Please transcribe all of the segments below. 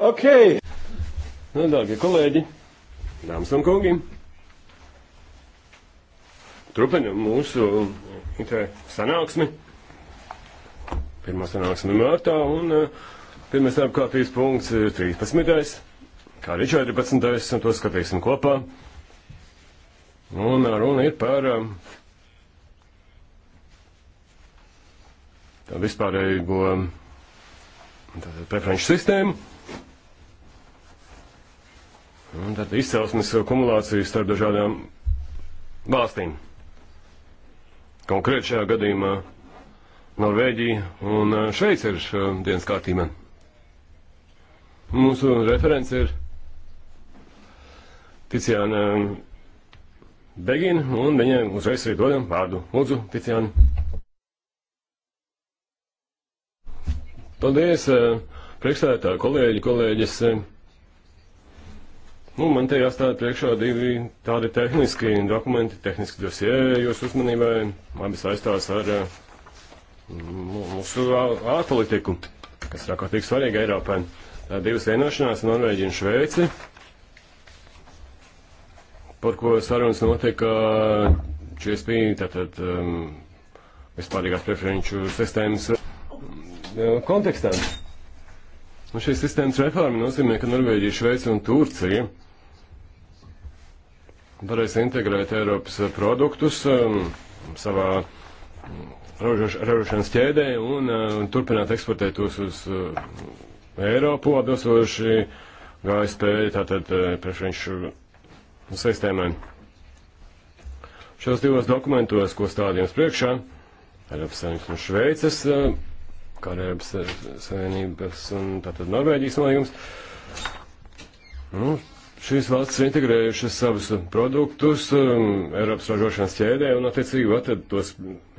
Ok. Nu, dārgie kolēģi, dāmas un kungi, turpinam mūsu sanāksmi. Pirmā sanāksme martā un uh, pirmais apkārtības punkts ir 13. kā arī 14. un to skatīsim kopā. Un eh, runa ir par um, vispārējo tātad preferenču sistēmu. Un tad izcelsmes kumulācijas starp dažādām valstīm. Konkrēt šajā gadījumā Norvēģija un Šveica ir dienas kārtībā. Mūsu referents ir Ticiāna Begina, un viņai uzreiz arī dodam vārdu. Lūdzu, Ticiāna. Paldies, eh, priekšsēdētāji, kolēģi, kolēģis. Eh, nu, man te jāstāda priekšā divi tādi tehniski dokumenti, tehniski dosie jūsu uzmanībai. Abi saistās ar eh, mūsu ārpolitiku, kas ir ārkārtīgi svarīga Eiropai. Divas vienošanās - Norvēģija un Šveici, par ko sarunas notika GSP, tātad um, vispārīgās preferenču sistēmas kontekstā. Un šīs sistēmas reforma nozīmē, ka Norvēģija, Šveica un Turcija varēs integrēt Eiropas produktus um, savā mm, ražošanas ķēdē un, uh, un turpināt eksportēt tos uz uh, Eiropu atbilstoši GSP, tātad uh, priekšvinšu sistēmai. Šos divos dokumentos, ko stādījums priekšā, Eiropas Savienības un Šveices uh, kā Eiropas Savienības un tātad Norvēģijas nolīgums. Nu, šīs valstis ir integrējušas savus produktus um, Eiropas ražošanas ķēdē un attiecīgi var tad tos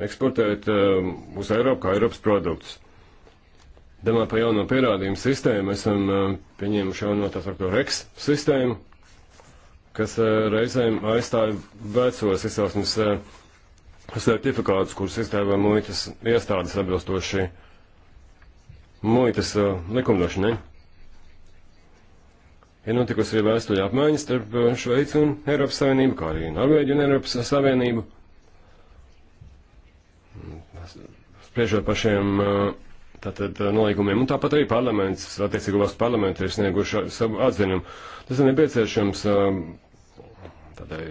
eksportēt um, uz Eiropu kā Eiropas produktus. Domāju par jauno pierādījumu sistēmu, esam um, pieņēmuši jauno tā saucamo REX sistēmu, kas uh, reizēm aizstāja vecos izcelsmes uh, certifikātus, kurus izdeva muitas iestādes atbilstoši uh, muitas uh, likumdošanai. Ir notikusi arī vēstuļu apmaiņa starp uh, Šveici un Eiropas Savienību, kā arī Norvēģiju un Eiropas Savienību. Spriežot par šiem uh, tātad, nolīgumiem, un tāpat arī parlaments, attiecīgi valsts parlamenti ir snieguši savu atzinumu. Tas ir nepieciešams tādai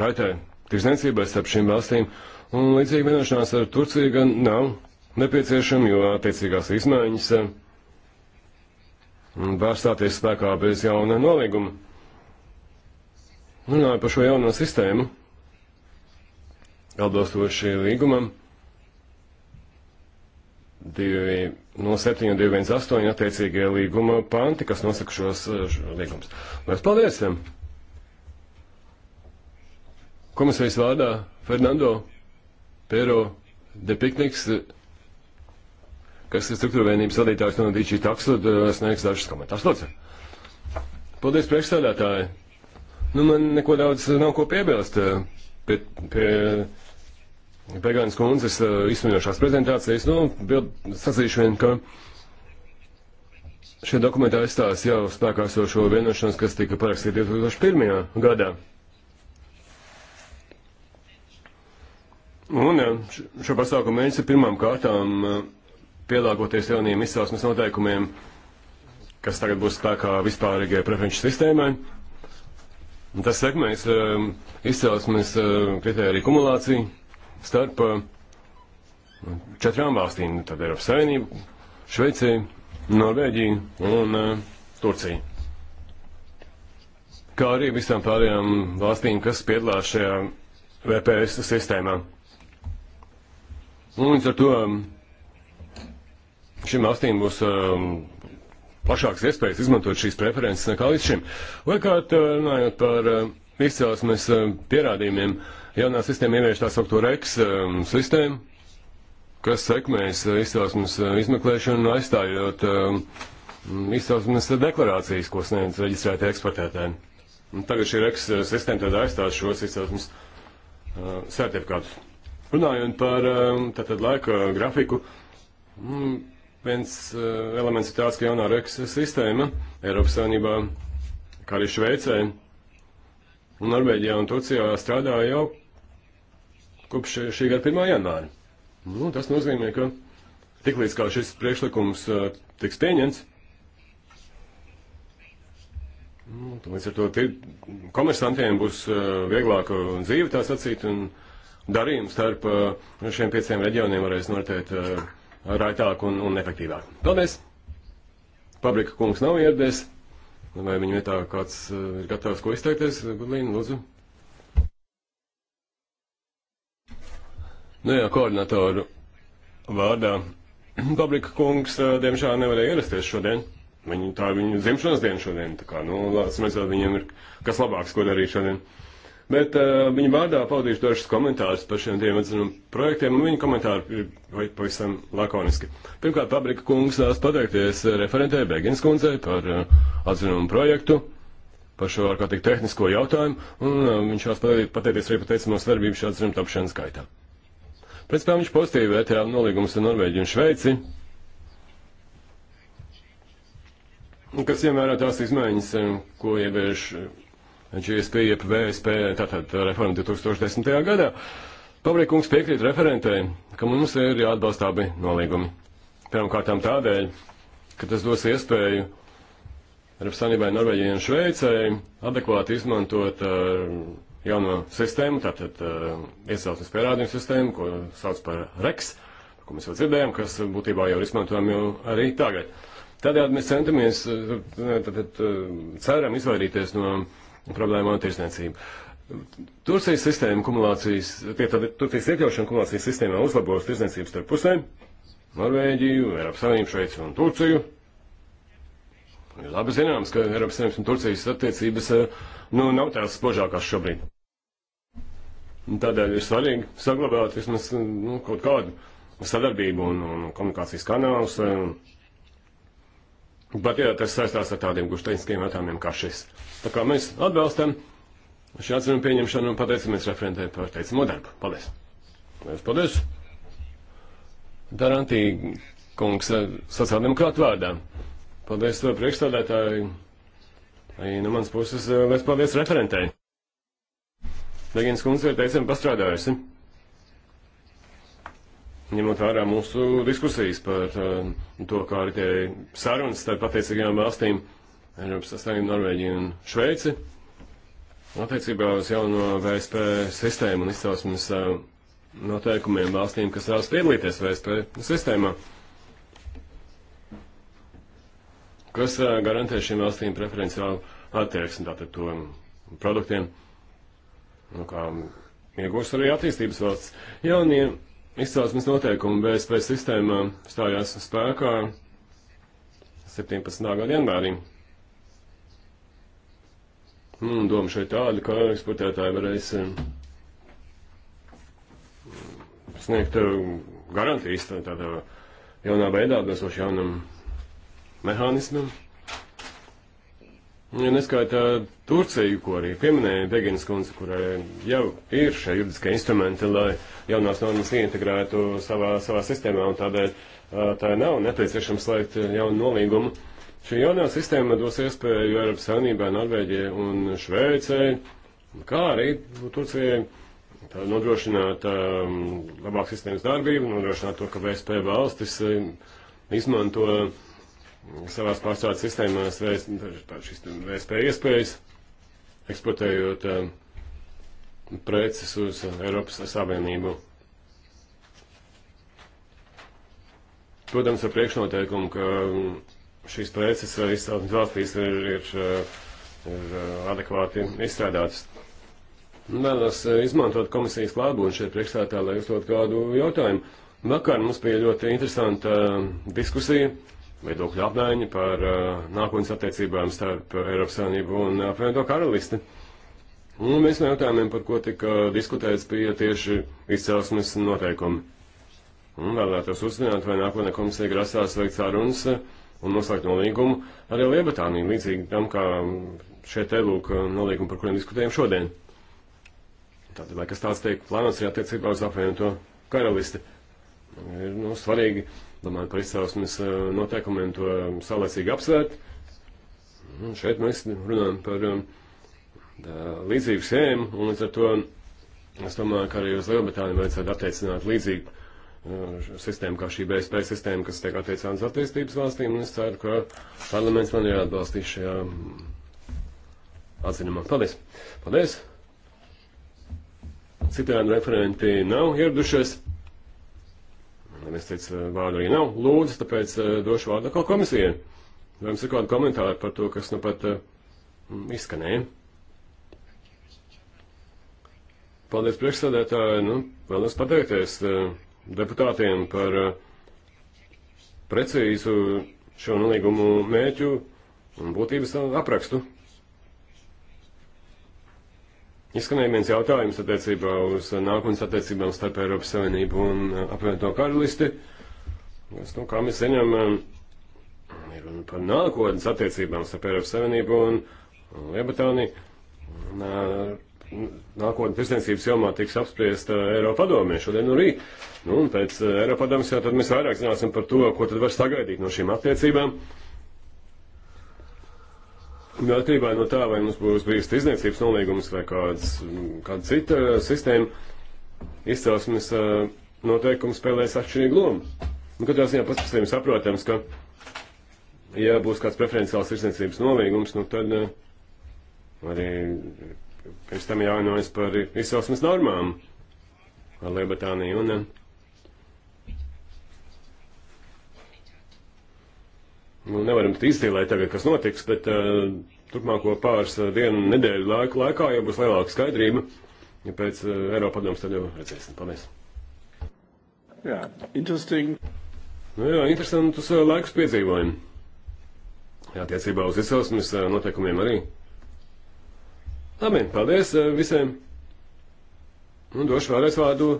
raitai tirsniecībai starp šīm valstīm, un līdzīgi vienošanās ar Turciju gan nav. No nepieciešami, jo attiecīgās izmaiņas eh, var stāties spēkā bez jauna nolīguma. Runāju par šo jauno sistēmu, atbilstoši līgumam, 2, no 7 un 2, 1, 8 attiecīgie līguma panti, kas nosaka šos eh, šo līgumus. Mēs paldies! Komisijas vārdā Fernando Pero de Pikniks eh, kas ir struktūra vienības vadītājs no Dīčī Taksud, uh, sniegs dažas komentārus. Lūdzu. Paldies, priekšstādātāji. Nu, man neko daudz nav ko piebilst uh, pie, pie Pegānas kundzes uh, izsmeļošās prezentācijas. Nu, bild, sacīšu vien, ka šie dokumenti aizstās jau spēkā sošo vienošanos, kas tika parakstīta 2001. gadā. Un šo pasākumu mērķis ir pirmām kārtām uh, pielāgoties jauniem izcelsmes noteikumiem, kas tagad būs spēkā vispārīgajai preferenču sistēmai. Tas sekmēs um, izcelsmes um, kritēriju kumulāciju starp um, četrām valstīm - tad Eiropas Savienību, Šveiciju, Norvēģiju un Turciju. Kā arī visām pārējām valstīm, kas piedalās šajā VPS sistēmā. Un līdz ar to šīm valstīm būs um, plašāks iespējas izmantot šīs preferences nekā līdz šim. Otrkārt, uh, runājot par uh, izcelsmes uh, pierādījumiem, jaunā sistēma ievieš tā saucamo REX um, sistēmu, kas sekmēs uh, izcelsmes uh, izmeklēšanu, aizstājot uh, izcelsmes deklarācijas, ko sniedz reģistrētie eksportētāji. Un tagad šī REX uh, sistēma tad aizstās šos izcelsmes uh, sertifikātus. Runājot par uh, tātad laika grafiku, mm, Viens uh, elements ir tāds, ka jaunā reks sistēma Eiropas Savienībā, kā arī Šveicē, un Norvēģijā un Turcijā strādā jau kopš šī gada 1. janvāra. Nu, tas nozīmē, ka tiklīdz kā šis priekšlikums uh, tiks pieņemts, nu, līdz ar to komersantiem būs uh, vieglāka dzīve tā sacīt, un darījums starp uh, šiem pieciem reģioniem varēs noritēt. Uh, raitāk un, un efektīvāk. Paldies! Pabrika kungs nav ieradies. Vai viņa vietā kāds eh, ir gatavs ko izteikties? Gudlīna, lūdzu. Nu jā, koordinatoru vārdā. Pabrika kungs, eh, diemžēl, nevarēja ierasties šodien. Viņa, tā ir viņa dzimšanas diena šodien. Tā kā, nu, lāc, mēs vēl viņiem ir kas labāks, ko darīt šodien. Uh, Bet uh, viņa vārdā paudīšu dažus komentārus par šiem diviem atzinumu projektiem, un viņa komentāri ir pavisam lakoniski. Pirmkārt, Pabrika kungs tās pateikties eh, referentē Begins kundzei par uh, atzinumu projektu, par šo ar kā tik tehnisko jautājumu, un uh, viņš tās pateicies arī par teicamo svarbību šā atzinuma tapšanas gaitā. Principā viņš pozitīvi vērtēja nolīgumus ar Norvēģiju un Šveici, kas iemērā tās izmaiņas, ko ievieš GSP jeb VSP, tātad reforma 2010. gadā. Pabrīkums piekrīt referentē, ka mums ir jāatbalsta abi nolīgumi. Pirmkārtām tādēļ, ka tas dos iespēju Eiropas Sanībai, Norvēģijai un Šveicai adekvāti izmantot uh, jauno sistēmu, tātad uh, iesaucas pierādījumu sistēmu, ko sauc par REX, ko mēs jau dzirdējām, kas būtībā jau ir izmantojami jau arī tagad. Tādējādi mēs centamies, uh, tātad uh, ceram izvairīties no problēmu un tirsniecību. Turcijas sistēma kumulācijas, tie tad Turcijas iekļaušana kumulācijas sistēmā uzlabos tirsniecības starp pusēm, Norvēģiju, Eiropas Savienību, Šveici un Turciju. Ir labi zināms, ka Eiropas Savienības un Turcijas attiecības eh, nu, nav tās spožākās šobrīd. Tādēļ ir svarīgi saglabāt vismaz eh, nu, kaut kādu sadarbību un, un komunikācijas kanālus. Eh, un, Pat ja tas saistās ar tādiem gušteiniskiem jautājumiem kā šis. Tā kā mēs atbalstam šī atzinuma pieņemšanu un pateicamies referentē par teicamo darbu. Paldies! Paldies! paldies. Darantī kungs sociāldemokrātu vārdā. Paldies to eh, priekšstādētāji. Arī no mans puses eh, liels paldies referentei. Degins kungs ir teicami pastrādājusi ņemot vērā mūsu diskusijas par um, to, kā arī tie sarunas starp attiecīgajām valstīm, Eiropas Savienību, Norvēģiju un Šveici, attiecībā uz jauno VSP sistēmu un izcelsmes uh, noteikumiem valstīm, kas vēlas piedalīties VSP sistēmā, kas uh, garantē šīm valstīm preferenciālu attieksmi tātad to produktiem, nu, kā iegūst arī attīstības valsts jaunie. Ja Izcelsmes noteikumi BSP sistēmā stājās spēkā 17. gada janvārī. Nu, un doma šeit tāda, ka eksportētāji varēs eh, sniegt eh, garantijas tādā jaunā veidā, atbilstoši jaunam mehānismam. Ja neskaitā Turciju, ko arī pieminēja Deginas kundze, kurai jau ir šie juridiskie instrumenti, lai jaunās normas ieintegrētu savā, savā sistēmā, un tādēļ tā nav nepieciešams slēgt jaunu nolīgumu. Šī jaunā sistēma dos iespēju Eiropas Savienībai, Norvēģijai un Šveicei, kā arī Turcijai, nodrošināt um, labāku sistēmas darbību, nodrošināt to, ka VSP valstis izmanto savās pārstrādes sistēmās VSP iespējas, eksportējot uh, preces uz Eiropas Savienību. Protams, ar priekšnoteikumu, ka um, šīs preces uh, izceltnes valstīs ir, ir, uh, ir uh, adekvāti izstrādātas. Vēlos izmantot komisijas klātbūtni šeit priekšstādā, lai uzdot kādu jautājumu. Vakar mums bija ļoti interesanta um, diskusija viedokļu apmaiņa par uh, nākotnes attiecībām starp Eiropas Savienību un apvienoto karalisti. Un mēs no jautājumiem, par ko tika diskutēts, bija tieši izcelsmes noteikumi. Un vēlētos uzzināt, vai nākotnē komisija grasās veikt sarunas un noslēgt nolīgumu arī Lielbritāniju, līdzīgi tam, kā šie te lūk nolīgumi, par kuriem diskutējam šodien. Tātad, vai kas tāds tiek plānots arī attiecībā uz apvienoto karalisti? Ir, nu, svarīgi domājot par izcelsmes eh, noteikumiem, to eh, saulēcīgi apsvērt. Un šeit mēs runājam par eh, tā, līdzīgu schēmu, un līdz ar to es domāju, ka arī uz Lielbritāniju vajadzētu attiecināt līdzīgu sistēma, kā šī BSP sistēma, kas tiek attiecināta uz attīstības valstīm, un es ceru, ka parlaments man ir atbalstīs šajā mm, atzinumā. Paldies! Paldies! Citādi referenti nav ieradušies. Neviens cits eh, vārdu arī nav. Lūdzu, tāpēc eh, došu vārdu atkal komisijai. Vai jums ir kādi komentāri par to, kas nu pat eh, izskanēja? Paldies priekšsēdētāji. Nu, vēlos pateikties deputātiem par precīzu šo nolīgumu mērķu un būtības aprakstu. Izskanēja viens jautājums attiecībā uz nākotnes attiecībām starp Eiropas Savienību un eh, apvienoto karalisti. Es, nu, kā mēs zinām, eh, ir runa par nākotnes attiecībām starp Eiropas Savienību un Lielbritāniju. Eh, nākotnes tirsniecības jomā tiks apspriesta Eiropa padomē šodien un rīt. Nu, un pēc Eiropa padomas jau tad mēs vairāk zināsim par to, ko tad var sagaidīt no šīm attiecībām. Uh, Atkarībā no tā, vai mums būs brīvs izniecības nolīgums vai kāds, kāda cita sistēma, izcelsmes eh, noteikumi spēlēs atšķirīgu lomu. Nu, katrā ziņā paspasiem saprotams, ka, ja būs kāds preferenciāls izniecības nolīgums, nu tad eh, arī pirms tam jāvienojas par izcelsmes normām ar Liebetāniju un eh, Nu, nevaram izstīlēt tagad, kas notiks, bet uh, turpmāko pāris eh, dienu, nedēļu laiku, laikā jau būs lielāka skaidrība. Ja pēc uh, Eiropa padomus tad jau redzēsim. Paldies! Jā, interesanti. Nu, jā, interesantus uh, laikus piedzīvojam. Jā, tiecībā uz izsausmes uh, noteikumiem arī. Labi, paldies uh, visiem. Un nu, došu vēlreiz vārdu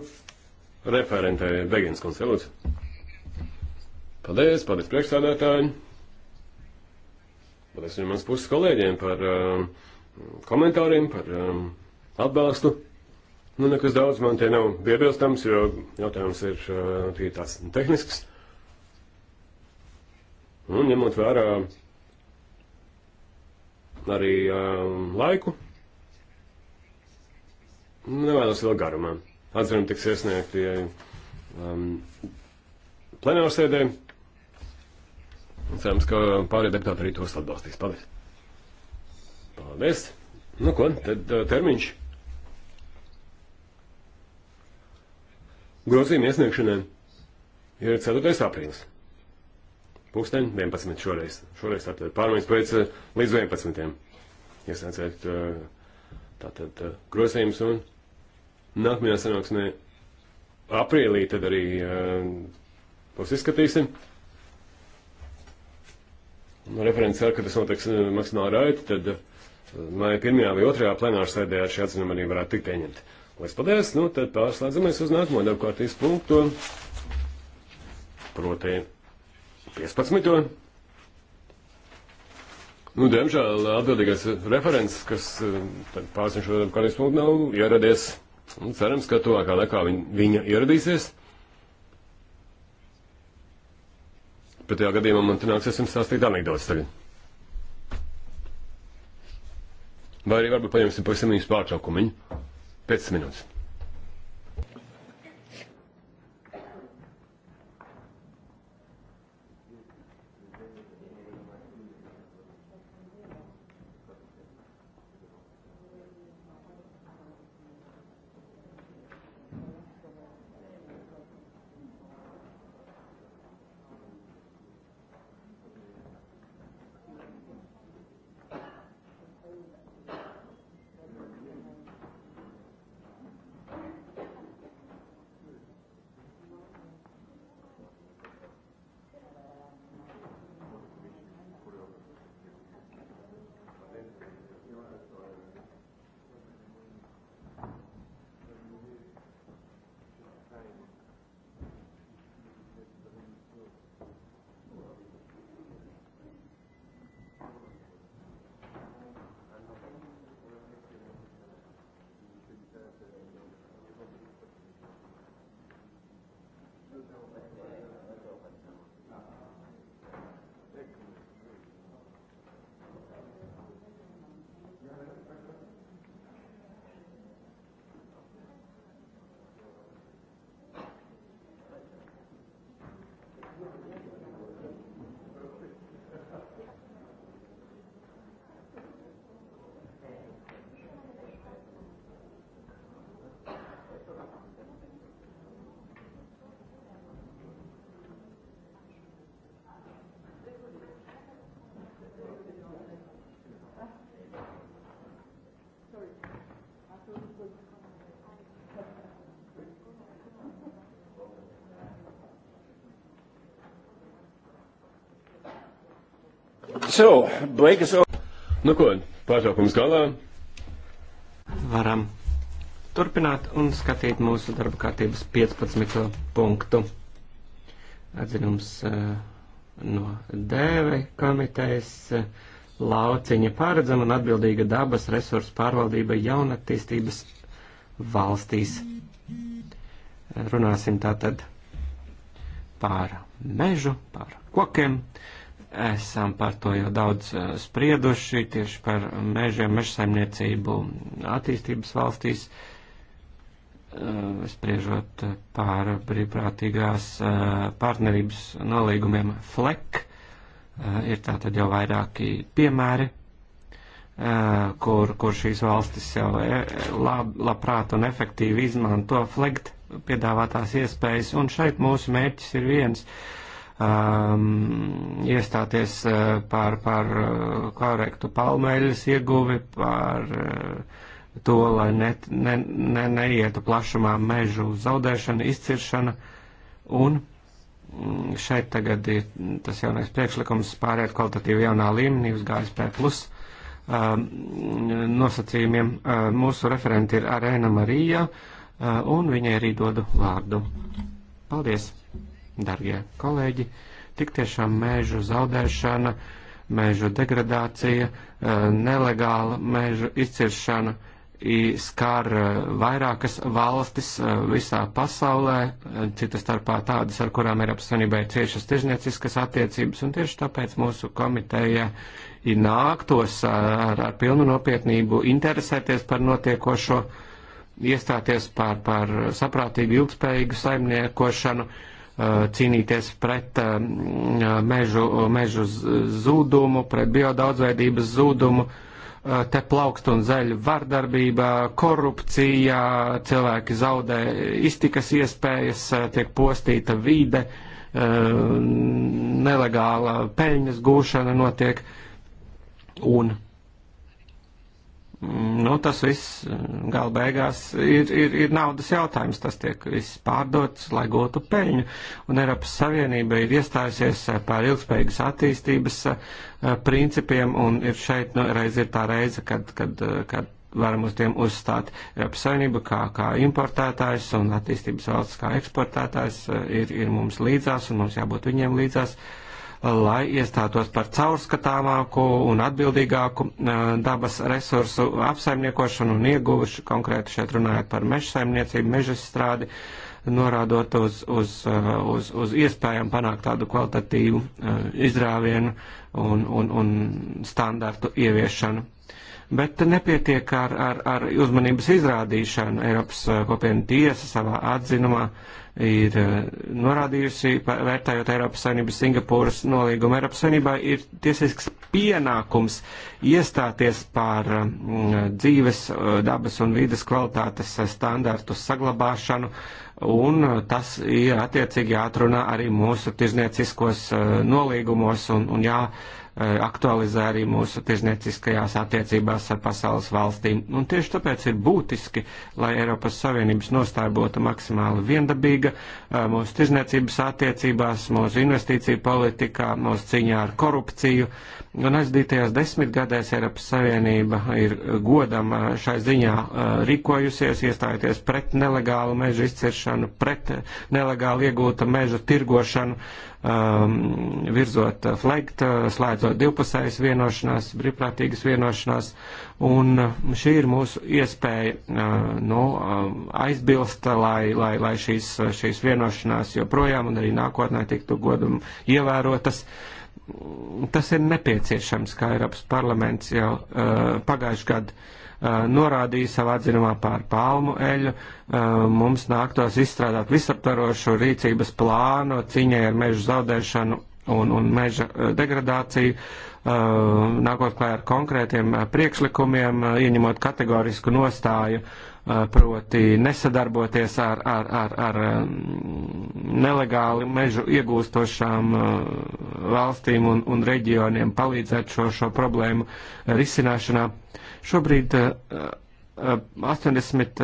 referentē Begins konsultants. Paldies, paldies priekšstādātāji! Paldies arī mans puses kolēģiem par um, komentāriem, par um, atbalstu. Nu, nekas daudz man te nav piebilstams, jo jautājums ir uh, tāds tehnisks. Un ņemot vērā arī um, laiku, nevēlas vēl garumā. Atzinumi tiks iesniegti um, plenārsēdē. Cerams, ka pārējie deputāti arī tos atbalstīs. Paldies! Paldies! Nu ko, tad uh, termiņš. Grozījuma iesniegšanai ir 4. aprīlis. Pūksteni 11 šoreiz. Šoreiz tātad pārmaiņas pēc uh, līdz 11. Iesniedzēt uh, tātad grozījums un nākamajā sanāksmē aprīlī tad arī būs izskatīsim. Nu, referents cer, ka tas notiks eh, maksimāli raiti, tad eh, vai pirmajā vai otrajā plenāra sēdē ar šī atzinuma arī varētu tikt pieņemti. Lielas paldies! Nu, tad pārslēdzamies uz nākamo darbkārtības punktu. Proti 15. Nu, diemžēl atbildīgais referents, kas eh, pārsim šo kādreiz punktu nav, ieradies. Un cerams, ka tuvākā laikā viņa, viņa ieradīsies. Pretējā gadījumā man te nāksies jums stāstīt anekdotas tagad. Vai arī varbūt paņemsim pavisam īsu pārtraukumu. 5 minūtes. So, beigas. Nu ko, pārtraukums galā. Varam turpināt un skatīt mūsu darba kārtības 15. punktu. Atzinums eh, no dēve komitejas eh, lauciņa pāredzama un atbildīga dabas resursu pārvaldība jaunatīstības valstīs. Eh, runāsim tātad pār mežu, pār kokiem, esam par to jau daudz eh, sprieduši, tieši par mežiem, mežsaimniecību attīstības valstīs, eh, spriežot par brīvprātīgās eh, partnerības nolīgumiem FLEK. Ir tātad jau vairāki piemēri, kur, kur šīs valstis jau lab, labprāt un efektīvi izmanto FLEKT piedāvātās iespējas, un šeit mūsu mērķis ir viens um, iestāties uh, par, par uh, korektu palmeļas ieguvi, par uh, to, lai net, ne, ne, neietu plašumā mežu zaudēšana, izciršana un mm, šeit tagad ir tas jaunais priekšlikums pāriet kvalitatīvi jaunā līmenī uz GSP plus um, nosacījumiem. Mūsu referenti ir Arēna Marija un viņai arī dodu vārdu. Paldies! darbie kolēģi. Tik tiešām mēžu zaudēšana, mēžu degradācija, eh, nelegāla mēžu izciršana skar eh, vairākas valstis eh, visā pasaulē, citas starpā tādas, ar kurām Eiropas Savienībā ir ciešas tirznieciskas attiecības, un tieši tāpēc mūsu komiteja nāktos ar, ar pilnu nopietnību interesēties par notiekošo, iestāties par, par saprātīgu, ilgspējīgu saimniekošanu, uh, Uh, cīnīties pret uh, mežu, mežu zūdumu, pret biodaudzveidības zūdumu, uh, te plaukst un zeļu vardarbība, korupcija, cilvēki zaudē iztikas iespējas, tiek postīta vīde, nelegāla peļņas gūšana notiek un nu, tas viss eh, gala beigās ir, ir, ir naudas jautājums. Tas tiek viss pārdots, lai gūtu peļņu. Un Eiropas Savienība ir iestājusies eh, par ilgspējīgas attīstības eh, principiem, un ir šeit nu, reiz ir tā reize, kad, kad, kad varam uz tiem uzstāt. Eiropas Savienība kā, kā importētājs un attīstības valsts kā eksportētājs ir, ir mums līdzās, un mums jābūt viņiem līdzās. Uh, lai iestātos par caurskatāmāku un atbildīgāku dabas resursu apsaimniekošanu un ieguvuši, konkrēti šeit runājot par meža saimniecību, meža strādi, norādot uz, uz, uz, uz iespējām panākt tādu kvalitatīvu izrāvienu un, un, un standartu ieviešanu bet nepietiek ar, ar, ar uzmanības izrādīšanu. Eiropas kopiena tiesa savā atzinumā ir eh, norādījusi, vērtējot Eiropas Savienības Singapūras nolīgumu. Eiropas Savienībā ir tiesisks pienākums iestāties par eh, dzīves, eh, dabas un vīdes kvalitātes standārtu saglabāšanu, un tas ir attiecīgi jāatrunā arī mūsu tirznieciskos nolīgumos un, un jā E, aktualizē arī mūsu tirzniecīskajās attiecībās ar pasaules valstīm. Un tieši tāpēc ir būtiski, lai Eiropas Savienības nostāja būtu maksimāli viendabīga e, mūsu tirzniecības attiecībās, mūsu investīciju politikā, mūsu cīņā ar korupciju. Un aizdītajās desmitgadēs Eiropas Savienība ir godam e, šai ziņā rīkojusies, iestājoties pret nelegālu mežu izciršanu, pret nelegālu iegūta meža tirgošanu, um, virzot flegt, slēdz jāveido divpusējas vienošanās, brīvprātīgas vienošanās, un šī ir mūsu iespēja nu, aizbilst, lai, lai, lai šīs, šīs vienošanās joprojām un arī nākotnē tiktu godam ievērotas tas ir nepieciešams, kā Eiropas parlaments jau uh, pagājuši gadu uh, norādīja savā atzinumā pār palmu eļu. Uh, mums nāktos izstrādāt visaptvarošu rīcības plānu ciņai ar mežu zaudēšanu un, un meža eh, degradāciju, eh, nākot klāt ar konkrētiem eh, priekšlikumiem, ieņemot kategorisku nostāju, proti nesadarboties ar, ar, ar, ar mm, nelegāli mežu iegūstošām valstīm un, un reģioniem, palīdzēt šo, šo problēmu risināšanā. Šobrīd 80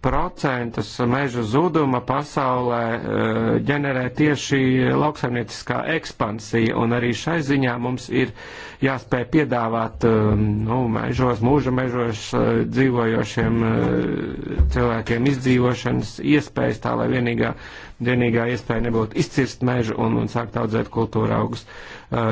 procentus mežu zuduma pasaulē eh, ģenerē tieši lauksaimnieciskā ekspansija, un arī šai ziņā mums ir jāspēj piedāvāt eh, nu, mežos, mūža mežos eh, dzīvojošiem cilvēkiem izdzīvošanas iespējas, tā lai vienīgā, vienīgā iespēja nebūtu izcirst mežu un, un sākt audzēt kultūra augus.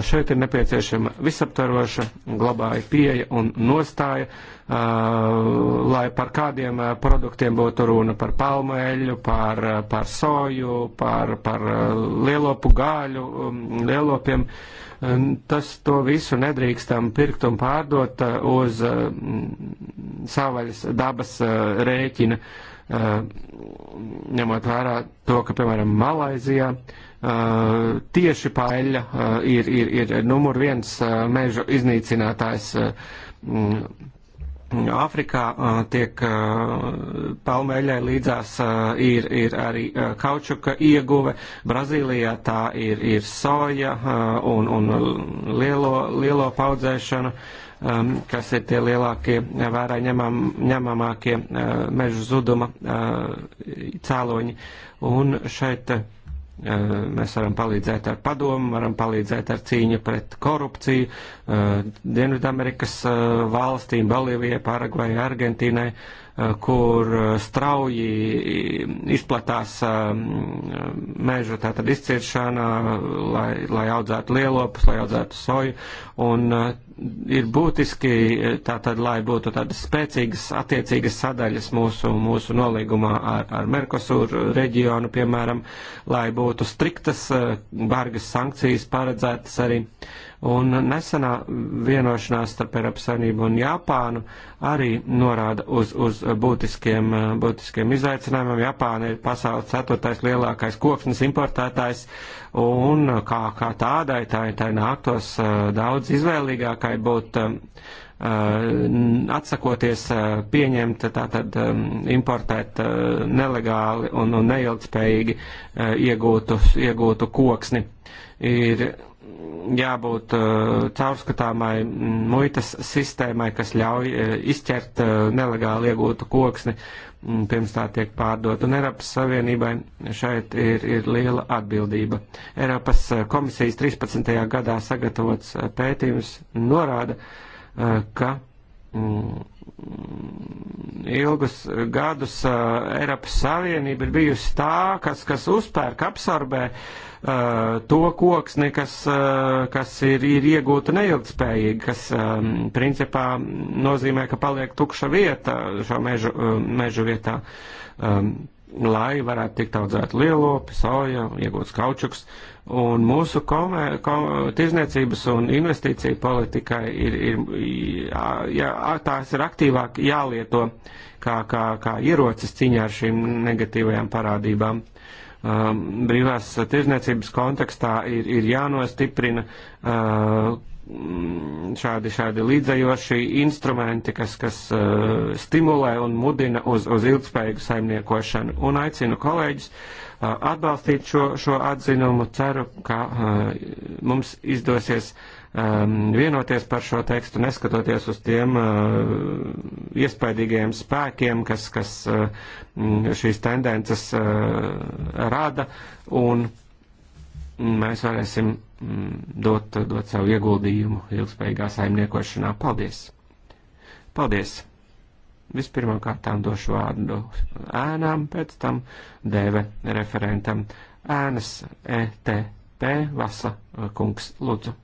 Šeit ir nepieciešama visaptaroša glabāja pieeja un nostāja, lai par kādiem produktiem būtu runa par palmeļu, par, par soju, par, par eh, lielopu gāļu, um, lielopiem. Um, tas to visu nedrīkstam pirkt un pārdot eh, uz eh, savaļas dabas rēķina, ņemot vērā to, ka, piemēram, Malaizijā tieši paeļa ir, ir, ir numur viens mežu iznīcinātājs Āfrikā uh, tiek uh, palmeļai līdzās uh, ir, ir arī kaučuka ieguve, Brazīlijā tā ir, ir soja un, un lielo, lielo paudzēšana, um, kas ir tie lielākie vērā ņemam, ņemamākie mežu zuduma cēloņi. Un šeit Eh, mēs varam palīdzēt ar padomu, varam palīdzēt ar cīņu pret korupciju eh, Dienvidamerikas eh, valstīm, Bolīvijai, Paragvai, Argentīnai. Uh, Eh, kur eh, strauji izplatās eh, meža tātad izciršana, lai, lai audzētu lielopus, lai audzētu soju, un ir būtiski tātad, lai būtu tādas spēcīgas attiecīgas sadaļas mūsu, mūsu nolīgumā ar, ar Merkosur reģionu, piemēram, lai būtu striktas bargas sankcijas paredzētas arī. Uh, Un nesenā vienošanās starp Eiropas Savienību un Japānu arī norāda uz, uz būtiskiem, būtiskiem izaicinājumiem. Japāna ir pasaules ceturtais lielākais koksnes importētājs, un kā, kā tādai tā, tā nāktos daudz izvēlīgākai būt atsakoties pieņemt, tātad importēt nelegāli un, un neilgtspējīgi iegūtu, iegūtu koksni. Ir jābūt eh, caurskatāmai muitas sistēmai, kas ļauj eh, izķert eh, nelegāli iegūtu koksni, mm, pirms tā tiek pārdot. Un Eiropas Savienībai šeit ir, ir liela atbildība. Eiropas komisijas 13. gadā sagatavots pētījums norāda, ka mm, ilgus gadus Eiropas Savienība ir bijusi tā, kas, kas uzpērk, absorbē uh, Eh, to koksni, kas, eh, kas ir, ir iegūta neilgspējīgi, kas eh, principā nozīmē, ka paliek tukša vieta šo mežu, mežu vietā, lai varētu tikt audzēt lielopi, soja, iegūts kaučuks. Un mūsu komē, kom, tirzniecības un investīcija politikai ir, ir jā, tās ir aktīvāk jālieto kā, kā, kā ierocis ciņā ar šīm negatīvajām parādībām. Uh, Um, brīvās tirzniecības kontekstā ir, ir jānostiprina uh, mm, šādi, šādi līdzējoši instrumenti, kas, kas uh, stimulē un mudina uz, uz ilgspējīgu saimniekošanu. Un aicinu kolēģus uh, atbalstīt šo, šo atzinumu. Ceru, ka mums izdosies uh, um, vienoties par šo tekstu, neskatoties uz tiem uh, iespaidīgajiem spēkiem, kas, kas uh, šīs tendences uh, rada, un mēs varēsim mm, dot, dot savu ieguldījumu ilgspējīgā saimniekošanā. Paldies! Paldies! Vispirmām kārtām došu vārdu ēnām, pēc tam dēve referentam ēnas ETP Vasa uh, kungs lūdzu.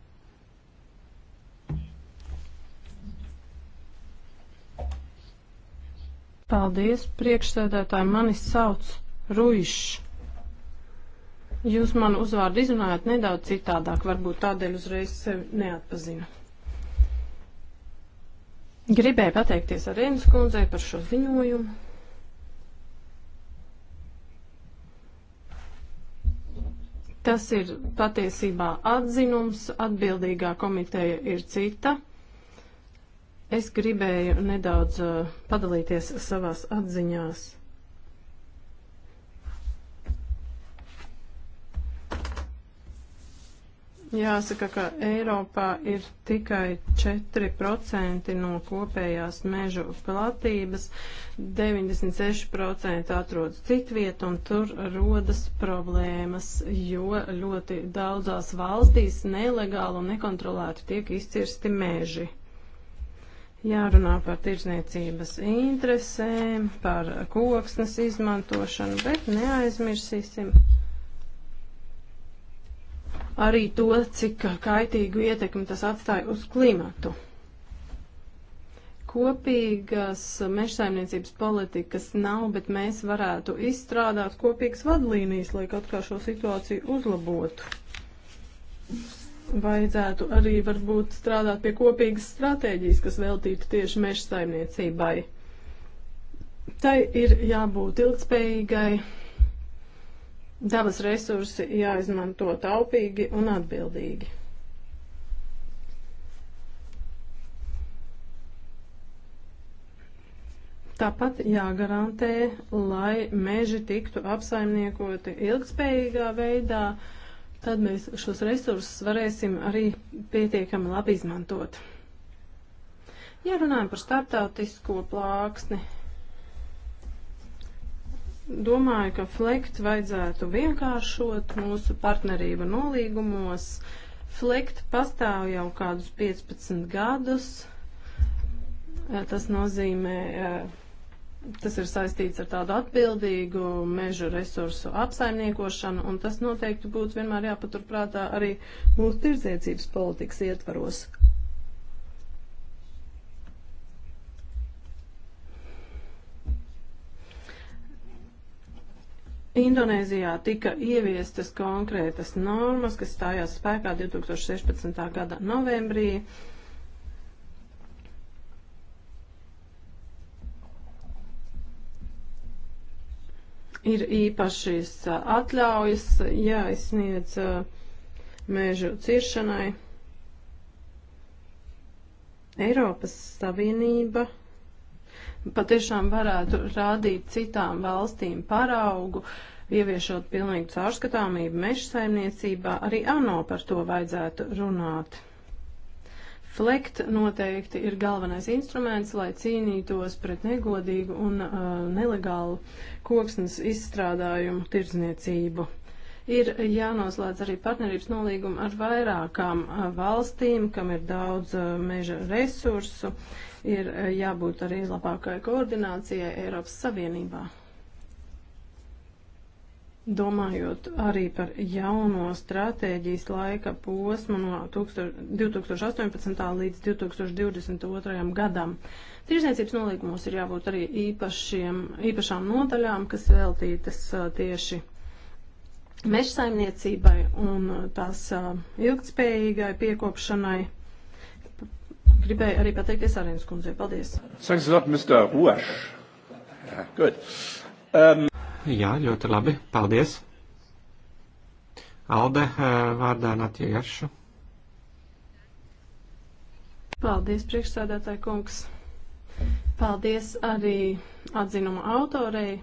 Paldies, priekšsēdētāji, mani sauc Ruišs. Jūs manu uzvārdu izrunājat nedaudz citādāk, varbūt tādēļ uzreiz sevi neatpazinu. Gribēju pateikties Arēnas kundzei par šo ziņojumu. Tas ir patiesībā atzinums, atbildīgā komiteja ir cita. Es gribēju nedaudz uh, padalīties savās atziņās. Jāsaka, ka Eiropā ir tikai 4% no kopējās mežu platības, 96% atrodas citviet, un tur rodas problēmas, jo ļoti daudzās valstīs nelegāli un nekontrolēti tiek izcirsti meži. Jārunā par tirzniecības interesēm, par koksnes izmantošanu, bet neaizmirsīsim arī to, cik kaitīgu ietekmi tas atstāja uz klimatu kopīgas mežsaimniecības politikas nav, bet mēs varētu izstrādāt kopīgas vadlīnijas, lai kaut kā šo situāciju uzlabotu. Vajadzētu arī varbūt strādāt pie kopīgas stratēģijas, kas veltītu tieši meža saimniecībai. Tai ir jābūt ilgspējīgai, dabas resursi jāizmanto taupīgi un atbildīgi. Tāpat jāgarantē, lai meži tiktu apsaimniekoti ilgspējīgā veidā, uh, tad mēs šos resursus varēsim arī pietiekami labi izmantot. Ja runājam par starptautisko plāksni, domāju, ka flekt vajadzētu vienkāršot mūsu partnerību nolīgumos. Flekt pastāv jau kādus 15 gadus. Tas nozīmē eh, Tas ir saistīts ar tādu atbildīgu mežu resursu apsaimniekošanu, un tas noteikti būtu vienmēr jāpaturprātā arī mūsu tirdzniecības politikas ietvaros. Indonēzijā tika ieviestas konkrētas normas, kas stājās spēkā 2016. gada novembrī. Uh, Ir īpašas atļaujas jāizsniedz mēžu ciršanai. Eiropas Savienība patiešām varētu rādīt citām valstīm paraugu, ieviešot pilnīgu caurskatāmību meža saimniecībā, arī ANO par to vajadzētu runāt. Flekt noteikti ir galvenais instruments, lai cīnītos pret negodīgu un uh, nelegālu koksnes izstrādājumu tirdzniecību. Ir jānoslēdz arī partnerības nolīguma ar vairākām uh, valstīm, kam ir daudz uh, meža resursu, ir uh, jābūt arī labākai koordinācijai Eiropas Savienībā. Domājot arī par jauno stratēģijas laika posmu no 2018. līdz 2022. gadam, tirzniecības nolīgumos ir jābūt arī īpašiem, īpašām nodaļām, kas veltītas tieši meža saimniecībai un tās ilgtspējīgai piekopšanai. Gribēju arī pateikties Arīnas kundzei. Paldies! Thanks a lot, Mr. Ruash. Yeah, good. Um... Jā, ļoti labi. Paldies. Alde eh, vārdā Natija Garšu. Paldies, priekšsēdētāji kungs. Paldies arī atzinuma autorei.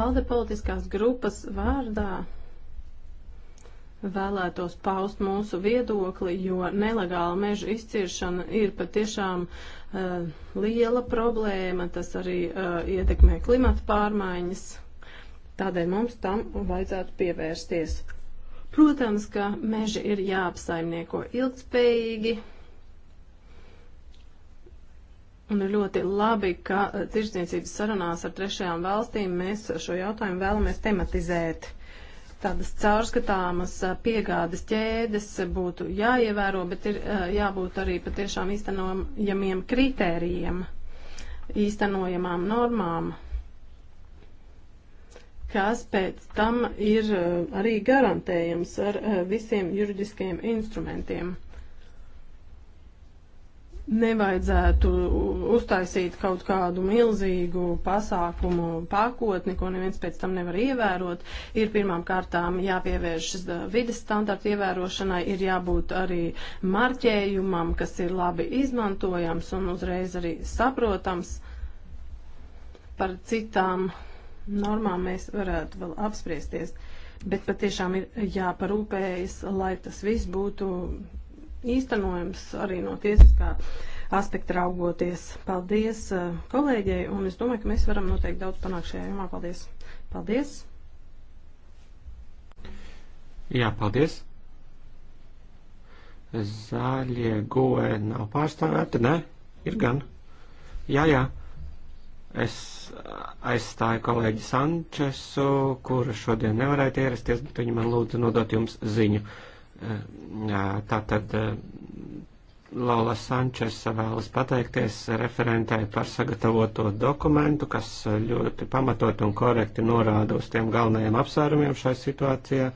Alde politiskās grupas vārdā vēlētos paust mūsu viedokli, jo nelegāla meža izciršana ir patiešām uh, Eh, liela problēma, tas arī eh, ietekmē klimata pārmaiņas. Tādēļ mums tam vajadzētu pievērsties. Protams, ka meži ir jāapsaimnieko ilgspējīgi. Un ir ļoti labi, ka eh, tirdzniecības sarunās ar trešajām valstīm mēs šo jautājumu vēlamies tematizēt tādas caurskatāmas piegādes ķēdes būtu jāievēro, bet ir jābūt arī patiešām īstenojamiem kritērijiem, īstenojamām normām, kas pēc tam ir arī garantējams ar visiem juridiskajiem instrumentiem nevajadzētu uztaisīt kaut kādu milzīgu pasākumu pakotni, ko neviens pēc tam nevar ievērot. Ir pirmām kārtām jāpievēršas vides standartu ievērošanai, ir jābūt arī marķējumam, kas ir labi izmantojams un uzreiz arī saprotams par citām normām mēs varētu vēl apspriesties. Bet patiešām ir jāparūpējas, lai tas viss būtu īstenojams arī no tiesiskā aspekta raugoties. Paldies eh, kolēģei, un es domāju, ka mēs varam noteikti daudz panākt šajā jomā. Paldies! Paldies! Jā, paldies! Zaļie goe nav pārstāvēti, ne? Ir gan. Jā, jā. Es aizstāju kolēģi Sančesu, kura šodien nevarēja ierasties, bet viņa man lūdza nodot jums ziņu. Uh, Tātad eh, Lola Sančesa vēlas pateikties referentai par sagatavoto dokumentu, kas ļoti pamatot un korekti norāda uz tiem galvenajiem apsvērumiem šai situācijā.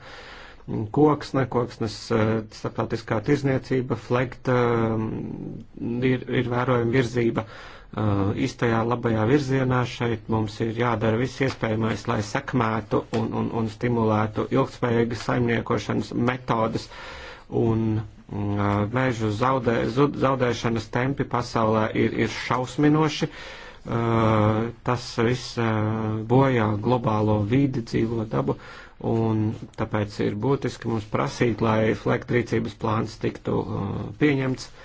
Koksne, koksnes eh, starptautiskā tirzniecība, flekta, mm, ir, ir vērojama virzība Uh, īstajā labajā virzienā. Šeit mums ir jādara viss iespējamais, lai sekmētu un, un, un stimulētu ilgspējīgas saimniekošanas metodas. Un mēžu mm, uh, zaudē, zaudēšanas tempi pasaulē ir, ir šausminoši. Uh, tas viss bojā globālo vīdi, dzīvo dabu. Un tāpēc ir būtiski mums prasīt, lai flekta rīcības plāns tiktu pieņemts. Uh,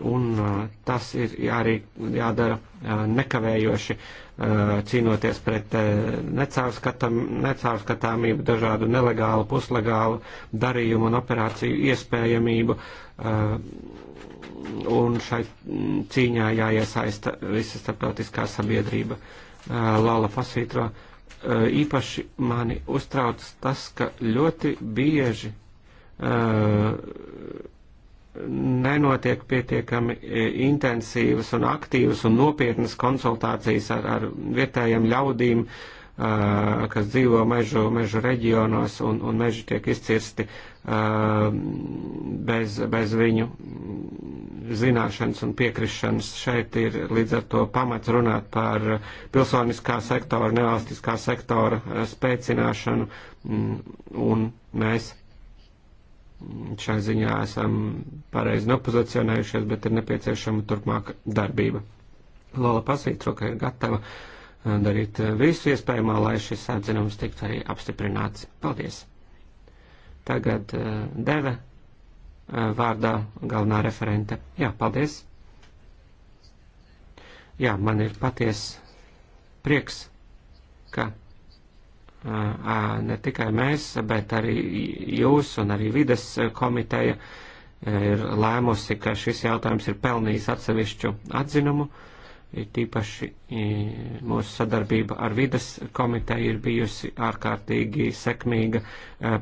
un uh, tas ir arī jādara uh, nekavējoši, uh, cīnoties pret necārskatāmību, dažādu nelegālu, puslegālu darījumu un operāciju iespējamību. Un šai cīņā jāiesaista visa starptautiskā sabiedrība. Lala Fasītro īpaši mani uztrauc tas, ka ļoti bieži uh, nenotiek pietiekami e, intensīvas un aktīvas un nopietnas konsultācijas ar, ar vietējiem ļaudīm, uh, kas dzīvo mežu, mežu reģionos un, un meži tiek izcirsti uh, bez, bez viņu zināšanas un piekrišanas. Šeit ir līdz ar to pamats runāt par pilsoniskā sektora, nevalstiskā sektora spēcināšanu un mēs šai ziņā esam pareizi nopozicionējušies, bet ir nepieciešama turpmāka darbība. Lola pasvītro, ka ir gatava uh, darīt uh, visu iespējamo, lai šis atzinums tiktu arī apstiprināts. Paldies! Tagad uh, Deve vārdā galvenā referente. Jā, paldies! Jā, man ir paties prieks, ka ne tikai mēs, bet arī jūs un arī vides komiteja ir lēmusi, ka šis jautājums ir pelnījis atsevišķu atzinumu. Ir tīpaši mūsu sadarbība ar vides komiteju ir bijusi ārkārtīgi sekmīga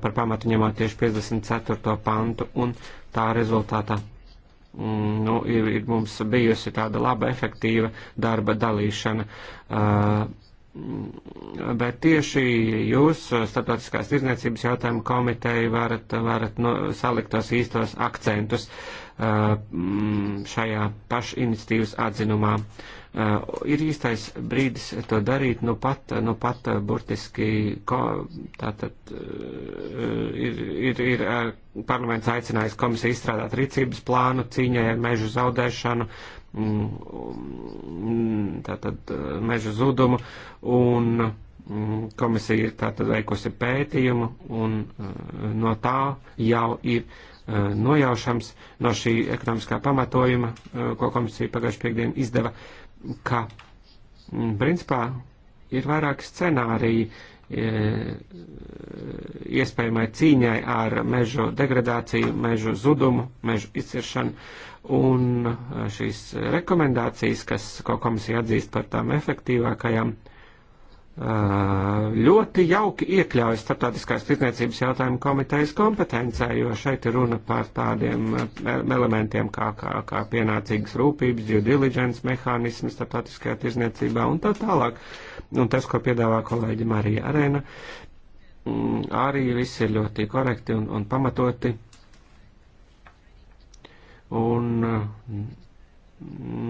par pamatu ņemot tieši 54. pantu un tā rezultātā mm, nu, ir, ir mums bijusi tāda laba efektīva darba dalīšana. Uh, bet tieši jūs, uh, Startautiskās tirdzniecības jautājumu komiteja, varat, varat no, salikt tos īstos akcentus uh, mm, šajā pašiniciatīvas atzinumā. Uh, ir īstais brīdis to darīt, nu pat, nu pat burtiski, ko, tātad ir, ir, ir parlaments aicinājis komisiju izstrādāt rīcības plānu cīņai ar mežu zaudēšanu, tātad eh, meža zudumu, un mm, komisija ir tātad veikusi pētījumu, un eh, no tā jau ir eh, nojaušams no šī ekonomiskā pamatojuma, ko komisija pagājušajā piekdien izdeva, ka mm, principā ir vairāki scenāriji iespējamai cīņai ar mežu degradāciju, mežu zudumu, mežu izciršanu, un eh, šīs rekomendācijas, kas ko komisija atzīst par tām efektīvākajām, eh, ļoti jauki iekļaujas starptautiskās tirdzniecības jautājumu komitejas kompetencē, jo šeit ir runa par tādiem eh, elementiem kā, kā, kā pienācīgas rūpības, due diligence mehānismi starptautiskajā tirdzniecībā un tā tālāk. Un tas, ko piedāvā kolēģi Marija Arēna, mm, arī viss ir ļoti korekti un, un pamatoti Un,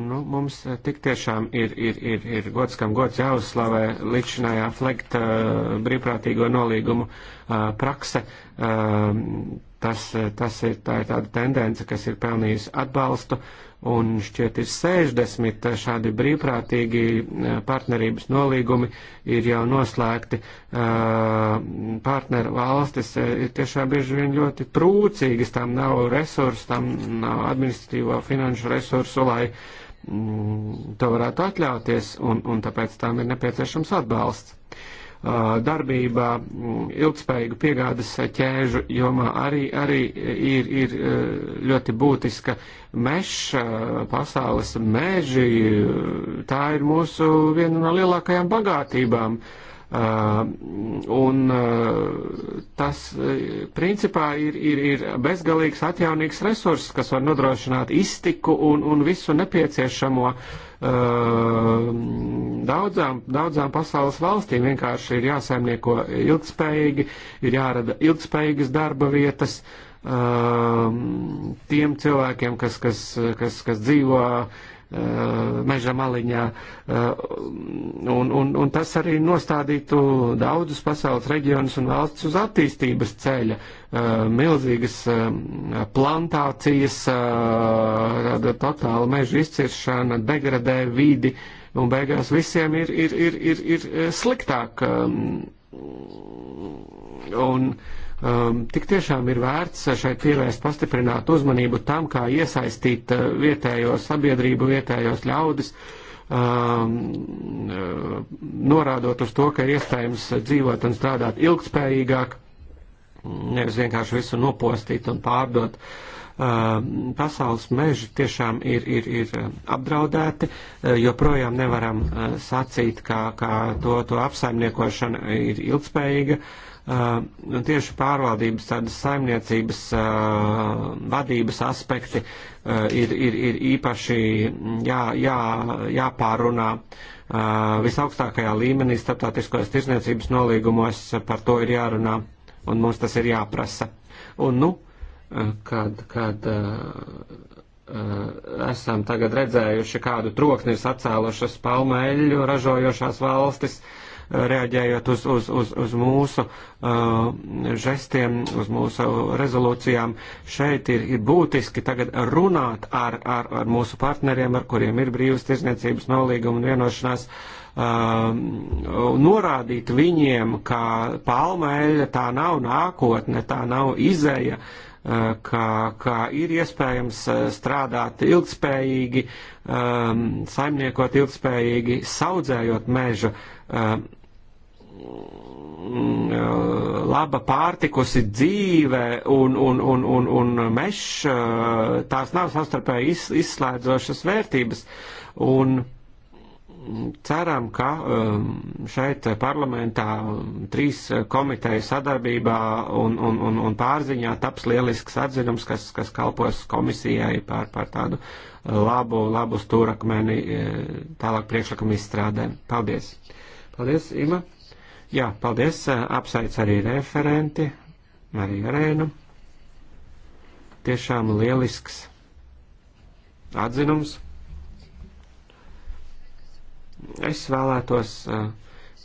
nu, mums tik tiešām ir, ir, ir, ir gods, kam gods jāuzslavē līdzinājā flekta uh, brīvprātīgo nolīgumu uh, prakse. Uh, tas, tas ir, tā ir tāda tendence, kas ir pelnījusi atbalstu un šķiet ir 60 šādi brīvprātīgi eh, partnerības nolīgumi ir jau noslēgti. Eh, partneru valstis eh, ir tiešām bieži vien ļoti trūcīgas, tam nav resursu, tam nav administratīvo finanšu resursu, lai mm, to varētu atļauties, un, un tāpēc tam ir nepieciešams atbalsts darbība mm, ilgspējīgu piegādes ķēžu jomā arī, arī ir, ir ļoti būtiska. Meša, pasaules meži, tā ir mūsu viena no lielākajām bagātībām. Uh, Un tas principā ir, ir, ir bezgalīgs atjaunīgs resurss, kas var nodrošināt iztiku un, un visu nepieciešamo daudzām, daudzām pasaules valstīm. Vienkārši ir jāsaimnieko ilgspējīgi, ir jārada ilgspējīgas darba vietas tiem cilvēkiem, kas, kas, kas, kas dzīvo Eh, meža maliņā, eh, un, un, un tas arī nostādītu daudzus pasaules reģionus un valsts uz attīstības ceļa, eh, milzīgas plantācijas, tāda totāla meža izciršana, degradē vidi, un beigās visiem ir, ir, ir, ir, ir sliktāk. Un, uh, um, tik tiešām ir vērts šeit pievērst pastiprināt uzmanību tam, kā iesaistīt uh, vietējo sabiedrību, vietējos ļaudis, um, uh, norādot uz to, ka ir iespējams dzīvot un strādāt ilgspējīgāk, nevis vienkārši visu nopostīt un pārdot. Uh, pasaules meži tiešām ir, ir, ir um, apdraudēti, uh, joprojām nevaram uh, sacīt, ka, ka to, to apsaimniekošana ir ilgspējīga. Uh, tieši pārvaldības tādas saimniecības uh, vadības aspekti uh, ir, ir, ir īpaši jā, jā, jāpārunā visaugstākajā līmenī starptautiskos tirsniecības nolīgumos par to ir jārunā un mums tas ir jāprasa. Un nu, kad, kad esam tagad redzējuši, kādu troksni ir sacēlušas palmeļu ražojošās valstis, uh, reaģējot uz, uz, uz, uz mūsu uh, žestiem, uz mūsu rezolūcijām. Šeit ir, ir būtiski tagad runāt ar, ar, ar mūsu partneriem, ar kuriem ir brīvas tirzniecības nolīguma un vienošanās. Uh, norādīt viņiem, ka palmeļa tā nav nākotne, tā nav izēja, uh, ka, ka ir iespējams uh, strādāt ilgspējīgi, um, saimniekot ilgspējīgi, saudzējot mežu. Um, Mm, laba pārtikusi dzīve un, un, un, un, un mežs, tās nav savstarpēji iz, izslēdzošas vērtības. Un ceram, ka šeit parlamentā trīs komiteju sadarbībā un, un, un, un pārziņā taps lielisks atzinums, kas, kas kalpos komisijai par, par tādu labu, labu stūrakmeni tālāk priekšlikumu izstrādē. Paldies! Paldies, Ima! Jā, paldies, apsveic arī referenti, arī arēnu. Tiešām lielisks atzinums. Es vēlētos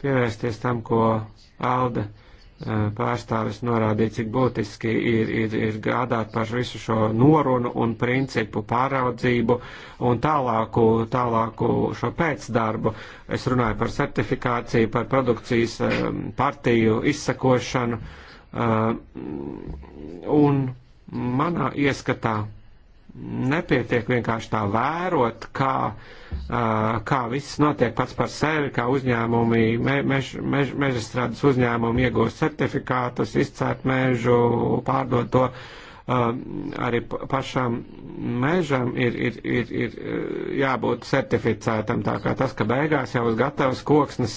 pievērsties tam, ko Alda pārstāvis norādīja, cik būtiski ir, ir, ir gādāt par visu šo norunu un principu pāraudzību un tālāku, tālāku šo pēcdarbu. Es runāju par certifikāciju, par produkcijas partiju izsakošanu un manā ieskatā nepietiek vienkārši tā vērot, kā, kā viss notiek pats par sevi, kā uzņēmumi, mež, mež, mežastrādes uzņēmumi iegūst certifikātus, izcērt mežu, pārdot to. Arī pašam mežam ir, ir, ir, ir jābūt certificētam. Tā kā tas, ka beigās jau uz gatavas koksnes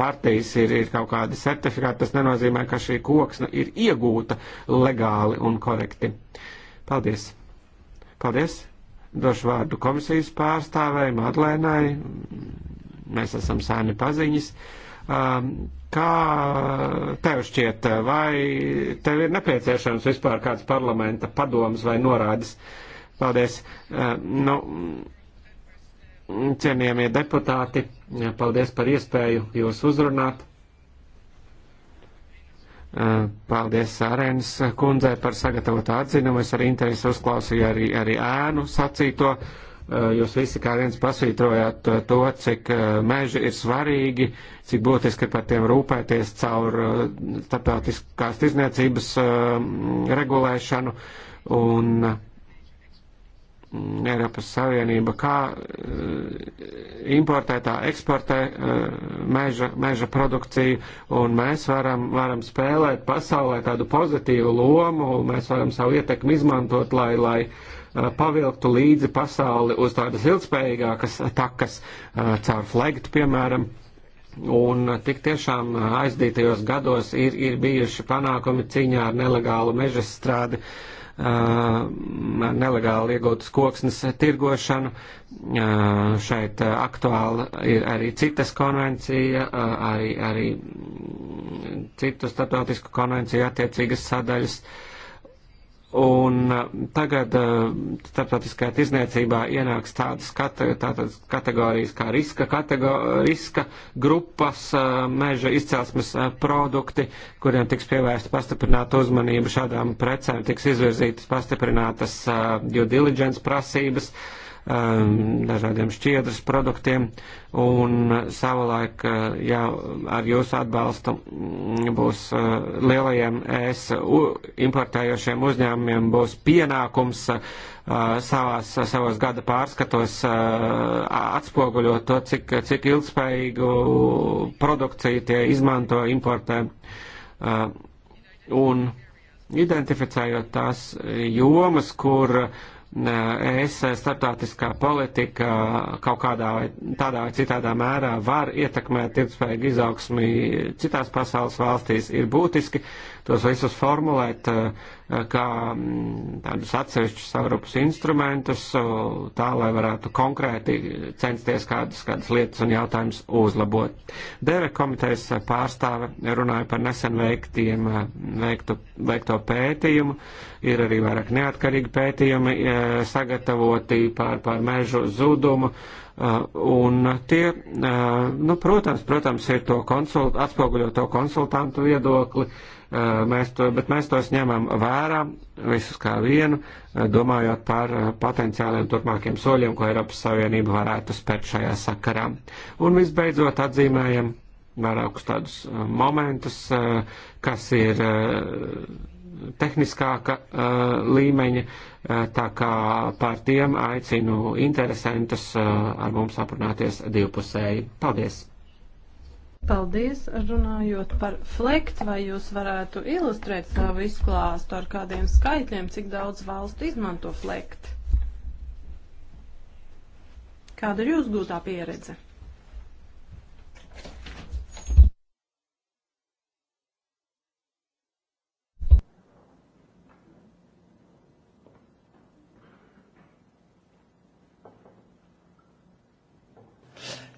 partijas ir, ir kaut kādi certifikāti, tas nenozīmē, ka šī koksne ir iegūta legāli un korekti. Paldies! Paldies! Došu vārdu komisijas pārstāvēju Madlēnai. Mēs esam sēni paziņas. Um, kā tev šķiet, vai tev ir nepieciešams vispār kāds parlamenta padoms vai norādes? Paldies! Um, nu, cienījamie deputāti, paldies par iespēju jūs uzrunāt. Eh, paldies Sārēnas kundzē par sagatavotu atzinumu. Es ar interesi uzklausīju arī, arī ēnu sacīto. Eh, jūs visi kā viens pasvītrojāt eh, to, cik meži ir svarīgi, cik būtiski par tiem rūpēties caur starptautiskās tirzniecības regulēšanu. Un, uh, Mm, Eiropas Savienība, kā eh, importētā, eksportē eh, meža, meža produkciju, un mēs varam, varam spēlēt pasaulē tādu pozitīvu lomu, mēs varam savu ietekmi izmantot, lai, lai eh, pavilktu līdzi pasauli uz tādas ilgspējīgākas takas, caur flegt, piemēram. Un tik tiešām aizdītajos gados ir, ir bijuši panākumi cīņā ar nelegālu meža strādi. Uh, nelegāli iegūtas koksnes tirgošanu. Šeit aktuāli ir arī citas konvencija, arī, arī citu starptautisku konvenciju attiecīgas sadaļas. Uh, Un eh, tagad eh, starptautiskajā tirzniecībā ienāks tādas, kate, tādas kategorijas kā riska, kategor, riska grupas, eh, meža izcelsmes produkti, kuriem tiks pievērsta pastiprināta uzmanība. Šādām precēm tiks izvirzītas pastiprinātas due diligence prasības. Uh, Um, dažādiem šķiedras produktiem, un savulaik, uh, ja ar jūsu atbalstu būs uh, lielajiem ES importējošiem uzņēmumiem būs pienākums uh, savās, savos gada pārskatos atspoguļot to, cik, cik ilgspējīgu produkciju tie izmanto, importē. Un identificējot tās jomas, kur uh, es eh, starptautiskā politika kaut kādā vai tādā vai citādā mērā var ietekmēt tirdzspējīgu izaugsmi citās pasaules valstīs, ir būtiski, tos visus formulēt eh, kā mm, tādus atsevišķus Eiropas instrumentus, tā lai varētu konkrēti censties kādas, kādas lietas un jautājumus uzlabot. Dēve komitejas pārstāve runāja par nesen veiktiem, eh, veiktu, veikto pētījumu, ir arī vairāk neatkarīgi pētījumi eh, sagatavoti par, par mežu zudumu. Uh, un tie, uh, nu, protams, protams, ir to konsult, atspoguļo to konsultantu viedokli, uh, Eh, mēs to, bet mēs tos ņemam vērā visus kā vienu, eh, domājot par eh, potenciāliem turpmākiem soļiem, ko Eiropas Savienība varētu spērt šajā sakarā. Un visbeidzot atzīmējam vairākus tādus momentus, kas ir tehniskāka līmeņa, tā kā par tiem aicinu interesantus ar mums aprunāties divpusēji. Paldies! Paldies, runājot par flekt, vai jūs varētu ilustrēt savu izklāstu ar kādiem skaitļiem, cik daudz valstu izmanto flekt? Kāda ir jūsu gūtā pieredze?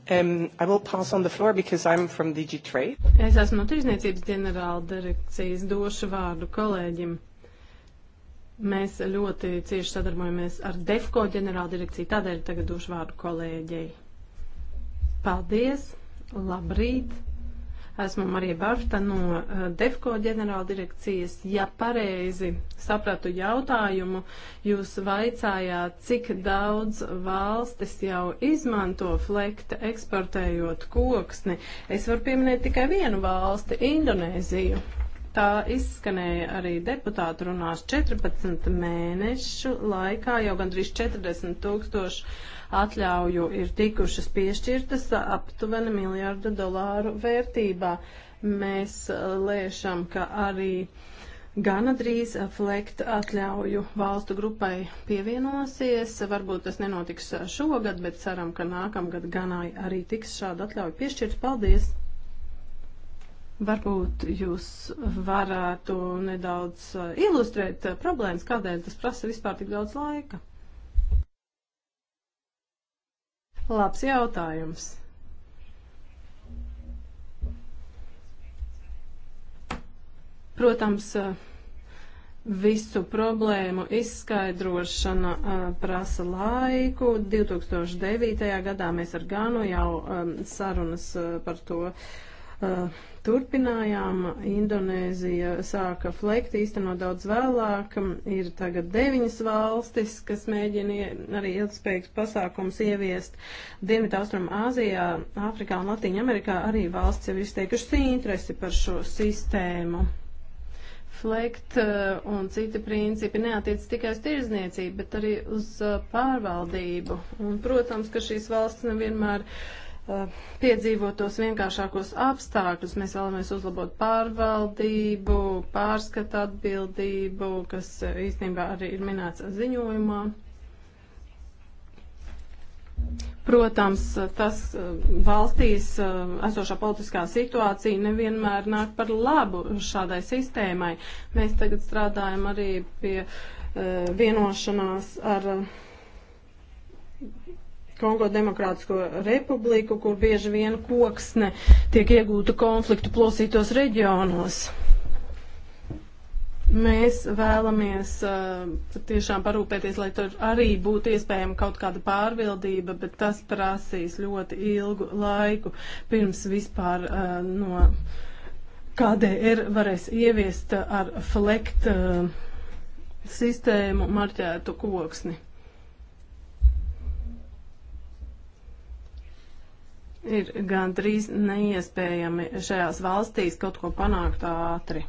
Um, I will pass on the floor because I'm from DG Trade. Es esmu no Tirzniecības ģenerāla direkcijas, došu vārdu kolēģim. Mēs ļoti cieši sadarbojamies ar DEFCO ģenerāla direkciju, tādēļ tagad došu vārdu kolēģei. Paldies, labrīt! Esmu Marija Barta no eh, DEFCO ģenerāldirekcijas. Ja pareizi sapratu jautājumu, jūs vaicājāt, cik daudz valstis jau izmanto flekta eksportējot koksni. Es varu pieminēt tikai vienu valsti - Indonēziju. Tā izskanēja arī deputātu runās 14 mēnešu laikā, jau gandrīz 40 tūkstoši atļauju ir tikušas piešķirtas aptuveni miljārda dolāru vērtībā. Mēs uh, lēšam, ka arī gana drīz flekt atļauju valstu grupai pievienosies. Varbūt tas nenotiks uh, šogad, bet ceram, ka nākamgad ganai arī tiks šāda atļauja piešķirta. Paldies! Varbūt jūs varētu nedaudz uh, ilustrēt problēmas, kādēļ tas prasa vispār tik daudz laika. Labs jautājums. Protams, eh, visu problēmu izskaidrošana eh, prasa laiku. 2009. gadā mēs ar Ganu jau eh, sarunas par to Turpinājām, Indonēzija sāka flekt īstenot daudz vēlāk, ir tagad deviņas valstis, kas mēģina arī ilgspējīgs pasākums ieviest. Dienvidu Austrum Āzijā, Āfrikā un Latīņa Amerikā arī valsts jau izteikušas interesi par šo sistēmu flekt un citi principi neatiec tikai uz tirzniecību, bet arī uz pārvaldību. Un, protams, ka šīs valsts nevienmēr uh, Eh, piedzīvot tos vienkāršākos apstākļus. Mēs vēlamies uzlabot pārvaldību, pārskatu atbildību, kas eh, īstenībā arī ir minēts ziņojumā. Protams, eh, tas valstīs esošā politiskā situācija nevienmēr nāk par labu šādai sistēmai. Mēs tagad strādājam arī pie vienošanās ar Kongo Demokrātisko republiku, kur bieži vien koksne tiek iegūta konfliktu plosītos reģionos. Mēs vēlamies uh, eh, tiešām parūpēties, lai tur arī būtu iespējama kaut kāda pārvildība, bet tas prasīs ļoti ilgu laiku pirms vispār uh, no KDR varēs ieviest ar flekt uh, sistēmu marķētu koksni. Ir gandrīz neiespējami šajās valstīs kaut ko panākt ātri.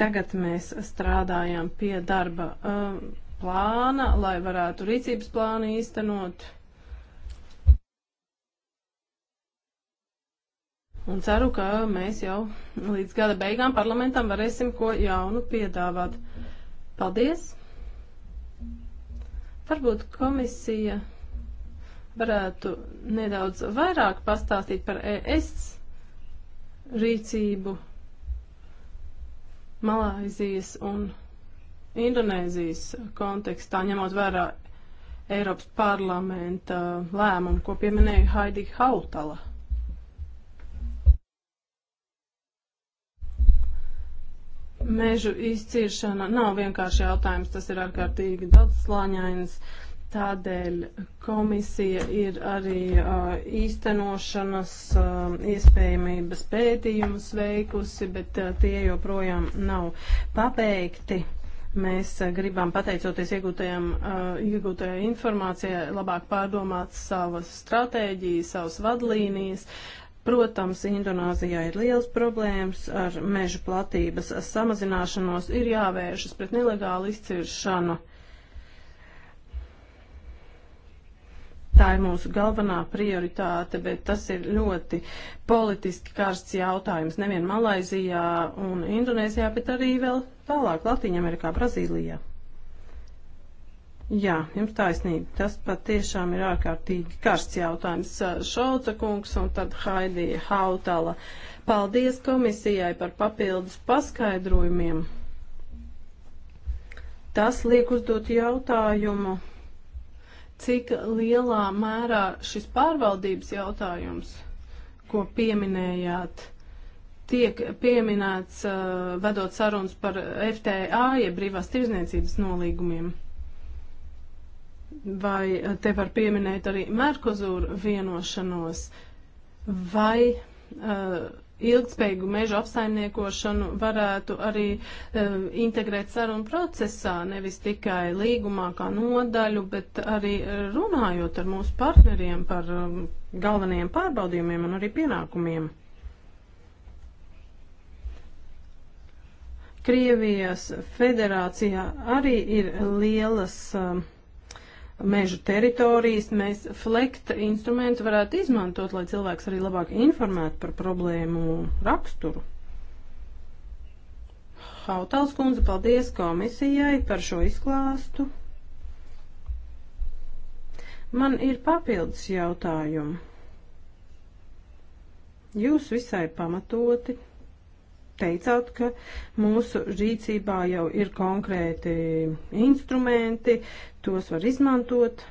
Tagad mēs strādājam pie darba um, plāna, lai varētu rīcības plānu īstenot. Un ceru, ka mēs jau līdz gada beigām parlamentam varēsim ko jaunu piedāvāt. Paldies! Varbūt komisija varētu nedaudz vairāk pastāstīt par ES rīcību Malāizijas un Indonēzijas kontekstā, ņemot vērā Eiropas parlamenta lēmumu, ko pieminēja Haidī Hautala. Mežu izciršana nav vienkārši jautājums, tas ir ārkārtīgi daudz slāņains. Uh, Tādēļ komisija ir arī uh, īstenošanas uh, iespējamības pētījumus veikusi, bet uh, tie joprojām nav pabeigti. Mēs uh, gribam, pateicoties iegūtajam, uh, iegūtajai informācijai, labāk pārdomāt savas stratēģijas, savas vadlīnijas, Protams, Indonāzijā ir liels problēmas ar meža platības samazināšanos, ir jāvēršas pret nelegālu izciršanu. tā ir mūsu galvenā prioritāte, bet tas ir ļoti politiski karsts jautājums nevien Malaizijā un Indonēzijā, bet arī vēl tālāk Latīņamerikā, Brazīlijā. Jā, jums taisnība. Tas patiešām ir ārkārtīgi karsts jautājums. Šolca kungs un tad Haidī Hautala. Paldies komisijai par papildus paskaidrojumiem. Tas liek uzdot jautājumu cik lielā mērā šis pārvaldības jautājums, ko pieminējāt, tiek pieminēts uh, vedot sarunas par FTA, jeb brīvās tirzniecības nolīgumiem. Vai uh, te var pieminēt arī Merkozūru vienošanos, vai uh, ilgspējīgu mežu apsaimniekošanu varētu arī um, integrēt sarunu procesā, nevis tikai līgumā kā nodaļu, bet arī runājot ar mūsu partneriem par um, galvenajiem pārbaudījumiem un arī pienākumiem. Krievijas federācijā arī ir lielas um, mežu teritorijas, mēs flekta instrumentu varētu izmantot, lai cilvēks arī labāk informētu par problēmu raksturu. Hautals kundze, paldies komisijai par šo izklāstu. Man ir papildus jautājumi. Jūs visai pamatoti teicāt, ka mūsu rīcībā jau ir konkrēti instrumenti, tos var izmantot.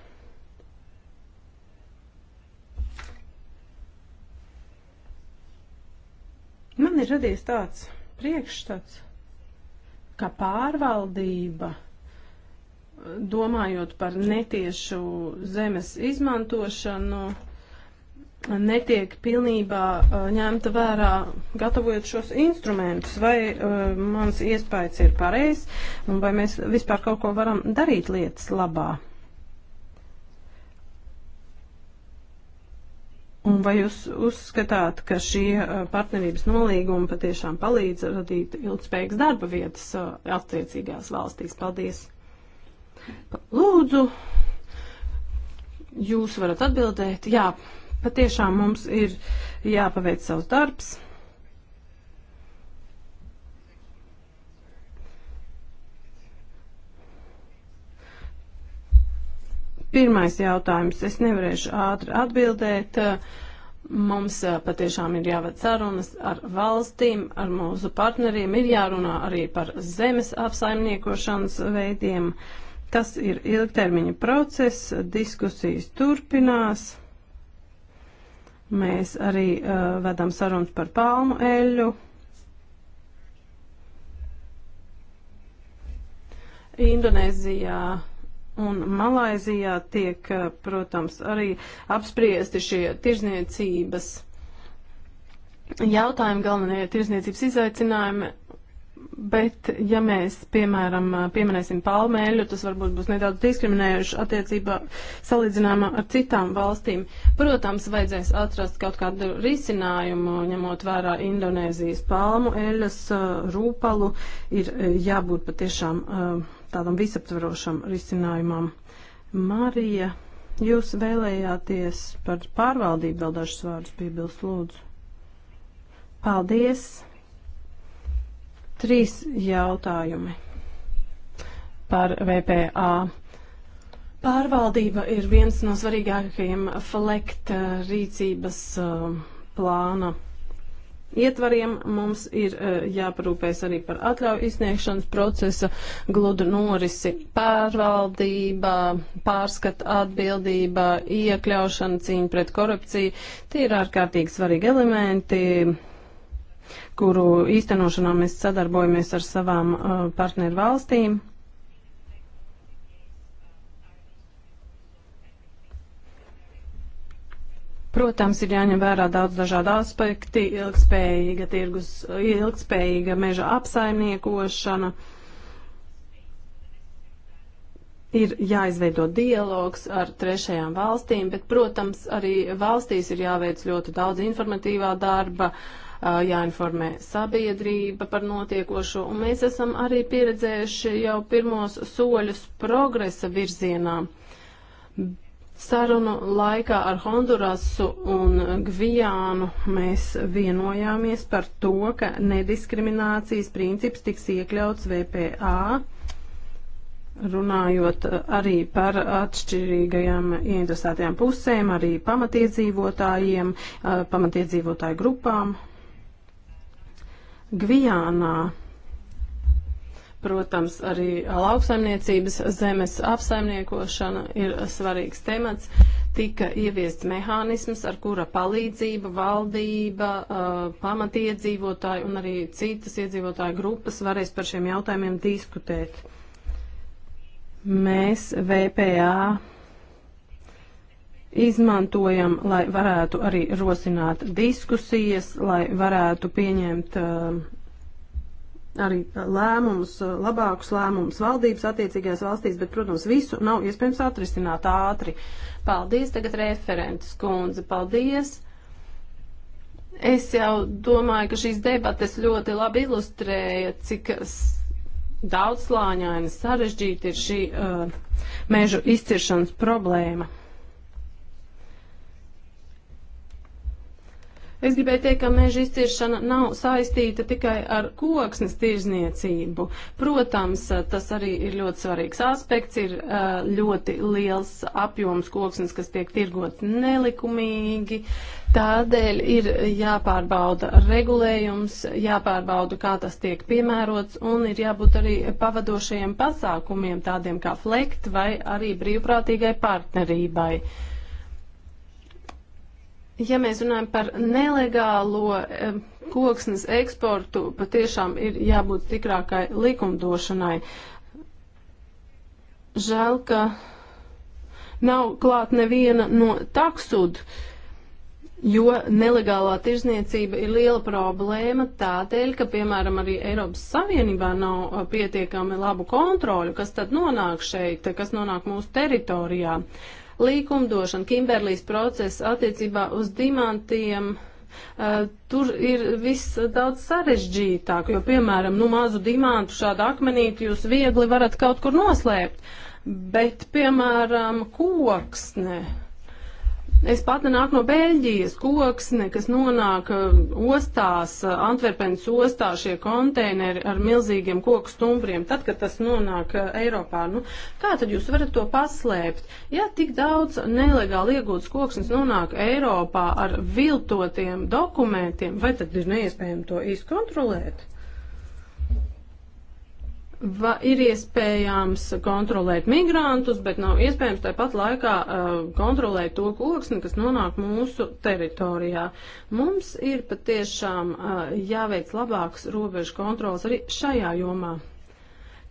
Man ir radies tāds priekšstats, ka pārvaldība, domājot par netiešu zemes izmantošanu, netiek pilnībā uh, ņemta vērā, gatavojot šos instrumentus, vai uh, mans iespējas ir pareizs, un vai mēs vispār kaut ko varam darīt lietas labā. Un vai jūs uzskatāt, ka šie partnerības nolīgumi patiešām palīdz radīt ilgspējīgas darba vietas uh, attiecīgās valstīs? Paldies! Lūdzu, jūs varat atbildēt. Jā, Patiešām mums ir jāpaveic savs darbs. Pirmais jautājums. Es nevarēšu ātri atbildēt. Mums patiešām ir jāved sarunas ar valstīm, ar mūsu partneriem, ir jārunā arī par zemes apsaimniekošanas veidiem. Tas ir ilgtermiņa process, diskusijas turpinās. Mēs arī uh, vedam sarunas par palmu eļu. Indonēzijā un Malaizijā tiek, uh, protams, arī apspriesti šie tirzniecības jautājumi, galvenie tirzniecības izaicinājumi Bet, ja mēs, piemēram, pieminēsim palmēļu, tas varbūt būs nedaudz diskriminējuši attiecībā salīdzināmā ar citām valstīm. Protams, vajadzēs atrast kaut kādu risinājumu, ņemot vērā Indonēzijas palmu eļas eh, rūpalu, ir eh, jābūt patiešām eh, tādam visaptverošam risinājumam. Marija, jūs vēlējāties par pārvaldību vēl dažus vārdus piebilst, lūdzu. Paldies! Trīs jautājumi par VPA. Pārvaldība ir viens no svarīgākajiem flekta eh, rīcības eh, plāna ietvariem. Mums ir eh, jāparūpēs arī par atļauju izsniegšanas procesa gludu norisi pārvaldība, pārskata atbildība, iekļaušana, cīņa pret korupciju. Tie ir ārkārtīgi svarīgi elementi kuru īstenošanā mēs sadarbojamies ar savām uh, partneru valstīm. Protams, ir jāņem vērā daudz dažādu aspekti - ilgspējīga tirgus, ilgspējīga meža apsaimniekošana. Ir jāizveido dialogs ar trešajām valstīm, bet, protams, arī valstīs ir jāveic ļoti daudz informatīvā darba. Uh, jāinformē sabiedrība par notiekošo, un mēs esam arī pieredzējuši jau pirmos soļus progresa virzienā. Sarunu laikā ar Hondurasu un Gvijānu mēs vienojāmies par to, ka nediskriminācijas princips tiks iekļauts VPA, runājot arī par atšķirīgajām ieinteresētajām pusēm, arī pamatiedzīvotājiem, pamatiedzīvotāju grupām Gvijānā. Protams, arī lauksaimniecības zemes apsaimniekošana ir svarīgs temats. Tika ieviests mehānisms, ar kura palīdzību valdība, pamatiedzīvotāji un arī citas iedzīvotāju grupas varēs par šiem jautājumiem diskutēt. Mēs VPA izmantojam, lai varētu arī rosināt diskusijas, lai varētu pieņemt uh, arī lēmumus, labākus lēmumus valdības attiecīgajās valstīs, bet, protams, visu nav iespējams atrisināt ātri. Paldies tagad referentes kundze, paldies! Es jau domāju, ka šīs debates ļoti labi ilustrēja, cik daudzslāņaini sarežģīti ir šī uh, mežu izciršanas problēma. Es gribēju teikt, ka meža izciršana nav saistīta tikai ar koksnes tirzniecību. Protams, tas arī ir ļoti svarīgs aspekts, ir ļoti liels apjoms koksnes, kas tiek tirgots nelikumīgi. Tādēļ ir jāpārbauda regulējums, jāpārbauda, kā tas tiek piemērots, un ir jābūt arī pavadošajiem pasākumiem, tādiem kā flekt vai arī brīvprātīgai partnerībai. Ja mēs runājam par nelegālo koksnes eksportu, patiešām ir jābūt stiprākai likumdošanai. Žēl, ka nav klāt neviena no taksudu, jo nelegālā tirzniecība ir liela problēma tādēļ, ka, piemēram, arī Eiropas Savienībā nav pietiekami labu kontroļu, kas tad nonāk šeit, kas nonāk mūsu teritorijā. Uh, Līkumdošana, Kimberlīs process attiecībā uz dimantiem. Uh, tur ir viss daudz sarežģītāk, jo, piemēram, nu, mazu dimantu šādu akmenīti jūs viegli varat kaut kur noslēpt, bet, piemēram, koksne Es pati nāku no Beļģijas, koksne, kas nonāk uh, ostās, uh, Antverpenes ostā šie konteineri ar milzīgiem koku stumbriem. Tad, kad tas nonāk uh, Eiropā, nu, kā tad jūs varat to paslēpt? Ja tik daudz nelegāli iegūtas koksnes nonāk Eiropā ar viltotiem dokumentiem, vai tad ir neiespējami to izkontrolēt? va, ir iespējams kontrolēt migrantus, bet nav iespējams tāpat laikā uh, kontrolēt to koksni, kas nonāk mūsu teritorijā. Mums ir patiešām uh, jāveic labāks robežu kontrols arī šajā jomā.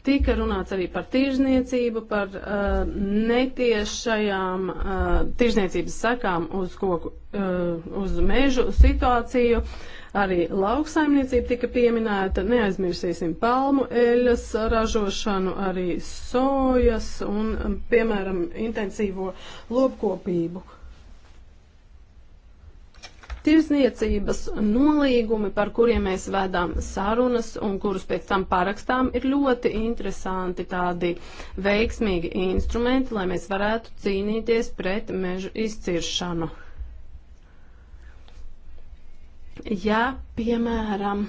Tika runāts arī par tirzniecību, par uh, netiešajām uh, tirzniecības sekām uz koku, uh, uz mežu situāciju. Uh, Arī lauksaimniecība tika pieminēta, neaizmirsīsim palmu eļas ražošanu, arī sojas un, um, piemēram, intensīvo lopkopību. Tirzniecības nolīgumi, par kuriem mēs vedām sarunas un kurus pēc tam parakstām, ir ļoti interesanti tādi veiksmīgi instrumenti, lai mēs varētu cīnīties pret mežu izciršanu. Ja, piemēram,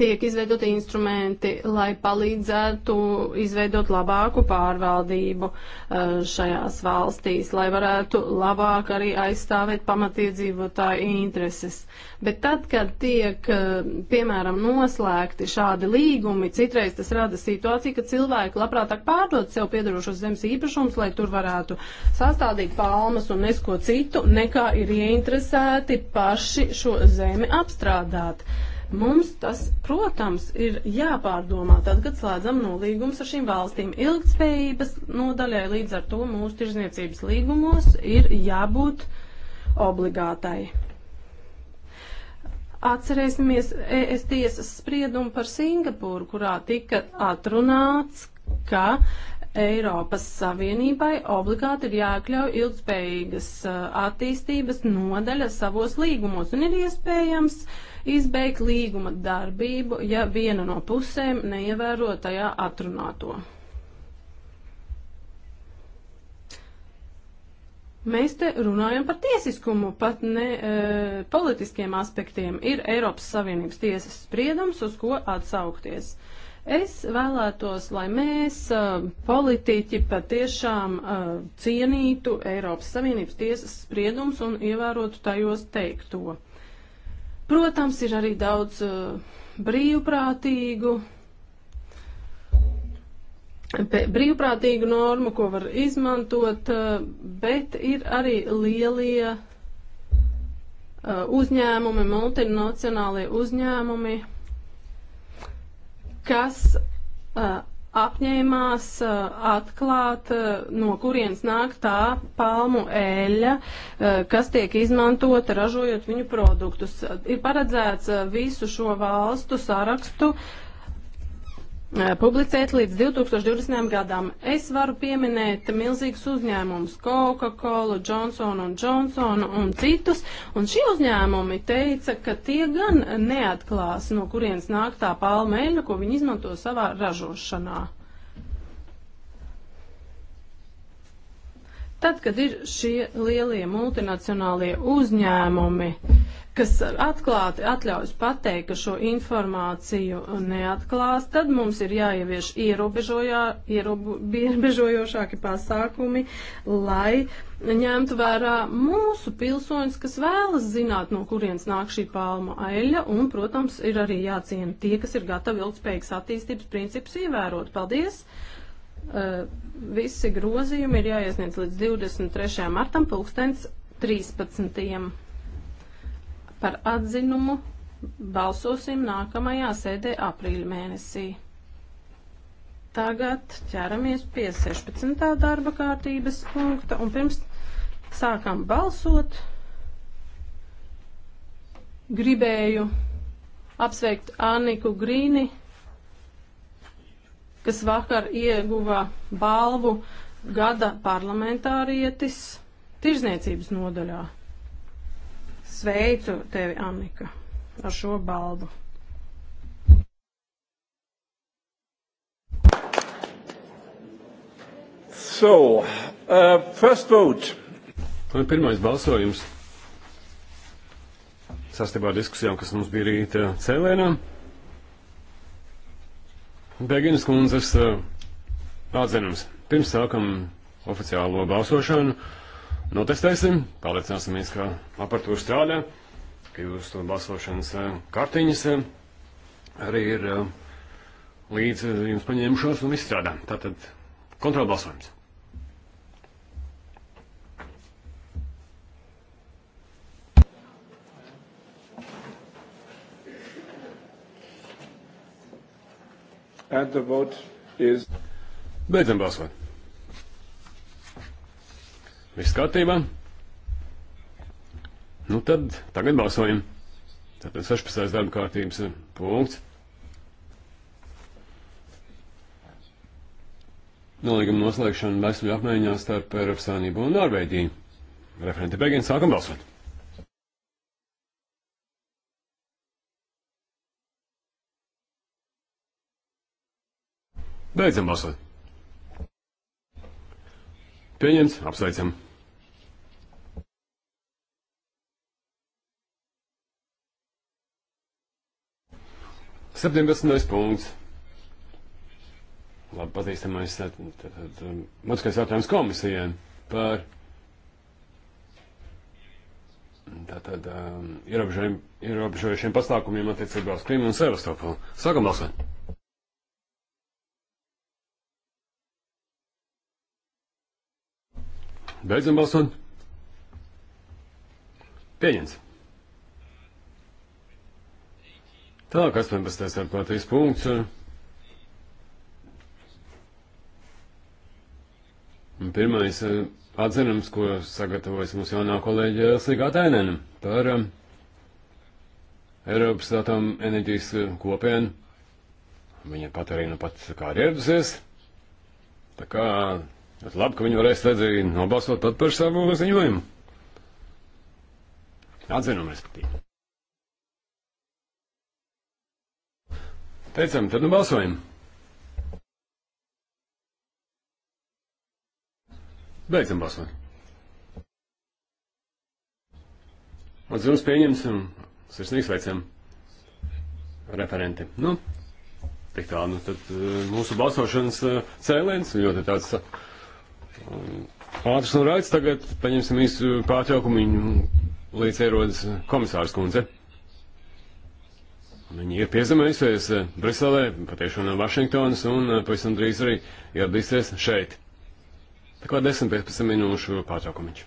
tiek izveidoti instrumenti, lai palīdzētu izveidot labāku pārvaldību eh, šajās valstīs, lai varētu labāk arī aizstāvēt pamatiedzīvotāju intereses. Bet tad, kad tiek, eh, piemēram, noslēgti šādi līgumi, citreiz tas rada situāciju, ka cilvēki labprātāk pārdod sev piedarošos zemes īpašums, lai tur varētu sastādīt palmas un nesko citu, nekā ir ieinteresēti paši šo zemi apstrādāt. Uh, Mums tas, protams, ir jāpārdomā tad, kad slēdzam nolīgums ar šīm valstīm. Ilgtspējības nodaļai līdz ar to mūsu tirzniecības līgumos ir jābūt obligātai. Atcerēsimies ES tiesas spriedumu par Singapūru, kurā tika atrunāts, ka Eiropas Savienībai obligāti ir jākļauj ilgspējīgas uh, attīstības nodaļa savos līgumos un ir iespējams uh, izbeigt līguma darbību, ja viena no pusēm neievēro tajā atrunāto. Mēs te runājam par tiesiskumu, pat ne e, politiskiem aspektiem. Ir Eiropas Savienības tiesas spriedums, uz ko atsaukties. Es vēlētos, lai mēs, e, politiķi, patiešām e, cienītu Eiropas Savienības tiesas spriedums un ievērotu tajos teikto. Protams, ir arī daudz eh, brīvprātīgu brīvprātīgu normu, ko var izmantot, eh, bet ir arī lielie eh, uzņēmumi, multinacionālie uzņēmumi, kas apņēmās eh, atklāt, eh, no kurienes nāk tā palmu eļļa, eh, kas tiek izmantota ražojot viņu produktus. Ir paredzēts visu šo valstu sarakstu Eh, publicēt līdz 2020. gadam. Es varu pieminēt milzīgus uzņēmumus - Coca-Cola, Johnson Johnson un citus, un šie uzņēmumi teica, ka tie gan neatklās, no kurienes nāk tā palmeļa, ko viņi izmanto savā ražošanā. Tad, kad ir šie lielie multinacionālie uzņēmumi, uh, kas atklāti atļaus pateikt, ka šo informāciju neatklās, tad mums ir jāievieš ierobežojošāki pasākumi, lai ņemtu vērā mūsu pilsoņus, kas vēlas zināt, no kurienes nāk šī palma eļļa, un, protams, ir arī jāciena tie, kas ir gatavi ilgspējīgas attīstības principus ievērot. Paldies! Uh, visi grozījumi ir jāiesniedz līdz 23. martam pulkstens 13. Par atzinumu balsosim nākamajā sēdē aprīļa mēnesī. Tagad ķeramies pie 16. darba kārtības punkta un pirms sākam balsot. Gribēju apsveikt Anniku Grīni, kas vakar ieguva balvu gada parlamentārietis tirzniecības nodaļā. Sveicu tevi, Annika, ar šo balvu. So, uh, first vote. Un pirmais balsojums sastībā ar diskusijām, kas mums bija rīta cēlēnā. Beginas kundzes uh, atzinums. Pirms sākam oficiālo balsošanu. Uh, notestēsim, pārliecināsimies, ka aparatūra strādā, ka jūsu balsošanas eh, kartiņas eh, arī ir eh, līdz jums paņemšos un izstrādā. Tātad kontrolbalsojums. And the vote is... Beidzam balsot. Viss kārtībā? Nu tad tagad balsojam. Tātad 16. darba kārtības eh, punkts. Nolīguma noslēgšana vēstuļu apmaiņā starp Eiropas Savienību un Norvēģiju. Referenti beigien sākam balsot. Beidzam balsot. Pieņemts, apsveicam. 17. punkts. Labi pazīstamais um, mutiskais jautājums komisijai par tātad um, ierobežojušiem, ierobežojušiem pasākumiem attiecībā uz Krīmu un Sevastopolu. Sākam, Lasven! Beidzam balsot. Pieņems. Tālāk 18. apkārtīs punkts. Un pirmais eh, atzinums, ko sagatavojas mūsu jaunā kolēģa Sīgā Tainēna par eh, Eiropas atom enerģijas eh, kopienu. Viņa pat arī nu pat kā ir ieradusies. Tā kā Bet labi, ka viņi varēs redzēt, nobalsot pat par savu ziņojumu. Atzinumu, respektīvi. Teicam, tad nu balsojam. Beidzam balsot. Atzinums pieņems un sirsnīgi sveicam referenti. Nu, tik tā, nu tad eh, mūsu balsošanas eh, cēliens ļoti tāds eh, ātrs un raids. Tagad paņemsim īstu pārtraukumu līdz ierodas komisārs kundze. Viņi ir piezemējusies eh, Briselē, patiešām no Vašingtonas, un eh, pavisam drīz arī ieradīsies šeit. Tā kā 10-15 minūšu pārtraukumiņš.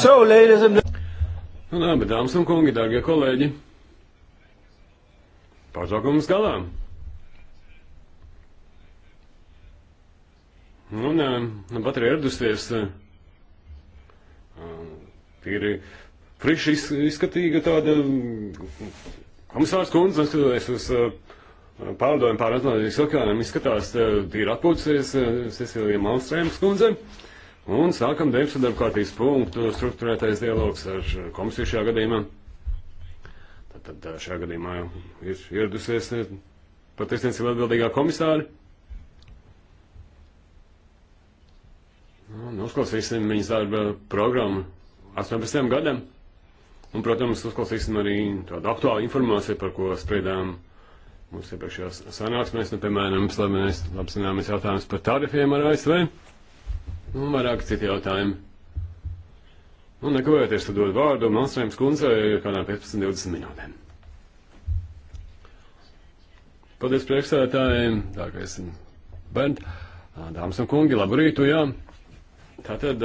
So, ladies and Nu, labi, dāmas un kungi, dārgie kolēģi. Pārtraukums galā. Nu, nē, nu, pat ir ieradusies. Tīri friši izskatīga tāda komisārs kundze, skatoties uz pārdojumu pār atlantīgas okeāniem, izskatās tīri atpūtusies Cecilija Malmstrēmas kundze. Uh, Un sākam 19. darbkārtības punktu struktūrētais dialogs ar komisiju šajā gadījumā. Tad, tad šajā gadījumā jau ir ieradusies par tiesniecību atbildīgā komisāri. Un uzklausīsim viņas darba programmu 18. gadam. Un, protams, uzklausīsim arī tādu aktuālu informāciju, par ko spriedām mūsu iepriekšējās sanāksmēs, nu, piemēram, slavenais, labzināmies jautājums par tarifiem ar ASV un nu, vairāk citi jautājumi. Un nu, nekavēties tad dod vārdu Malstrēms kundzei kādām 15-20 minūtēm. Paldies priekšsētājiem, tā kā esam bērni, dāmas un kungi, labu rītu, jā. Tātad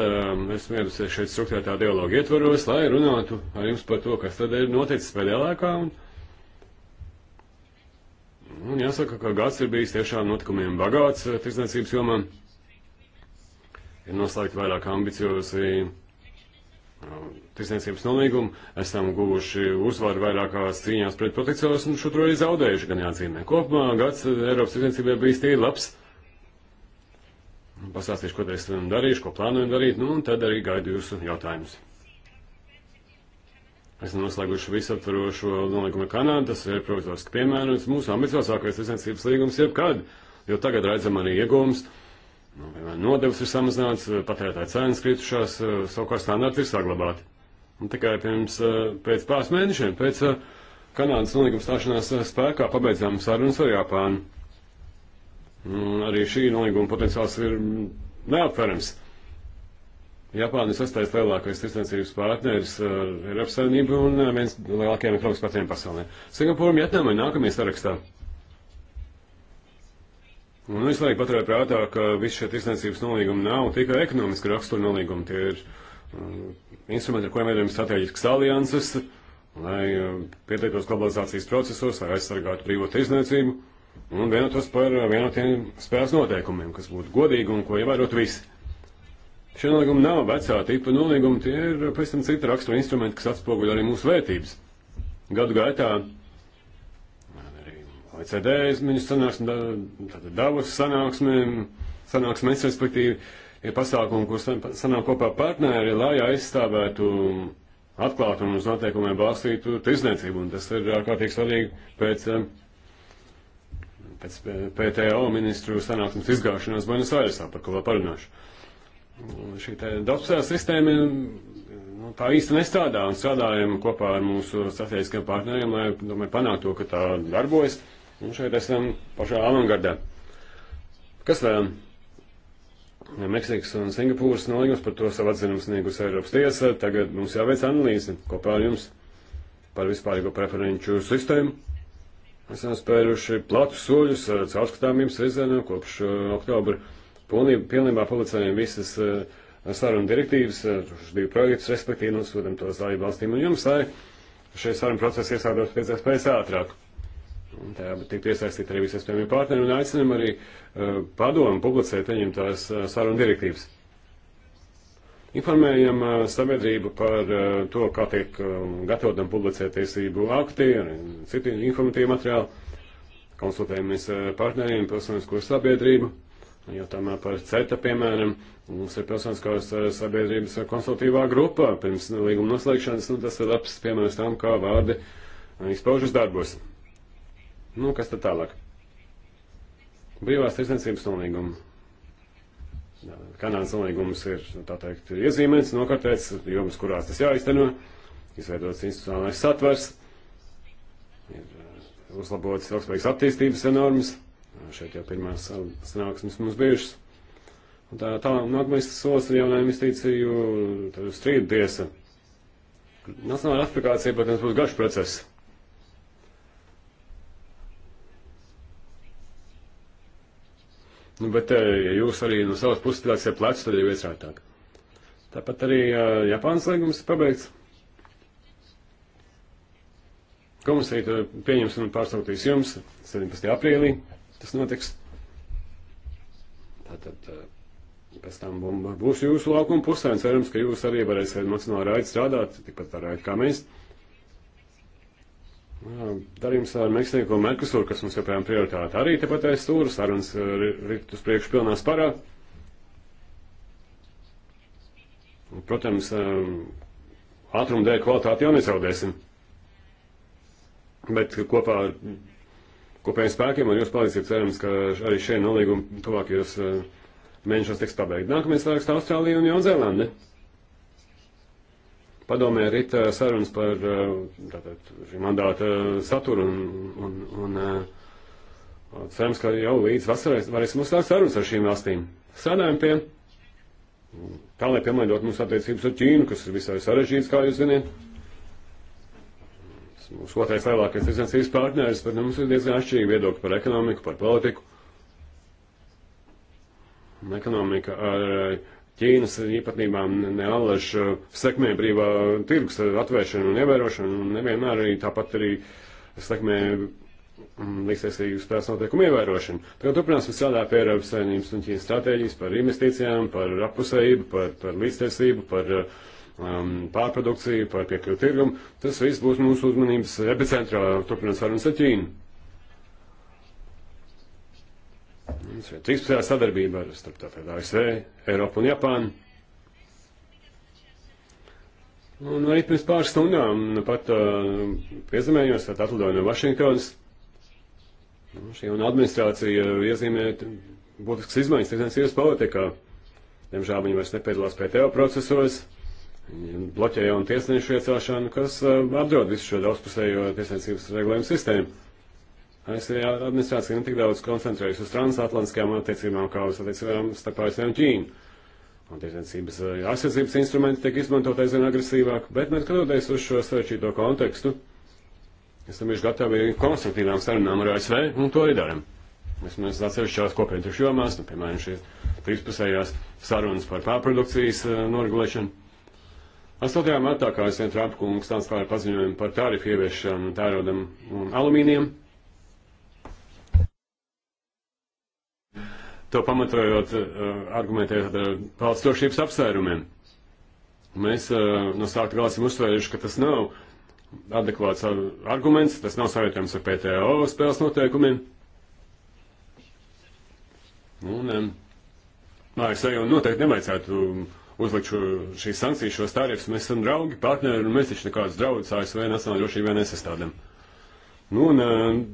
es vienosies šeit struktūrētā dialoga ietvaros, lai runātu ar jums par to, kas tad ir noticis pēdējā laikā. Un, un jāsaka, ka gads ir bijis tiešām notikumiem bagāts tirdzniecības jomām ir noslēgti vairāk ambiciozi uh, tirsniecības nolīgumu, esam guvuši uzvaru vairākās cīņās pret protekcionismu, šo tur arī zaudējuši, gan jāatzīmē. Kopumā gads uh, Eiropas tirsniecībai bijis tīri labs. Pastāstīšu, ko mēs esam darījuši, ko plānojam darīt, nu, un tad arī gaidu jūsu jautājumus. Esam noslēguši visaptvarošo nolīgumu ar Kanādu, tas ir provizoriski piemērojums, mūsu ambiciozākais tirsniecības līgums jebkad, jo tagad redzam arī iegūmus. Nu, nodevs ir samazināts, patērētāja cenas kritušās, savukārt standarti ir saglabāti. Un tikai pirms, eh, pēc pāris mēnešiem, pēc eh, Kanādas nolīguma stāšanās eh, spēkā, pabeidzām sarunas ar Japānu. Un mm, arī šī nolīguma potenciāls ir neaptverams. Japāna ir sastais lielākais tirdzniecības partneris ar Eiropas Savienību un viens no lielākajiem ekonomikas partneriem pasaulē. Singapūra un Vietnama ir nākamie sarakstā. Un visu laiku paturēt prātā, ka visi šie tirsniecības nolīgumi nav tikai ekonomiski rakstura nolīgumi. Tie ir um, instrumenti, ar kuriem veidojam strateģiskas alianses, lai um, uh, pieteiktos globalizācijas procesos, lai aizsargātu brīvo tirsniecību un vienotos par uh, vienotiem spēles noteikumiem, kas būtu godīgi un ko ievērot visi. Šie nolīgumi nav vecā tipa nolīgumi, tie ir pēc tam cita rakstura instrumenti, kas atspoguļo arī mūsu vērtības. Gadu gaitā OECD ministru sanāksmi, tātad Davos sanāksmēm, sanāksmēs, respektīvi, ir pasākumi, kur sanāk kopā partneri, lai aizstāvētu atklātu un uz noteikumiem balstītu tirzniecību, un tas ir ārkārtīgi svarīgi pēc, eh, pēc PTO ministru sanāksmes izgāšanās Buenos Airesā, par ko vēl parunāšu. Šī te daudzpusējā sistēma nu, tā īsti nestrādā un strādājam kopā ar mūsu strateģiskiem partneriem, lai domāju, panāktu to, ka tā darbojas. Un nu, šeit esam pašā avangardā. Kas vēl? Meksikas un Singapūras nolīgums par to savu atzinumu sniegus Eiropas tiesa. Tagad mums jāveic analīze kopā ar jums par vispārīgo preferenču sistēmu. Esam spēruši platus soļus ar caurskatāmības virzienā kopš uh, oktobra. Pilnībā policējiem visas uh, sarunu direktīvas, uh, divu projektus, respektīvi nosūtam tos dalību valstīm un jums, lai šie sarunu procesi iesādās pēc iespējas ātrāk. Un tā tiktu iesaistīt arī visi iespējamie partneri un aicinam arī uh, padomu publicēt viņiem tās uh, sarunu direktīvas. Informējam uh, sabiedrību par to, kā tiek um, gatavot un publicēt tiesību akti un citi informatīvi materiāli. Konsultējamies ar partneriem, pilsonisko sabiedrību. Jautājumā par CETA, piemēram, mums ir pilsoniskās sabiedrības konsultīvā grupa pirms līguma noslēgšanas, un nu, tas ir labs piemērs tam, kā vārdi izpaužas darbos. Nu, kas tad tālāk? Brīvās tirsniecības nolīguma. Kanādas nolīgums ir, nu, tā teikt, iezīmēts, nokartēts, jomas, kurās tas jāizteno, izveidots institucionālais satvers, ir uh, uzlabotas ilgspējīgas attīstības normas, šeit jau pirmās uh, sanāksmes mums bijušas. Un tā, tā nākamais solis ir jaunā investīciju strīdu tiesa. Nacionāla ratifikācija, protams, būs garš process. Nu, bet, eh, ja jūs arī no savas puses strādāsiet plecu, tad jau iesrātāk. Tāpat arī eh, Japānas līgums ir pabeigts. Komisija to eh, pieņems un pārstāvotīs jums 17. aprīlī. Tas notiks. Tātad pēc tam būs jūsu laukuma pusē, un cerams, ka jūs arī varēsiet emocionāli raidīt strādāt, tikpat tā raidīt kā mēs. Darījums ar Meksiku un Merkusuru, kas mums joprojām prioritāte, arī tepat aiz stūra sarunas eh, rit uz priekšu pilnā sparā. Protams, eh, ātruma dēļ kvalitāti jau nezaudēsim. Bet kopā ar kopējiem spēkiem ar jūsu palīdzību cerams, ka arī šie nolīgumi tuvākajos eh, mēnešos tiks pabeigti. Nākamais sarakstā Austrālija un Jaunzēlande. Padomē arī eh, sarunas par eh, tātad, šī mandāta eh, saturu un, un, un, un cerams, ka jau līdz vasarai varēsim uzsākt sarunas ar šīm valstīm. Sēdējam pie tā, lai piemērot mūsu attiecības ar Ķīnu, kas ir visai sarežģīts, kā jūs ziniet. Mūsu otrais lielākais izniecības partneris, bet nu, mums ir diezgan atšķirīgi viedokļi par ekonomiku, par politiku. Un ekonomika ar uh, Ķīnas īpatnībām, ne allaž uh, sekmē brīvā tirgus atvēršanu un ievērošanu, un nevienmēr arī tāpat arī sekmē mm, līdzsaistīgus tās notiekumu ievērošanu. Tagad turpināsim strādāt pie Eiropas saimnības un Ķīnas stratēģijas par investīcijām, par apusējību, par, par līdzsaistību, par uh, um, pārprodukciju, par piekļuvu tirgumu. Tas viss būs mūsu uzmanības epicentrā, turpinot sarunas ar Ķīnu. Mums ir trīspusējā sadarbība ar starp tātad ASV, Eiropu un Japānu. Un arī pirms pāris stundām nu, pat uh, piezemējos, tad atlidoju no Vašingtonas. Nu, šī jauna administrācija iezīmē būtiskas izmaiņas tirdzniecības politikā. Diemžēl viņi vairs nepiedalās PTO procesos, viņi bloķē jaunu tiesnešu iecelšanu, kas uh, apdraud visu šo daudzpusējo tiesniecības regulējumu sistēmu. ASV administrācija netik daudz koncentrējas uz transatlantiskajām attiecībām kā uz attiecībām starp ASV un Ķīnu. Un tirdzniecības eh, aizsardzības instrumenti tiek izmantot aizvien agresīvāk, bet neskatoties uz šo sarežģīto kontekstu, esam bijuši gatavi konstruktīvām sarunām ar ASV, un to arī darām. Vismaz atsevišķās kopienu tieši jomās, nu, piemēram, šīs trīspusējās sarunas par pārprodukcijas eh, noregulēšanu. 8. martā, kā es vien Trumpa kungs, tāds kā ir paziņojumi par tarifu ieviešanu tērodam un alumīnijam. to pamatojot, eh, argumentējot ar valsts drošības apsvērumiem. Mēs eh, no sākta galā esam uzsvērjuši, ka tas nav adekvāts arguments, tas nav savietojams ar PTO spēles noteikumiem. Un, Mājas eh, e jau noteikti nevajadzētu uzlikt šo, šīs sankcijas, šos tarifus. Mēs esam draugi, partneri, un mēs taču nekādas draudus ASV nacionālajā drošībā nesastādām. Nu, un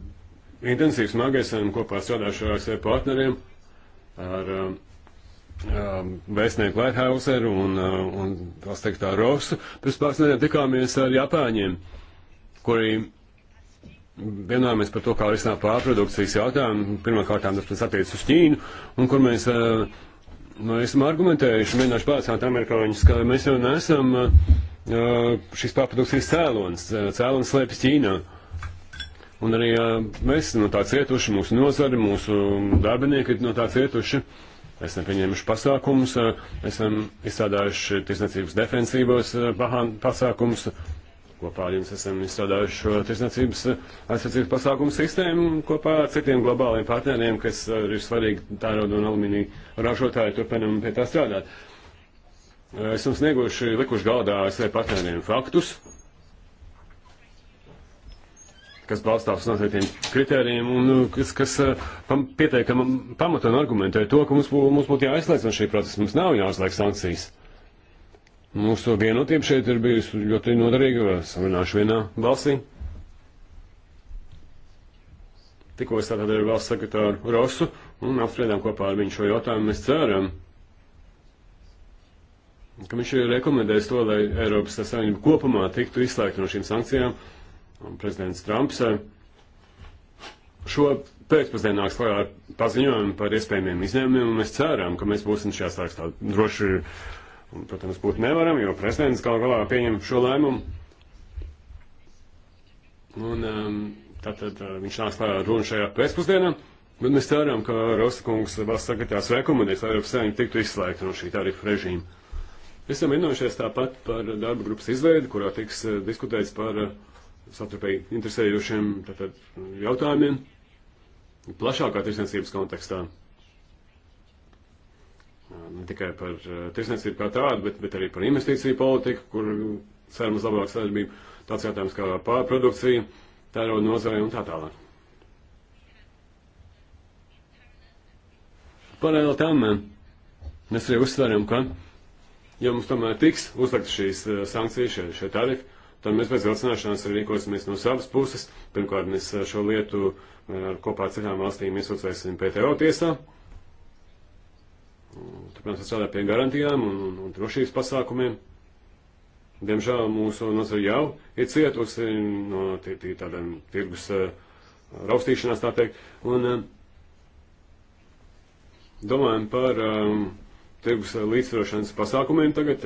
intensīvi smagi esam kopā strādājuši ar ASV e partneriem ar um, um vēstnieku Lighthauseru un, uh, un tās teikt tā Rosu. Pirms pāris nedēļām tikāmies ar Japāņiem, kuri vienojāmies par to, kā risināt pārprodukcijas jautājumu. Pirmkārt, tas attiecas uz Ķīnu, un kur mēs uh, nu, esam argumentējuši, mēģinājuši pārliecināt amerikāņus, ka mēs jau nesam uh, uh šīs pārprodukcijas cēlonis. Cēlonis slēpjas Ķīnā. Uh, Un arī mēs no tā cietuši, mūsu nozari, mūsu darbinieki no tā cietuši. Mēs esam pieņēmuši pasākumus, esam izstrādājuši tirsniecības defensīvos pasākumus, kopā ar jums esam izstrādājuši šo tirsniecības aizsardzības pasākumu sistēmu kopā ar citiem globāliem partneriem, kas ir svarīgi tērauda un alumīnija ražotāji, turpinam pie tā strādāt. Esam snieguši, likuši galdā ASV partneriem faktus, kas balstās uz noteiktiem kritērijiem un nu, kas, kas eh, pam, pieteikam pamatu un argumentē to, ka mums, bū, mums būtu jāizslēdz no šī procesa, mums nav jāuzliek sankcijas. Mūsu vienotība šeit ir bijusi ļoti noderīga, sarunāšu vienā balsī. Tikko es tātad ar valsts sekretāru Rosu un apspriedām kopā ar viņu šo jautājumu. Mēs ceram, ka viņš ir rekomendējis to, lai Eiropas Savienība kopumā tiktu izslēgta no šīm sankcijām prezidents Trumps eh, šo pēcpusdienu nāks klajā ar paziņojumu par iespējamiem izņēmumiem, un mēs ceram, ka mēs būsim šajā sarakstā. Droši, protams, būt nevaram, jo prezidents galu galā pieņem šo lēmumu. Un tātad ehm, eh, viņš nāks klajā ar runu šajā pēcpusdienā, bet mēs ceram, ka Rosakungs valsts sekretārs rekomendēs, lai Eiropas saimnieki tiktu izslēgti no šī tarifu režīma. Esam vienojušies tāpat par darba grupas izveidi, kurā tiks eh, diskutēts par uh, satarpēji interesējošiem tātad, nu, jautājumiem plašākā tirsniecības kontekstā. Ne tikai par eh, tirsniecību kā tādu, bet, bet arī par investīciju politiku, kur ceram uz labāku sadarbību, tāds jautājums kā pārprodukcija, tērauda nozare un tā tālāk. Paralēli tam eh, mēs arī uzsveram, ka, ja mums tomēr tiks uzlikt šīs eh, sankcijas, šie, šie tarifi, tad mēs bez vilcināšanās rīkosimies no savas puses. Pirmkārt, mēs eh, šo lietu eh, kopā ar citām valstīm iesūcēsim PTO tiesā. Turpināsim strādāt pie garantijām un, un, un drošības pasākumiem. Diemžēl mūsu nozara jau ir cietusi no tī, tī, tādiem tirgus eh, raustīšanās, tā teikt. Un domājam par um, tirgus līdzsvarošanas pasākumiem tagad.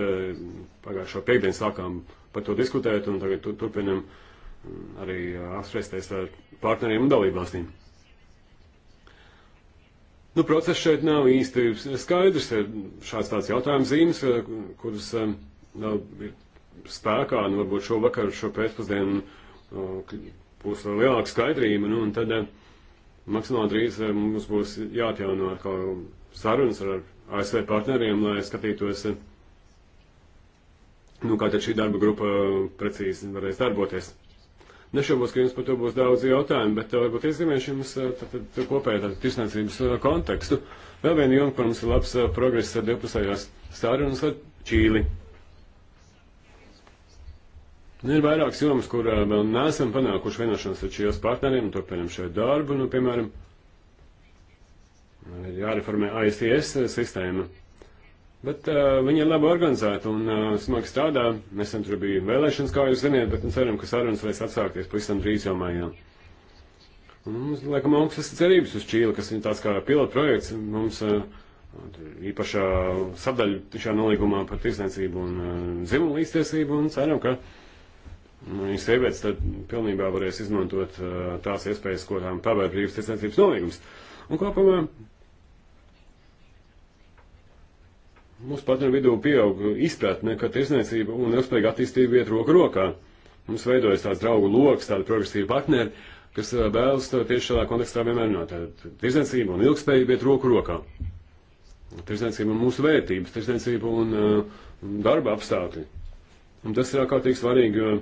Pagājušo piekdienu sākām uh, par to diskutēt un tagad turpinam mm, arī apspriesties ar partneriem un dalībvalstīm. Nu, process šeit nav īsti skaidrs. Ir šāds tāds jautājums zīmes, kuras nav spēkā, nu, varbūt šovakar, šo pēcpusdienu būs vēl lielāka skaidrība, nu, un tad maksimāli drīz mums būs jāatjauno atkal sarunas ar ASV partneriem, lai skatītos, Nu, kā tad šī darba grupa precīzi varēs darboties? Nešaubos, ka jums par to būs daudz jautājumu, bet uh, varbūt izņemēšu jums uh, kopēju tirsniecības uh, kontekstu. Vēl viena joma, kur mums ir labs progress ar divpusējās sārunas ar Čīli. Nu, ir vairākas jomas, kur vēl neesam panākuši vienošanos ar šiem partneriem, turpinam šo darbu. Nu, piemēram, ir jāreformē ICS sistēma. Bet uh, viņi ir labi organizēti un uh, smagi strādā. Mēs tam tur bija vēlēšanas, kā jūs ziniet, bet nu, ceram, ka sarunas varēs atsākties pavisam drīz jau mājā. Un mums, laikam, augstas cerības uz Čīli, kas ir tāds kā pilotprojekts. Mums uh, īpašā sadaļa šajā nolīgumā par tirsniecību un uh, dzimumu līdztiesību un ceram, ka nu, sievietes tad pilnībā varēs izmantot uh, tās iespējas, ko tām pavēr brīvas tirsniecības nolīgums. Un kopumā Mūsu partneru vidū pieaug izpratne, ka tirsniecība un ilgspējīga attīstība iet roku rokā. Mums veidojas tāds draugu lokus, tādi progresīvi partneri, kas eh, vēlas eh, tieši šādā kontekstā vienmēr no tāda tirsniecība un ilgspējība iet roku rokā. Tirsniecība un mūsu vērtības, tirsniecība un uh, darba apstākļi. Un tas ir ārkārtīgi svarīgi, jo,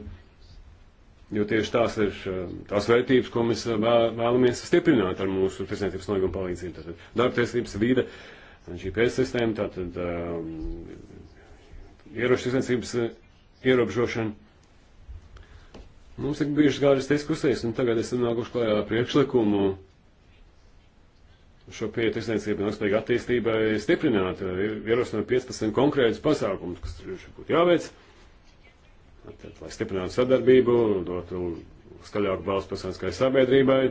jo tieši tās ir tās vērtības, ko mēs vēlamies stiprināt ar mūsu tirsniecības nolīgumu palīdzību. Tātad darba tiesības, vīde. Uh, GPS sistēma, tātad um, ieroču izniecības uh, ierobežošana. Mums ir bijušas gādas diskusijas, un tagad esam nākuši klājā priekšlikumu šo pieeju tirsniecību un ilgspējīgu attīstībai stiprināt, uh, ierosinot 15 konkrētus pasākumus, kas būtu jāveic, tad, lai stiprinātu sadarbību, dotu skaļāku balstu pilsētiskai sabiedrībai,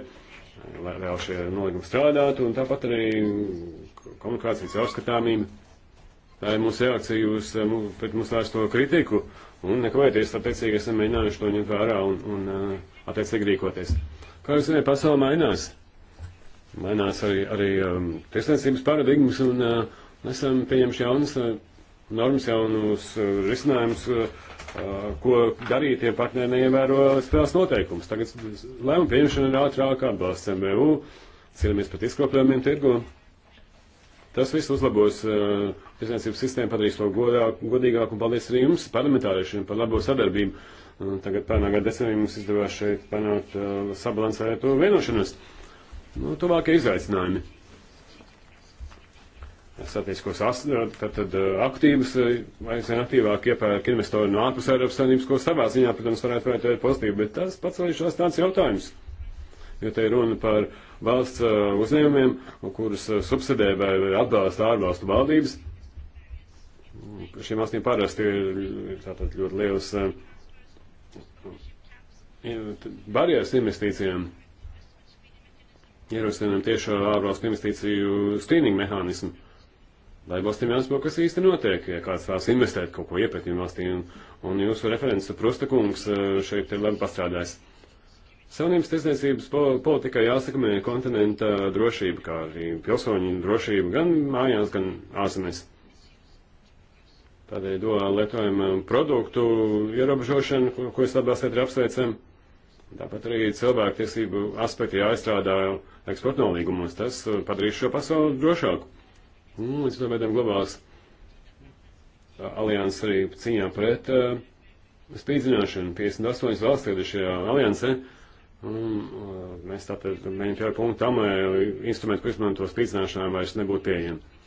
lai vēl šie nolīgumi strādātu, un tāpat arī komunikācijas apskatāmība. Tā ir mūsu reakcija uz eh, pret mūsu vērsto kritiku. Un nekavēties, attiecīgi esam mēģinājuši to ņemt vērā un, un eh, attiecīgi rīkoties. Kā jūs zināt, pasaule mainās. Mainās arī, arī um, tiesniecības paradigmas un uh, esam pieņemši jaunas uh, normas, jaunus uh, risinājumus, uh, ko darīt, ja partneri neievēro spēles noteikumus. Tagad lēmumu pieņemšana ir ātrāka, atbalsts MVU, cīnāmies pret izkropļojumiem tirgu. Tas viss uzlabos eh, tiesniecības sistēmu, padarīs to godīgāku, un paldies arī jums, parlamentāriešiem, par labo sadarbību. Un tagad pērnā gada decembrī mums izdevās šeit panākt uh, sabalansēto vienošanos. Nu, tuvākie izaicinājumi. Satiskos tātad eh, aktīvas, aizvien aktīvāk iepērk investori no ārpus Eiropas Savienības, ko savā ziņā, protams, varētu vērtēt pozitīvi, bet tas pats vēl ir šās tāds jautājums jo te ir runa par valsts uzņēmumiem, kurus subsidē vai atbalsta ārvalstu valdības. Šīm valstīm parasti ir tātad ļoti liels barjeras investīcijām. Ierosinām tiešo ārvalstu investīciju skrīningu mehānismu. Lai valstīm jāsaprot, kas īsti notiek, ja kāds tās investēt kaut ko iepētījumu valstī. Un, un jūsu referents Prusta kungs šeit ir labi pastrādājis. Savienības tirdzniecības politikai jāsakmē kontinenta drošība, kā arī pilsoņu drošība gan mājās, gan ārzemēs. Tādēļ duāli lietojumu produktu ierobežošanu, ko, ko es labās arī apsveicam. Tāpat arī cilvēku tiesību aspekti jāizstrādā eksporta nolīgumos. Tas uh, padarīs šo pasauli drošāku. Līdz to veidam globāls uh, alianses arī cīņā pret uh, spīdzināšanu. 58 valsts ir šajā aliansē. Uh, Un uh, mēs tātad mēģinām pie punktu tam, lai instrumenti, ko izmanto spīdzināšanā, vairs nebūtu pieejami.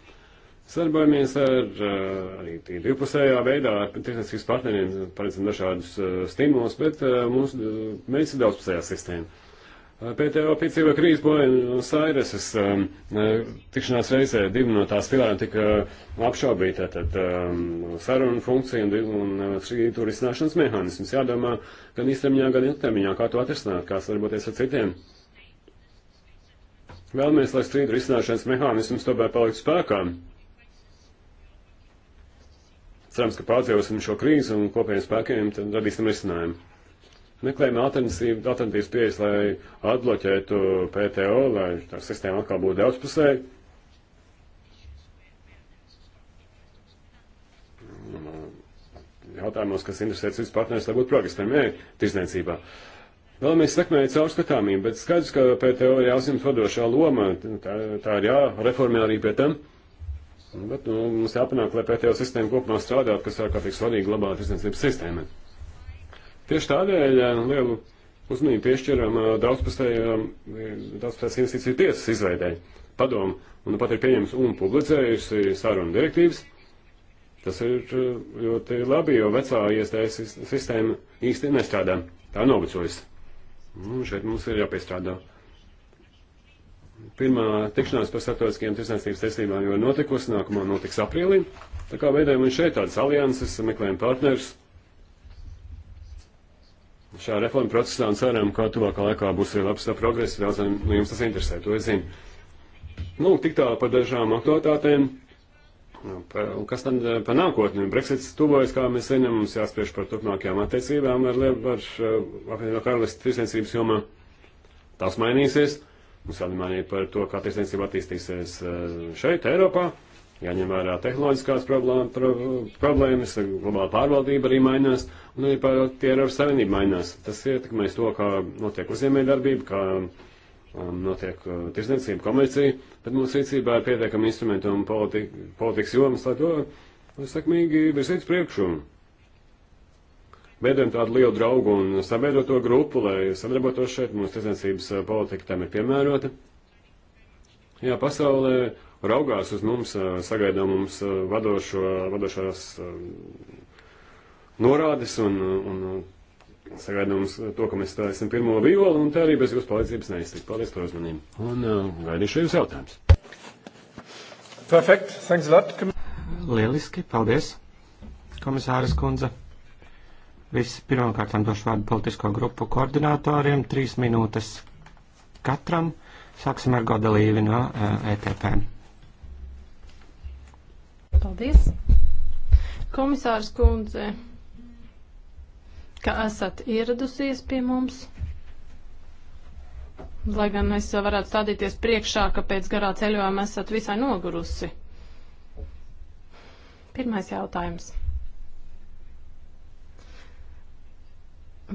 Sadarbojamies ar uh, arī divpusējā veidā ar tirsniecības partneriem, paredzam dažādus uh, stimulus, bet mums mērķis ir daudzpusējā sistēma. Pēdējo piecīvo krīzes Buenos Aireses um, tikšanās reizē divi no tās pilāriem tika uh, apšaubīti, tātad um, saruna funkcija un, un šī uh, tur izcināšanas mehānisms. Jādomā gan īstermiņā, gan ilgtermiņā, kā to atrisināt, kā sadarboties ar citiem. Vēlamies, lai strīdu risināšanas mehānisms tomēr paliktu spēkā. Cerams, ka pārdzīvosim šo krīzi un kopējiem spēkiem radīsim risinājumu meklējam alternatīvas pieejas, lai atbloķētu PTO, lai tā sistēma atkal būtu daudzpusēja. Jautājumos, kas interesēs visus partnerus, lai būtu progress pirmie tirzniecībā. Vēlamies sekmēt caurskatāmību, bet skaidrs, ka PTO ir jāuzņem vadošā loma, tā, tā ir jāreformē arī pie tam. Bet nu, mums jāpanāk, lai PTO sistēma kopumā strādātu, kas ārkārtīgi svarīgi labā tirsniecības sistēmai. Tieši tādēļ eh, lielu uzmanību piešķiram eh, eh, daudzpusējās investīciju tiesas izveidēji. Padomu, un nu pat ir pieņems un publicējusi sarunu direktīvas. Tas ir ļoti labi, jo vecā iestājas sistēma īsti nestrādā. Tā novecojas. Un nu, šeit mums ir jāpiestrādā. Pirmā tikšanās par starptautiskajām tirsniecības tiesībām jau notikusi, nākamā notiks aprīlī. Tā kā veidojam šeit tādas alianses, meklējam partnerus šajā reforma procesā un ceram, ka tuvākā laikā būs arī labs progress. Daudziem no jums tas interesē, to es zinu. Nu, tik tālu par dažām aktualitātēm. Par, kas tad eh, par nākotni? Brexits tuvojas, kā mēs zinām, mums jāspriež par turpmākajām attiecībām ar, ar eh, apvienoto karalistu tirsniecības jomā. Tās mainīsies. Mums jādomā arī par to, kā tirsniecība attīstīsies eh, šeit, Eiropā. Jāņem vērā tehnoloģiskās problēma, pro, problēmas, globāla pārvaldība arī mainās, un arī par tie ar savienību mainās. Tas ietekmēs to, kā notiek uzņēmējdarbība, kā um, notiek uh, tirsniecība, komercija, bet mūsu rīcībā ir pietiekami instrumenti un politika, politikas jomas, lai to sakmīgi virsīts priekšumu veidojam tādu lielu draugu un sabiedroto grupu, lai sadarbotos šeit. Mūsu tiesniecības uh, politika tam ir piemērota. Jā, pasaulē raugās uz mums, sagaida mums vadošo, vadošās norādes un, un sagaida mums to, ka mēs stāsim pirmo violu, un tā arī bez jūsu palīdzības neiztikt. Paldies par uzmanību. Un gaidīšu jūs jautājumus. Perfekt. Thanks a lot. Lieliski. Paldies, komisāras kundze. Visi pirmkārtām došu vārdu politisko grupu koordinātoriem. Trīs minūtes katram. Sāksim ar Godelīvi no uh, ETP. Paldies. Komisārs kundze, ka esat ieradusies pie mums. Lai gan es varētu stādīties priekšā, ka pēc garā ceļojuma esat visai nogurusi. Pirmais jautājums.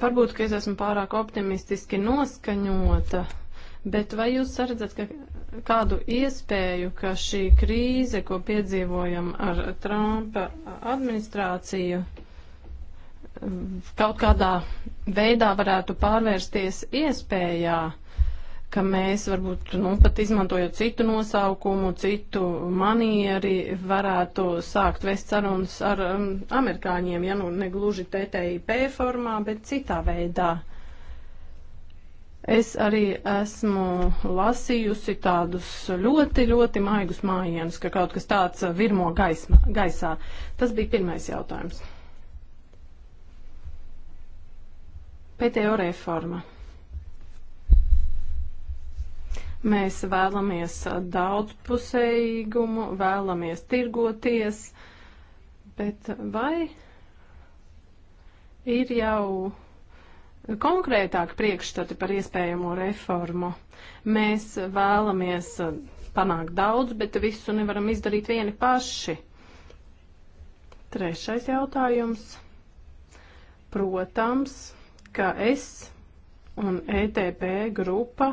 Varbūt, ka es esmu pārāk optimistiski noskaņota, bet vai jūs saredzat, ka kādu iespēju, ka šī krīze, ko piedzīvojam ar Trumpa administrāciju, kaut kādā veidā varētu pārvērsties iespējā, ka mēs varbūt, nu, pat izmantojot citu nosaukumu, citu manieri, varētu sākt vest sarunas ar um, amerikāņiem, ja nu negluži TTIP formā, bet citā veidā. Es arī esmu lasījusi tādus ļoti, ļoti maigus mājienus, ka kaut kas tāds virmo gaisma, gaisā. Tas bija pirmais jautājums. PTO reforma. Mēs vēlamies daudzpusējumu, vēlamies tirgoties, bet vai ir jau konkrētāk priekšstati par iespējamo reformu. Mēs vēlamies eh, panākt daudz, bet visu nevaram izdarīt vieni paši. Trešais jautājums. Protams, ka es un ETP grupa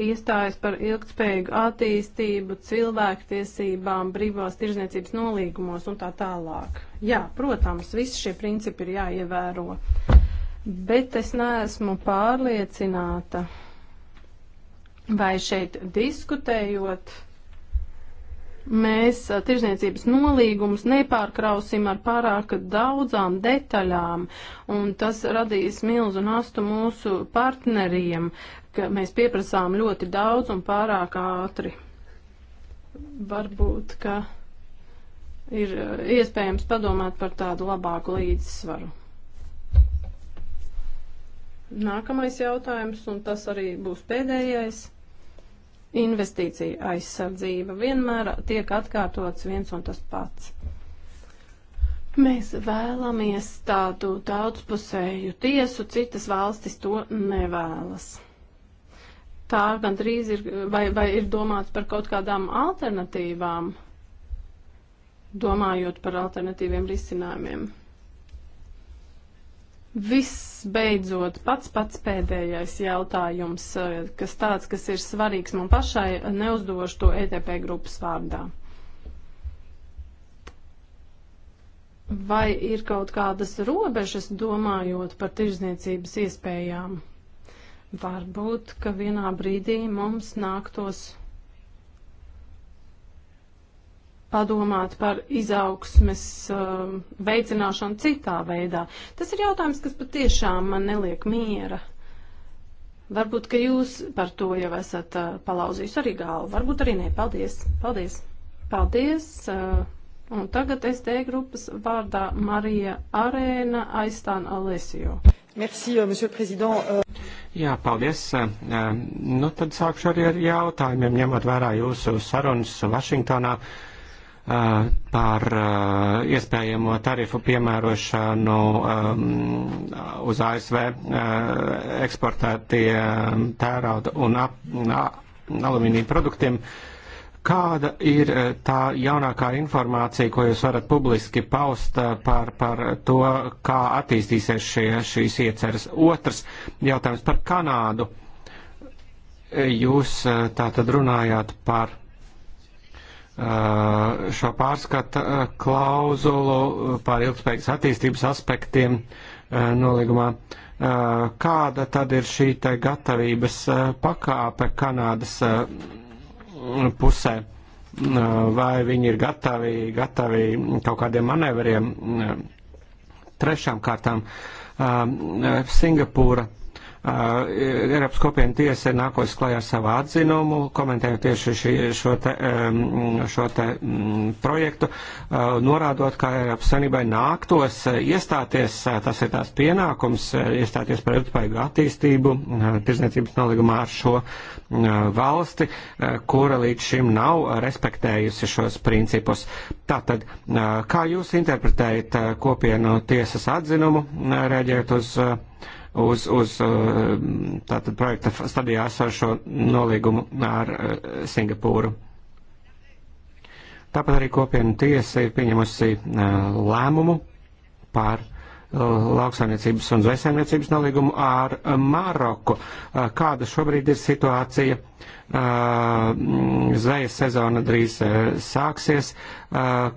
iestājas par ilgtspējīgu attīstību, cilvēktiesībām, brīvās tirzniecības nolīgumos un tā tālāk. Jā, protams, visi šie principi ir jāievēro bet es neesmu pārliecināta, vai šeit diskutējot, mēs tirzniecības nolīgumus nepārkrausim ar pārāk daudzām detaļām, un tas radīs milzu nastu mūsu partneriem, ka mēs pieprasām ļoti daudz un pārāk ātri. Varbūt, ka ir iespējams padomāt par tādu labāku līdzsvaru. Nākamais jautājums, un tas arī būs pēdējais. Investīcija aizsardzība vienmēr tiek atkārtots viens un tas pats. Mēs vēlamies tādu daudzpusēju tiesu, citas valstis to nevēlas. Tā gandrīz ir, vai, vai ir domāts par kaut kādām alternatīvām, domājot par alternatīviem risinājumiem. Visbeidzot, pats pats pēdējais jautājums, eh, kas tāds, kas ir svarīgs man pašai, neuzdošu to ETP grupas vārdā. Vai ir kaut kādas robežas domājot par tirzniecības iespējām? Varbūt, ka vienā brīdī mums nāktos padomāt par izaugsmes uh, veicināšanu citā veidā. Tas ir jautājums, kas patiešām man neliek miera. Varbūt, ka jūs par to jau esat uh, palauzījis arī galvu, varbūt arī nē. Paldies! Paldies! Paldies! Uh, un tagad SD grupas vārdā Marija Arēna aizstāna Alesio. Merci, euh, monsieur le président. Euh, Jā, paldies. Uh, nu, tad sākšu arī ar jautājumiem, ņemot vērā jūsu sarunas Vašingtonā. Uh, Eh, par eh, iespējamo tarifu piemērošanu uz ASV eh, eksportētie tērauda un alumīnija produktiem. Kāda ir tā jaunākā informācija, ko jūs varat publiski paust par, par to, kā attīstīsies šie, šīs ieceras? Otrs jautājums par Kanādu. Jūs tā tad runājāt par Eh, šo pārskata eh, klauzulu eh, par ilgspējīgas attīstības aspektiem nolīgumā. Kāda tad ir šī te gatavības pakāpe Kanādas pusē? Vai viņi ir gatavi, gatavi kaut kādiem manevriem? Trešām kārtām Singapūra Uh, Eiropas kopiena tiesa ir nākos klajā ar savu atzinumu, komentējot tieši šī, šo te, um, šo te mm, projektu, uh, norādot, ka Eiropas Sanībai nāktos uh, iestāties, tas ir tās pienākums, iestāties par ilgspējīgu attīstību tirzniecības nolīgumā ar šo valsti, kura līdz šim nav respektējusi šos principus. Tātad, kā jūs interpretējat kopienu tiesas atzinumu, reaģējot uz uh, uz, uz uh, tātad projekta stadijā esošo nolīgumu ar uh, Singapūru. Tāpat arī kopiena tiesa ir pieņemusi uh, lēmumu par uh, lauksaimniecības un zvejsaimniecības nolīgumu ar Maroku. Kāda šobrīd ir situācija? Mm, zvejas sezona drīz sāksies.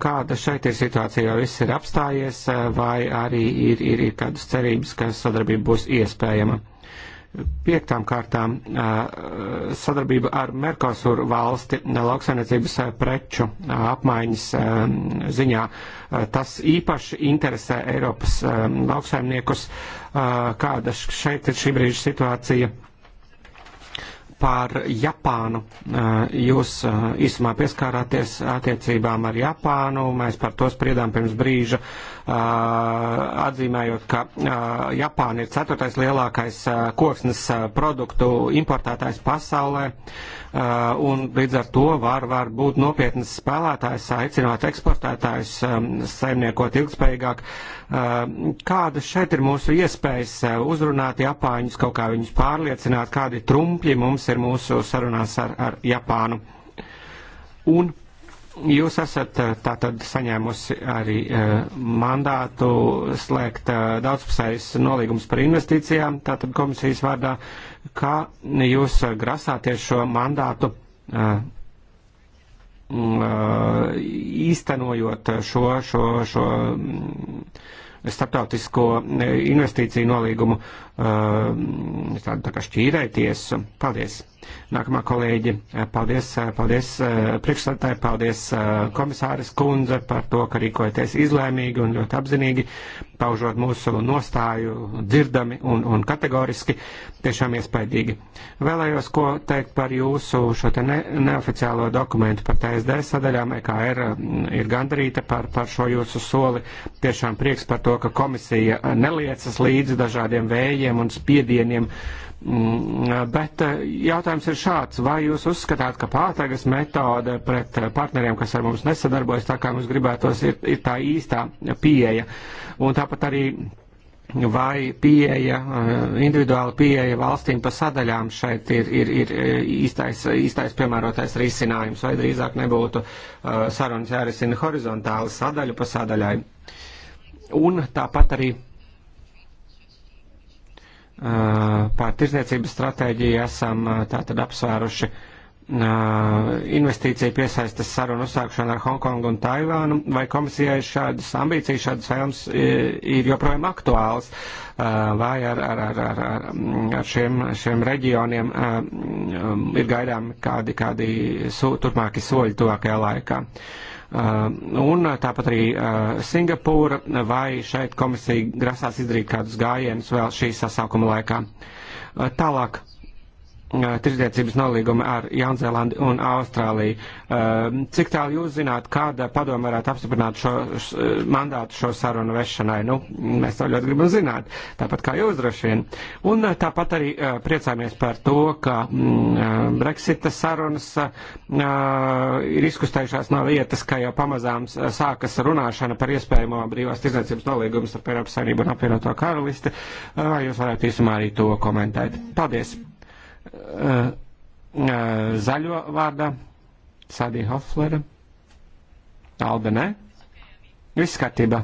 Kāda šeit ir situācija, jo viss ir apstājies, vai arī ir, ir, ir kādas cerības, ka sadarbība būs iespējama? Piektām kārtām sadarbība ar Merkosur valsti lauksainiecības preču apmaiņas ziņā. Tas īpaši interesē Eiropas lauksaimniekus, kāda šeit ir šī brīža situācija par Japānu. Jūs īsumā pieskārāties attiecībām ar Japānu, mēs par to spriedām pirms brīža atzīmējot, ka Japāna ir ceturtais lielākais koksnes produktu importētājs pasaulē, un līdz ar to var, var būt nopietnas spēlētājs, aicināt eksportētājus saimniekot ilgspējīgāk. Kādas šeit ir mūsu iespējas uzrunāt Japāņus, kaut kā viņus pārliecināt, kādi trumpļi mums ir mūsu sarunās ar, ar Japānu? Un Jūs esat eh, tātad saņēmusi arī eh, mandātu slēgt eh, daudzpusējs nolīgums par investīcijām, tātad komisijas vārdā. Kā jūs grasāties šo mandātu īstenojot šo, šo, šo mm, starptautisko investīciju nolīgumu tādu tā kā šķīrēties? Paldies! Nākamā kolēģi, eh, paldies, eh, paldies eh, priekšstādātāji, paldies komisāris kundze par to, ka rīkojaties izlēmīgi un ļoti apzinīgi, paužot mūsu nostāju dzirdami un, un kategoriski, tiešām iespaidīgi. Vēlējos ko teikt par jūsu šo te ne, neoficiālo dokumentu par TSD sadaļām, EKR mm, ir gandarīta par, par šo jūsu soli. Tiešām prieks par to, ka komisija neliecas līdzi dažādiem vējiem un spiedieniem Mm, bet eh, jautājums ir šāds, vai jūs uzskatāt, ka pātagas metode pret eh, partneriem, kas ar mums nesadarbojas tā, kā mums gribētos, ir, ir tā īstā pieeja? Un tāpat arī vai pieeja, eh, individuāla pieeja valstīm pa sadaļām šeit ir, ir, ir īstais, īstais piemērotais risinājums, vai drīzāk nebūtu sarunas jārisina horizontāli sadaļu pa sadaļai. Un tāpat arī Eh, pār tirzniecības stratēģiju esam eh, tātad apsvēruši eh, investīciju piesaistas sarunu uzsākšanu ar Hongkongu un Taivānu, vai komisijai šādas ambīcijas, šādas vēlmes ir joprojām aktuāls, vai ar, ar, ar, ar, ar šiem, šiem reģioniem mm, ir gaidām kādi, kādi turpmāki soļi tuvākajā laikā. Uh, Uh, un tāpat arī uh, Singapūra vai šeit komisija grasās izdarīt kādus gājienus vēl šī sasaukuma laikā. Uh, tālāk tirdzniecības nolīgumi ar Jaunzēlandi un Austrāliju. Cik tālu jūs zināt, kāda padoma varētu apstiprināt šo š, mandātu šo sarunu vešanai? Nu, mēs to ļoti gribam zināt, tāpat kā jūs droši vien. Un tāpat arī priecāmies par to, ka mm, Brexita sarunas ir izkustējušās no vietas, ka jau pamazām sākas runāšana par iespējamo brīvās tirdzniecības nolīgumus ar Eiropas Savienību un apvienoto karalisti. Vai jūs varētu īsumā arī to komentēt? Paldies! Eh, eh, zaļo vārdā, Sadī Hoflera, Alde, ne? Viss kārtībā.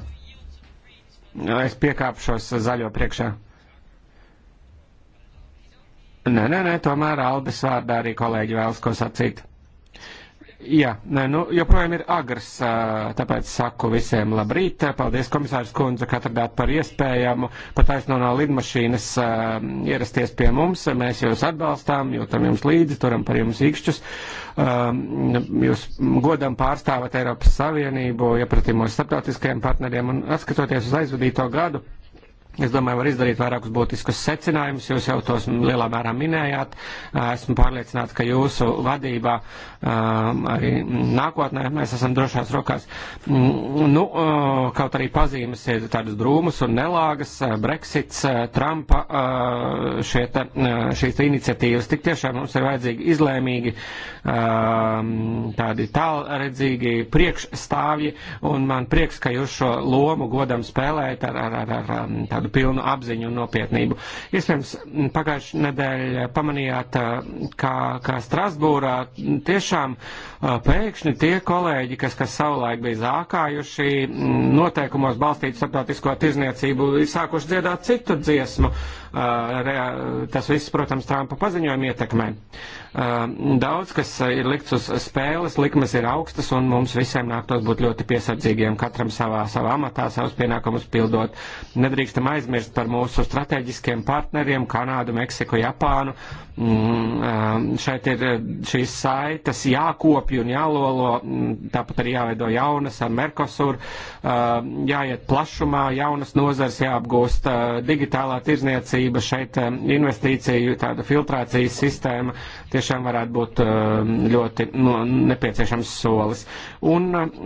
Es piekāpšos zaļo priekšā. Nē, nē, nē, tomēr Aldes vārdā arī kolēģi vēlas ko sacīt. Jā, nē, nu, joprojām ir agrs, tāpēc saku visiem labrīt. Paldies, komisārs Kundze, katrdāt par iespējamu pat aiznorā lidmašīnas ierasties pie mums. Mēs jūs atbalstām, jūtam jums līdzi, turam par jums īkšķus. Jūs godam pārstāvat Eiropas Savienību, iepratīmos starptautiskajiem partneriem un atskatoties uz aizvadīto gadu Es domāju, var izdarīt vairākus būtiskus secinājumus, jūs jau tos lielā mērā minējāt. Esmu pārliecināts, ka jūsu vadībā arī nākotnē mēs esam drošās rokās. Mm, nu, kaut arī pazīmes ir tādas drūmas un nelāgas, Brexits, Trumpa, šie, te, šīs te iniciatīvas, tik tiešām mums ir vajadzīgi izlēmīgi, tādi tālredzīgi priekšstāvji, un man prieks, ka jūs šo lomu godam spēlējat ar, ar, ar, ar tādu tādu pilnu apziņu un nopietnību. Iespējams, pagājušajā nedēļā pamanījāt, kā, kā Strasbūrā tiešām pēkšņi tie kolēģi, kas, kas savulaik bija zākājuši noteikumos balstītu starptautisko tirzniecību, sākuši dziedāt citu dziesmu. Tas viss, protams, Trumpa paziņojumu ietekmē. Daudz, kas ir likts uz spēles, likmes ir augstas, un mums visiem nāktos būt ļoti piesardzīgiem, katram savā, savā amatā, savus pienākumus pildot. Nedrīkstam aizsākt aizmirst par mūsu strateģiskiem partneriem - Kanādu, Meksiku, Japānu. Mm, um, šeit ir eh, šīs saitas jākopj un jālolo, mm, tāpat arī jāveido jaunas ar Merkosur, um, jāiet plašumā, jaunas nozars jāapgūst, eh, digitālā tirzniecība, šeit eh, investīciju tāda filtrācijas sistēma, tiešām varētu būt eh, ļoti nu, nepieciešams solis. Un, eh,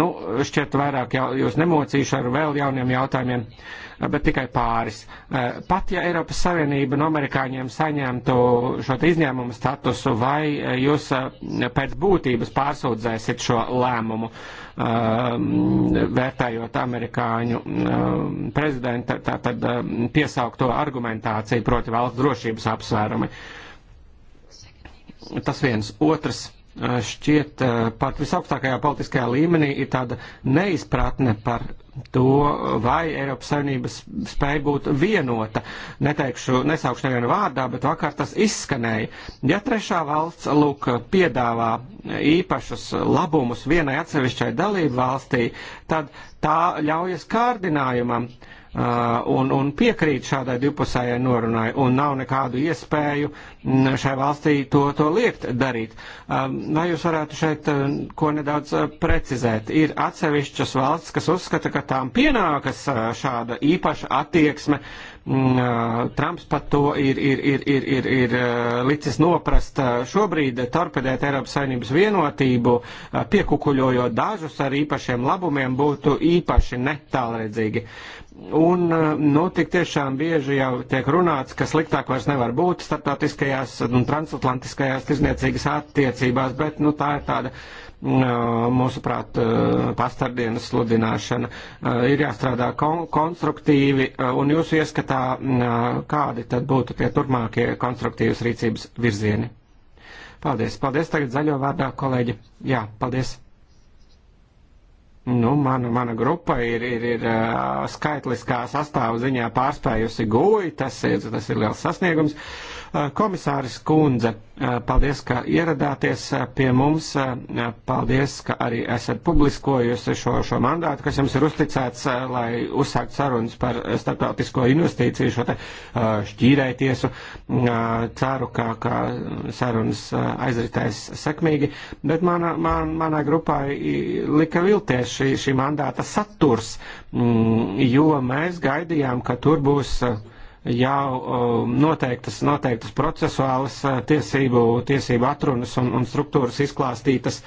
nu, šķiet vairāk jau, jūs nemocīšu ar vēl jauniem jautājumiem, eh, bet tikai pāris. Pat ja Eiropas Savienība no amerikāņiem saņemtu šo izņēmumu statusu, vai jūs pēc būtības pārsūdzēsiet šo lēmumu, vērtējot amerikāņu prezidenta tātad piesaukto argumentāciju, proti valsts drošības apsvērumi? Uh, Tas viens. Otrs eh, šķiet eh, pat visaugstākajā politiskajā līmenī ir tāda neizpratne par to, vai Eiropas Savienības spēja būt vienota. Neteikšu, nesaukšu nevienu vārdā, bet vakar tas izskanēja. Ja trešā valsts, lūk, piedāvā īpašus labumus vienai atsevišķai dalību valstī, tad tā ļaujas kārdinājumam. Uh, Uh, un, un piekrīt šādai divpusējai norunai, un nav nekādu iespēju mm, šai valstī to, to liekt darīt. Um, vai jūs varētu šeit uh, ko nedaudz uh, precizēt? Ir atsevišķas valsts, kas uzskata, ka tām pienākas šāda īpaša attieksme. Mm, Trumps pat to ir, ir, ir, ir, ir, ir licis noprast šobrīd torpedēt Eiropas Savienības vienotību, piekukuļojot dažus ar īpašiem labumiem, būtu īpaši netālredzīgi. Un, eh, nu, tik tiešām bieži jau tiek runāts, ka sliktāk vairs nevar būt starptautiskajās un transatlantiskajās tirzniecīgas attiecībās, bet, nu, tā ir tāda, mm, eh, mūsuprāt, eh, pastardienas sludināšana. Ir jāstrādā kon konstruktīvi, un jūsu ieskatā, mm, kādi tad būtu tie turpmākie konstruktīvas rīcības virzieni? Paldies, paldies tagad zaļo vārdā, kolēģi. Jā, paldies. Nu, mana, mana grupa ir, ir, ir skaitliskā sastāvā ziņā pārspējusi guļu. Tas, ir, tas ir liels sasniegums. Komisāris Kundze, paldies, ka ieradāties pie mums. Paldies, ka arī esat publiskojusi šo, šo mandātu, kas jums ir uzticēts, lai uzsākt sarunas par starptautisko investīciju, šo te šķīrētiesu. Ceru, ka, ka sarunas aizritēs sekmīgi, bet mana, man, manā grupā lika vilties šī, šī mandāta saturs, mm, jo mēs gaidījām, ka tur būs. Uh, jau um, noteiktas, noteiktas procesuālas uh, tiesību, tiesību atrunas un, un struktūras izklāstītas,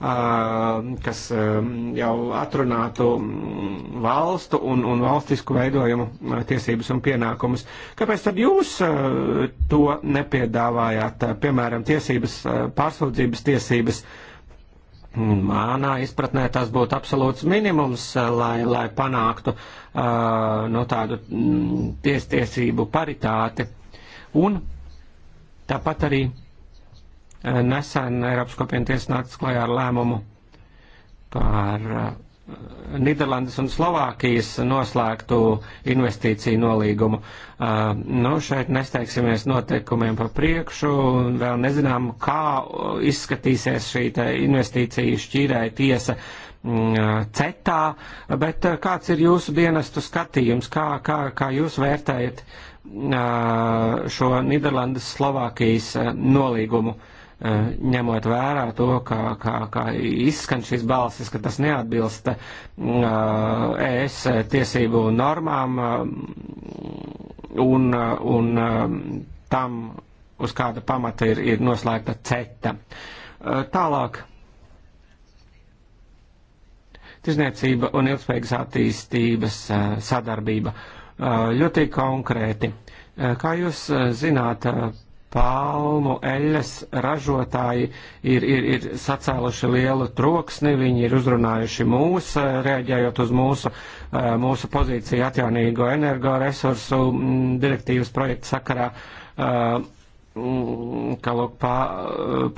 uh, kas um, jau atrunātu mm, valstu un, un valstisku veidojumu uh, tiesības un pienākumus. Kāpēc tad jūs to nepiedāvājāt, piemēram, tiesības, pārsūdzības tiesības? Mānā izpratnē tas būtu absolūts minimums, eh, lai, lai panāktu uh, no tādu mm, tiestiesību paritāti. Un tāpat arī eh, nesen Eiropas kopienas tiesa nāca klajā ar lēmumu par Nīderlandes un Slovākijas noslēgtu investīciju nolīgumu. Nu, šeit nesteigsimies noteikumiem pa priekšu, vēl nezinām, kā izskatīsies šī investīcija šķīrēja tiesa mm, cetā, bet kāds ir jūsu dienestu skatījums, kā, kā, kā jūs vērtējat šo Nīderlandes Slovākijas nolīgumu? Eh, ņemot vērā to, kā, kā, kā izskan šīs balsis, ka tas neatbilst eh, ES tiesību normām eh, un, un tam, uz kāda pamata ir, ir noslēgta ceta. Tālāk. Tirzniecība un ilgspējīgas attīstības sadarbība. Ļoti konkrēti. Kā jūs zināt, palmu eļas ražotāji ir, ir, ir sacēluši lielu troksni, viņi ir uzrunājuši mūs, eh, reaģējot uz mūsu, eh, mūsu pozīciju atjaunīgo energoresursu mm, direktīvas projektu sakarā eh, mm, ka lūk, pā,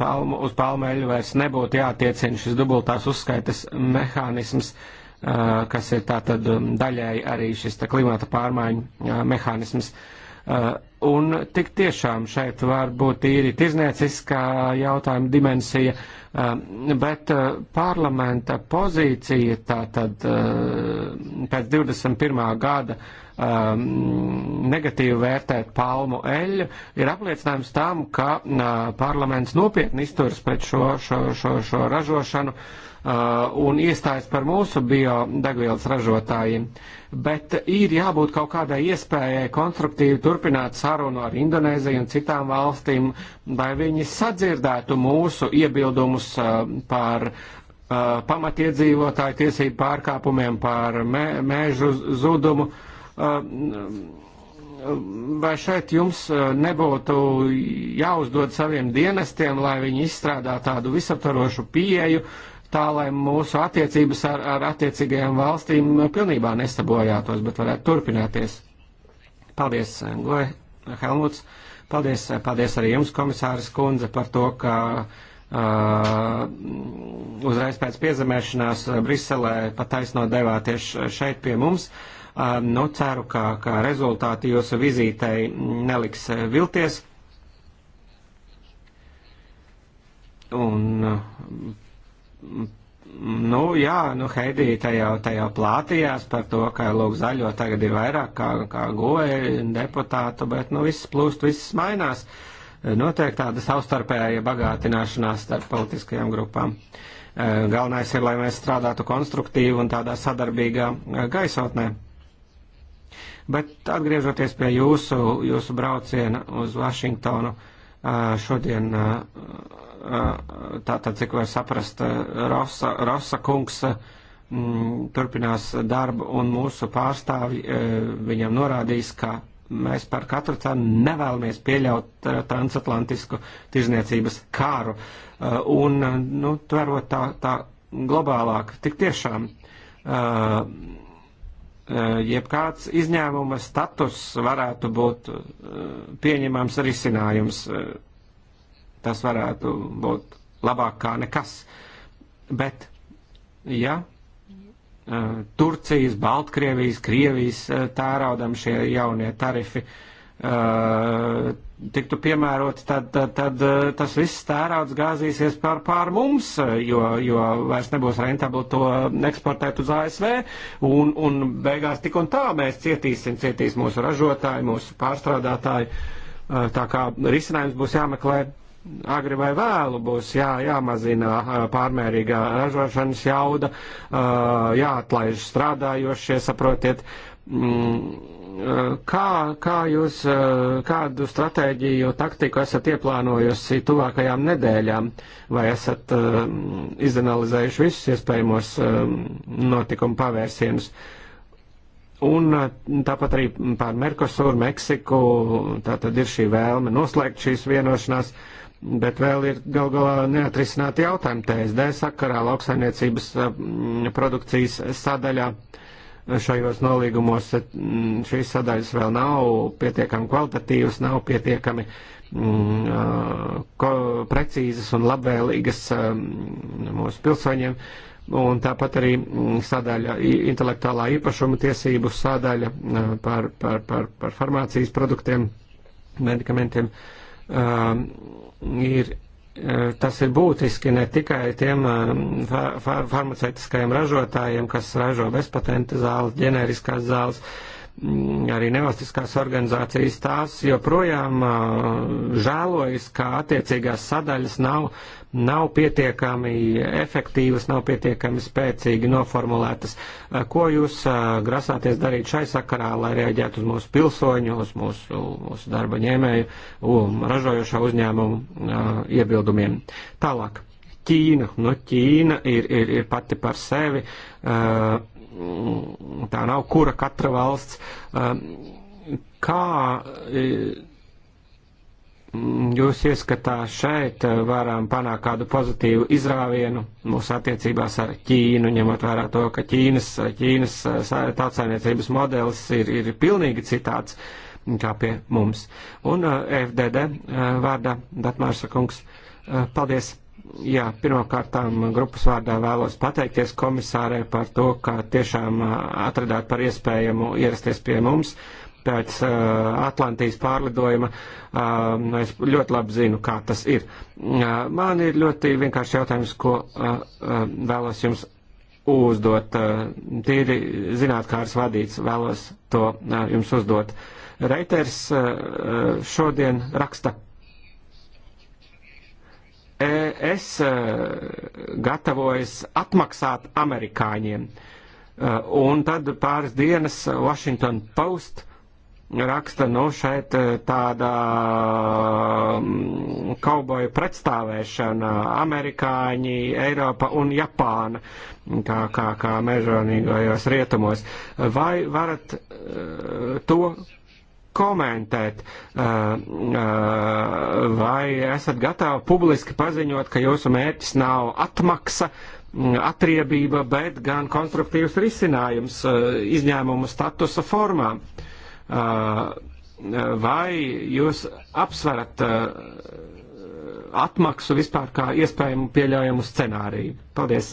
palmu, uz palmeļu vairs nebūtu jātiecina šis dubultās uzskaitas mehānisms, kas ir tātad mm, daļēji arī šis tā, klimata pārmaiņu mehānisms. Uh, Uh, un tik tiešām šeit var būt īri tirznieciskā jautājuma dimensija, uh, bet uh, parlamenta pozīcija tātad pēc 21. gada um, negatīvi vērtēt palmu eļu ir apliecinājums tam, ka parlaments nopietni izturas pret šo, šo, šo, šo ražošanu. Uh, Uh, un iestājas par mūsu biodegvielas ražotājiem. Bet ir jābūt kaut kādai iespējai konstruktīvi turpināt sarunu ar Indonēziju un citām valstīm, lai viņi sadzirdētu mūsu iebildumus uh, par uh, pamatiedzīvotāju tiesību pārkāpumiem, par mē, mēžu zudumu. Vai šeit jums nebūtu jāuzdod saviem dienestiem, lai viņi izstrādā tādu visaptvarošu pieeju, uh, tā, lai mūsu attiecības ar, ar attiecīgajām valstīm pilnībā nesabojātos, bet varētu turpināties. Paldies, Goe, Helmuts. Paldies, paldies arī jums, komisāras kundze, par to, ka uh, uzreiz pēc piezemēšanās Briselē pataisno devāties šeit pie mums. Uh, nu, ceru, ka, ka rezultāti jūsu vizītei neliks vilties. Un uh, Nu, jā, nu, Heidīte jau tajā plātījās par to, ka lūk zaļo tagad ir vairāk kā, kā goja deputātu, bet, nu, viss plūst, viss mainās. Notiek tāda savstarpēja bagātināšanās starp politiskajām grupām. Eh, galvenais ir, lai mēs strādātu konstruktīvi un tādā sadarbīgā eh, gaisotnē. Bet atgriežoties pie jūsu, jūsu brauciena uz Vašingtonu, eh, šodien tātad, cik var saprast, Rosa, Rosa kungs m, mm, turpinās darbu un mūsu pārstāvi e, viņam norādīs, ka mēs par katru cenu nevēlamies pieļaut e, transatlantisku tirzniecības kāru. E, un, nu, tverot tā, tā globālāk, tik tiešām jebkāds izņēmuma status varētu būt pieņemams risinājums Tas varētu būt labāk kā nekas. Bet, ja eh, Turcijas, Baltkrievijas, Krievijas eh, tēraudam šie jaunie tarifi eh, tiktu piemēroti, tad, tad, tad tas viss tērauds gāzīsies pār, pār mums, jo, jo vairs nebūs rentabli to eksportēt uz ASV, un, un beigās tik un tā mēs cietīsim, cietīs mūsu ražotāji, mūsu pārstrādātāji. Tā kā risinājums būs jāmeklē agri vai vēlu būs jā, jāmazina pārmērīgā ražošanas jauda, jāatlaiž strādājošie, saprotiet. Mm, kā, kā jūs, kādu stratēģiju, taktiku esat ieplānojusi tuvākajām nedēļām, vai esat izanalizējuši visus iespējamos notikumu pavērsienus? Un tāpat arī par Merkosuru, Meksiku, tā tad ir šī vēlme noslēgt šīs vienošanās. Uh, bet vēl ir gal galā neatrisināti jautājumi TSD sakarā, lauksaimniecības eh, produkcijas sadaļā. Šajos nolīgumos eh, šīs sadaļas vēl nav pietiekami kvalitatīvas, nav pietiekami eh, ko, precīzas un labvēlīgas mūsu pilsoņiem. Un tāpat arī sadaļa intelektuālā īpašuma tiesību sadaļa par, par, par, par farmācijas produktiem, medikamentiem. Uh, ir e, tas ir būtiski ne tikai tiem e, farmaceitiskajiem ražotājiem, kas ražo bezpatenta zāles, ģeneriskās zāles, arī nevalstiskās organizācijas tās joprojām e, žēlojas, ka attiecīgās sadaļas nav nav pietiekami efektīvas, nav pietiekami spēcīgi noformulētas. Eh, ko jūs eh, grasāties darīt šai sakarā, lai reaģētu uz mūsu pilsoņu, uz mūsu, mūsu darba ņēmēju, um, ražojošā uzņēmumu uh, iebildumiem? Tālāk. Ķīna. Nu, Ķīna ir, ir, ir pati par sevi. Uh, tā nav kura katra valsts. Uh, kā Mm, jūs ieskatā šeit eh, varam panākt kādu pozitīvu izrāvienu mūsu attiecībās ar Ķīnu, ņemot vērā to, ka Ķīnas, Ķīnas eh, tautsājniecības modelis ir, ir pilnīgi citāds kā pie mums. Un eh, FDD vārdā Datmārsa kungs, paldies! Jā, pirmkārtām grupas vārdā vēlos pateikties komisārē par to, ka tiešām atradāt par iespējamu ierasties pie mums. Uh, pēc uh, Atlantijas pārlidojuma. Uh, es ļoti labi zinu, kā tas ir. Uh, man ir ļoti vienkārši jautājums, ko uh, uh, vēlos jums uzdot. Uh, tīri zinātkārs vadīts vēlos to uh, jums uzdot. Reiters uh, šodien raksta es gatavojos atmaksāt amerikāņiem. Un tad pāris dienas Washington Post raksta, nu, šeit eh, tāda mm, kauboju pretstāvēšana amerikāņi, Eiropa un Japāna, kā, kā, kā mežonīgajos rietumos. Vai varat eh, to komentēt, eh, vai esat gatavi publiski paziņot, ka jūsu mērķis nav atmaksa, mm, atriebība, bet gan konstruktīvs risinājums izņēmumu statusa formā? Uh, Uh, vai jūs apsverat uh, atmaksu vispār kā iespējamu pieļaujamu scenāriju? Paldies!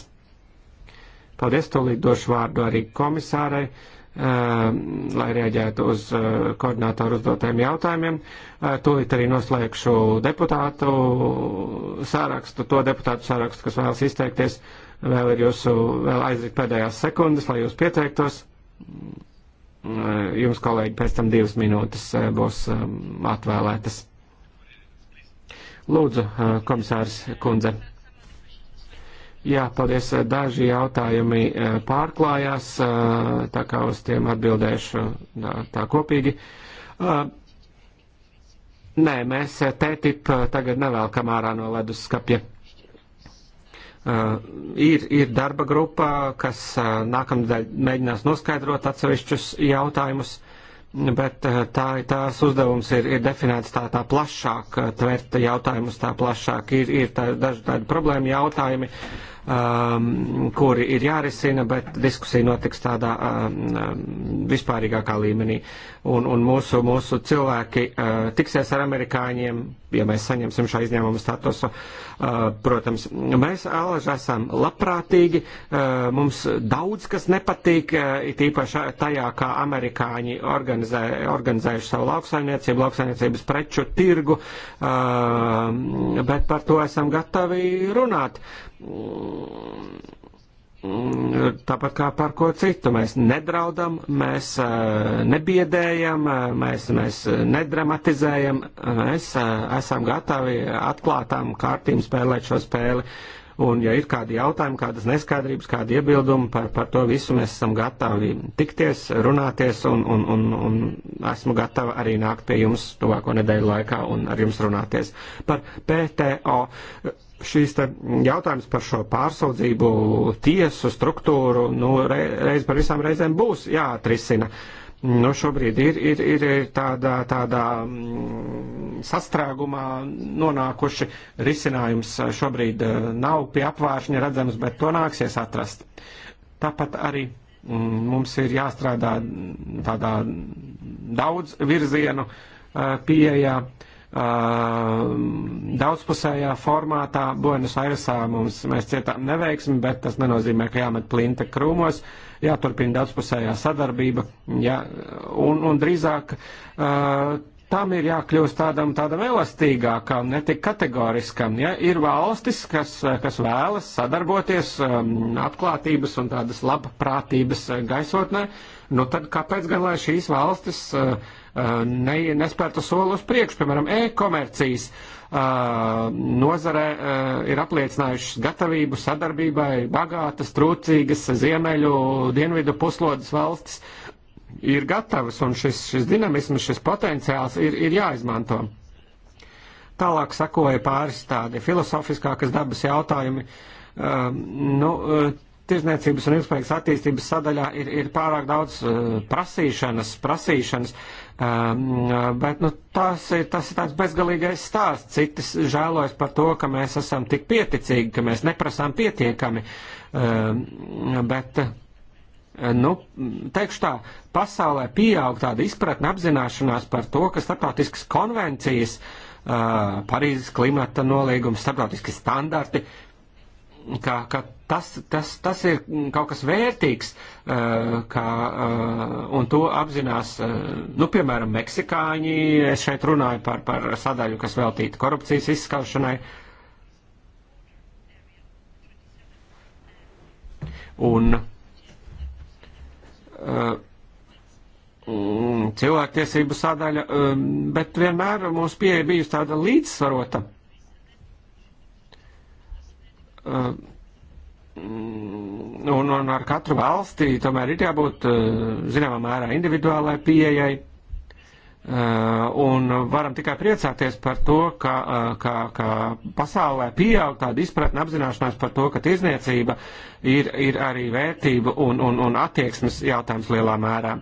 Paldies, tūlīt došu vārdu arī komisārai, uh, lai reaģētu uz koordinātoru uzdotajiem jautājumiem. Tūlīt arī noslēgšu deputātu sārakstu, to deputātu sārakstu, kas vēlas izteikties. Vēl ir jūsu, vēl aiziet pēdējās sekundes, lai jūs pieteiktos. Eh, Jums, kolēģi, pēc tam divas minūtes eh, būs eh, atvēlētas. Lūdzu, komisārs Kundze. Jā, paldies. Daži jautājumi pārklājās, tā kā uz tiem atbildēšu tā kopīgi. Nē, mēs TTIP tagad nevēlkam ārā no ledus skapja. Uh, ir, ir darba grupa, kas uh, nākamnedēļ mēģinās noskaidrot atsevišķus jautājumus, bet uh, tā, tās uzdevums ir, ir definēts tā, tā plašāk, uh, tvert jautājumus tā plašāk. Ir, ir tā, daži tādi problēma jautājumi, um, kuri ir jārisina, bet diskusija notiks tādā um, um vispārīgākā līmenī un, un mūsu, mūsu cilvēki uh, tiksies ar amerikāņiem, ja mēs saņemsim šā izņēmuma statusu. Uh, protams, mēs alaži esam labprātīgi, uh, mums daudz kas nepatīk, uh, it īpaši tajā, kā amerikāņi organizē, organizējuši savu lauksaimniecību, lauksaimniecības preču tirgu, uh, bet par to esam gatavi runāt. Uh, Mm, tāpat kā par ko citu. Mēs nedraudam, mēs nebiedējam, mēs, mēs nedramatizējam, mēs esam gatavi atklātām kārtīm spēlēt šo spēli. Un, ja ir kādi jautājumi, kādas neskaidrības, kādi iebildumi par, par to visu, mēs esam gatavi tikties, runāties, un, un, un, un esmu gatava arī nākt pie jums tuvāko nedēļu laikā un ar jums runāties. Par PTO šīs jautājums par šo pārsaudzību, tiesu struktūru, nu, re, reiz par visām reizēm būs jāatrisina nu, šobrīd ir, ir, ir tādā, tādā mm, sastrēgumā nonākuši risinājums. Šobrīd eh, nav pie apvāršņa redzams, bet to nāksies atrast. Tāpat arī mm, mums ir jāstrādā tādā daudz virzienu eh, pieejā, eh, daudzpusējā formātā. Buenos Airesā mums mēs cietām neveiksmi, bet tas nenozīmē, ka jāmet plinta krūmos. Uh, jāturpina daudzpusējā sadarbība, jā, un, un drīzāk uh, tam ir jākļūst tādam, tādam elastīgākam, ne tik kategoriskam. Ja? Ir valstis, kas, kas vēlas sadarboties um, atklātības un tādas labprātības gaisotnē, nu tad kāpēc gan lai šīs valstis uh, ne, nespērtu soli uz priekšu, piemēram, e-komercijas? Uh, nozarē ir apliecinājušas gatavību sadarbībai bagātas, trūcīgas ziemeļu, dienvidu puslodes valstis ir gatavas un šis, šis dinamisms, šis potenciāls ir, ir jāizmanto. Tālāk sakoja pāris tādi filozofiskākas dabas jautājumi. Uh, nu, uh, Tirzniecības un ilgspējīgas attīstības sadaļā ir, ir pārāk daudz uh, prasīšanas, prasīšanas. Uh, Bet nu, tas, ir, tas ir tāds bezgalīgais stāsts. Citas žēlojas par to, ka mēs esam tik pieticīgi, ka mēs neprasām pietiekami. Bet, nu, teikšu tā, pasaulē pieaug tāda izpratne apzināšanās par to, ka starptautiskas konvencijas, Parīzes klimata nolīgums, starptautiski standarti, ka, ka Tas, tas, tas ir kaut kas vērtīgs, uh, kā, uh, un to apzinās, uh, nu, piemēram, meksikāņi. Es šeit runāju par, par sadaļu, kas veltīta korupcijas izskaušanai. Un, uh, cilvēktiesību sadaļa, um, bet vienmēr mūsu pieeja bijusi tāda līdzsvarota. Mm, un, un ar katru valsti tomēr ir jābūt eh, zināmā mērā individuālai pieejai. Eh, un varam tikai priecāties par to, ka, eh, ka, ka pasaulē pieaug tāda izpratne apzināšanās par to, ka tirzniecība ir, ir arī vērtība un, un, un attieksmes jautājums lielā mērā.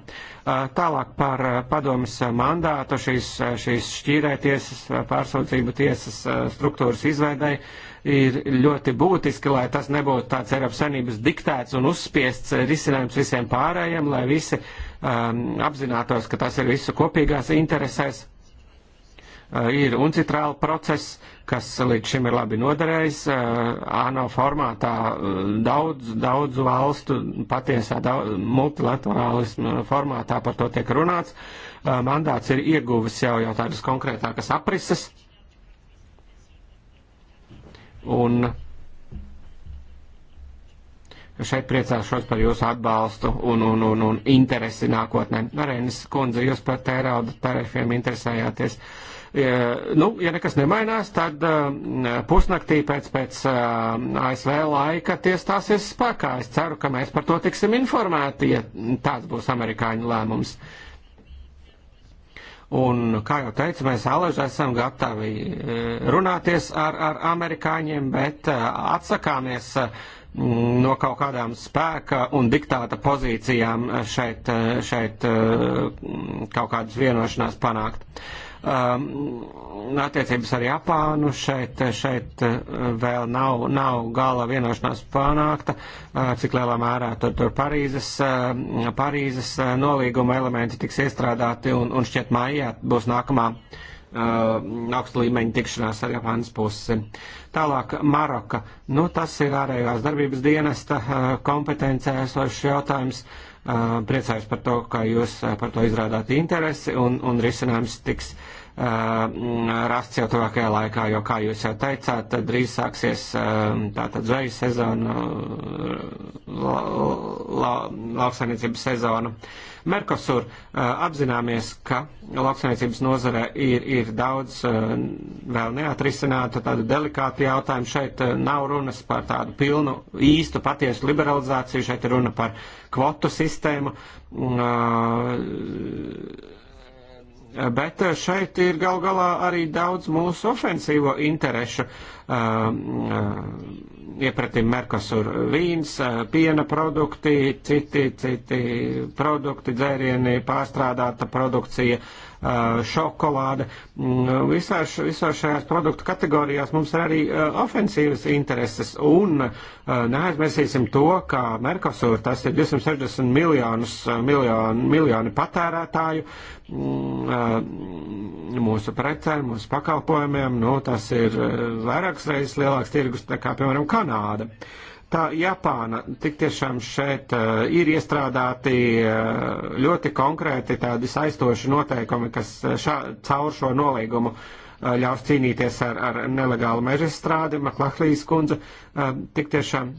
Tālāk par padomas mandātu šīs, šīs šķīrētiesas, pārsaucību tiesas struktūras izveidai. Uh, ir ļoti būtiski, lai tas nebūtu tāds Eiropas Savienības diktēts un uzspiests risinājums visiem pārējiem, lai visi um, apzinātos, ka tas ir visu kopīgās interesēs. Uh, ir uncitrāla process, kas līdz šim ir labi noderējis. Uh, ANO formātā uh, daudz, daudz valstu, patiesā daudz, multilaterālismu formātā par to tiek runāts. Uh, mandāts ir ieguvis jau, jau tādas konkrētākas aprises. Uh, Un šeit priecāšos par jūsu atbalstu un, un, un, un interesi nākotnē. Arēnas kundze, jūs par tērauda tarifiem interesējāties. Ja, nu, ja nekas nemainās, tad eh, pusnaktī pēc, pēc eh, ASV laika tie stāsies spēkā. Es ceru, ka mēs par to tiksim informēti, ja tāds būs amerikāņu lēmums. Uh, Un, kā jau teicu, mēs alaži esam gatavi e, runāties ar, ar amerikāņiem, bet e, atsakāmies e, no kaut kādām spēka un diktāta pozīcijām šeit, šeit kaut kādas vienošanās panākt. Um, attiecības ar Japānu. Šeit, šeit uh, vēl nav, nav gala vienošanās panākta, uh, cik lielā mērā tur, tur Parīzes, uh, Parīzes nolīguma elementi tiks iestrādāti un, un šķiet mājā būs nākamā augsta līmeņa tikšanās ar Japānas pusi. Tālāk Maroka. Nu, tas ir ārējās darbības dienesta kompetencē esošs jautājums priecājos par to, ka jūs par to izrādāt interesi un, un risinājums tiks rasts jau tuvākajā laikā, jo, kā jūs jau teicāt, tad drīz sāksies tātad zveju sezona, la, la, lauksainiecības sezona. Merkosur apzināmies, ka lauksainiecības nozare ir, ir daudz vēl neatrisinātu tādu delikātu jautājumu. Šeit nav runas par tādu pilnu, īstu, patiesu liberalizāciju, šeit ir runa par kvotu sistēmu. Uh, Bet eh, šeit ir gal galā arī daudz mūsu ofensīvo interešu eh, eh, iepratīm Merkosur vīns, piena produkti, citi, citi produkti, dzērieni, pārstrādāta produkcija, šokolāde. Visās, mm, visās šajās produktu kategorijās mums ir arī ofensīvas intereses un neaizmirsīsim to, ka Merkosur tas ir 260 miljonus, miljoni, miljoni patērētāju mm, mūsu precēm, mūsu pakalpojumiem. Nu, tas ir vairākas reizes lielāks tirgus nekā, piemēram, Kanāda. Uh, Tā Japāna tik tiešām šeit uh, ir iestrādāti uh, ļoti konkrēti tādi saistoši noteikumi, kas eh, šā, caur šo nolīgumu uh, ļaus cīnīties ar, ar nelegālu meža strādi. Maklahijas kundze uh, tik tiešām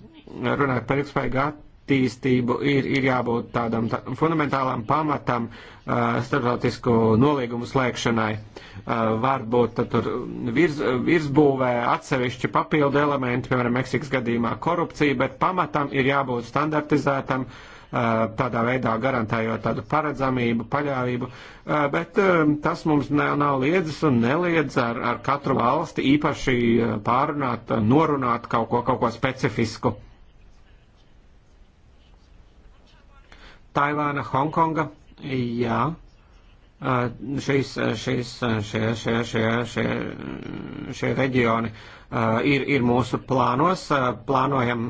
runājot par ilgspējīgu attīstību, ir, ir jābūt tādam tā, fundamentālam pamatam uh, starptautisku nolīgumu slēgšanai. Uh, varbūt tad, uh, tur virz, virsbūvē atsevišķi papildu elementi, piemēram, Meksikas gadījumā korupcija, bet pamatam ir jābūt standartizētam uh, tādā veidā garantējot tādu paredzamību, paļāvību, uh, bet um, tas mums nav liedzis un neliedz ar, ar katru valsti īpaši pārunāt, norunāt kaut ko, kaut ko specifisku. Taivāna, Hongkonga. Jā, šīs, šīs, šie, šie, šie, šie, šie reģioni ir, ir mūsu plānos. Plānojam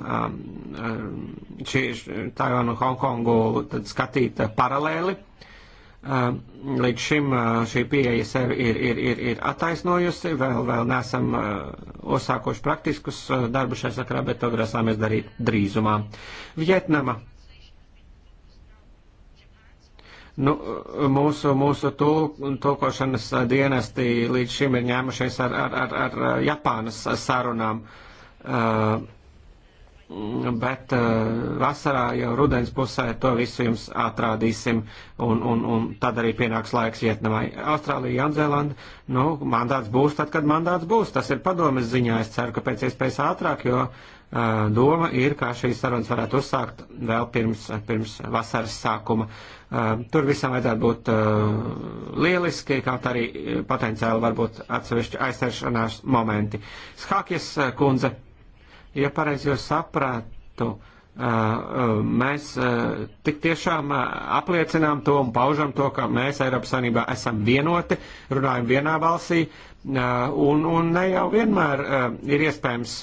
šī Taivānu, Hongkongu tad skatīt paralēli. Līdz šim šī pieeja sevi ir, ir, ir, ir attaisnojusi, vēl, vēl neesam uzsākuši praktiskus darbus šajā sakarā, bet to grasāmies darīt drīzumā. Vietnama Nu, mūsu mūsu tulkošanas dienesti līdz šim ir ņēmušies ar, ar, ar, ar Japānas sarunām. Uh, bet uh, vasarā jau rudens pusē to visu jums atrādīsim, un, un, un tad arī pienāks laiks Vietnamai. Austrālija, Jaunzēlanda, nu, mandāts būs tad, kad mandāts būs. Tas ir padomas ziņā. Es ceru, ka pēc iespējas ātrāk, jo doma ir, kā šīs sarunas varētu uzsākt vēl pirms, pirms vasaras sākuma. Tur visam vajadzētu būt lieliski, kaut arī potenciāli varbūt atsevišķi aizsaršanās momenti. Skākies kundze, ja pareizi jūs sapratu, mēs tik tiešām apliecinām to un paužam to, ka mēs Eiropas Savienībā esam vienoti, runājam vienā balsī, un, un ne jau vienmēr ir iespējams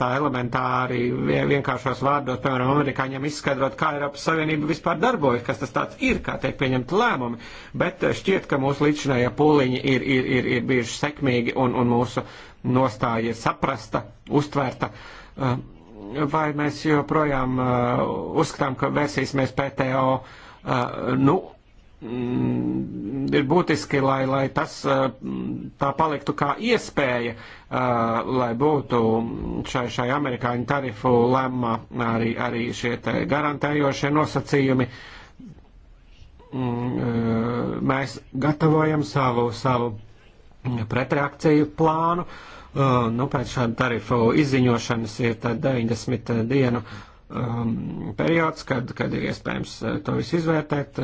tā elementāri vienkāršos vārdos, piemēram, amerikāņiem izskaidrot, kā Eiropas Savienība vispār darbojas, kas tas tāds ir, kā tiek pieņemti lēmumi, bet šķiet, ka mūsu līdzinājā pūliņi ir, ir, ir, ir bijuši sekmīgi un, un mūsu nostāja ir saprasta, uztverta. Uh, vai mēs joprojām uh, uzskatām, ka versīsimies PTO? Uh, nu, mm, ir būtiski, lai, lai tas uh, tā paliktu kā iespēja, lai būtu šai, šai amerikāņu tarifu lēmumā arī, arī šie garantējošie nosacījumi. Mm, mēs gatavojam savu, savu mm, pretreakciju plānu. Uh, Uh, nu, pēc šādu tarifu izziņošanas ir tad 90 uh, dienu um, periods, kad, kad ir iespējams uh, to visu izvērtēt,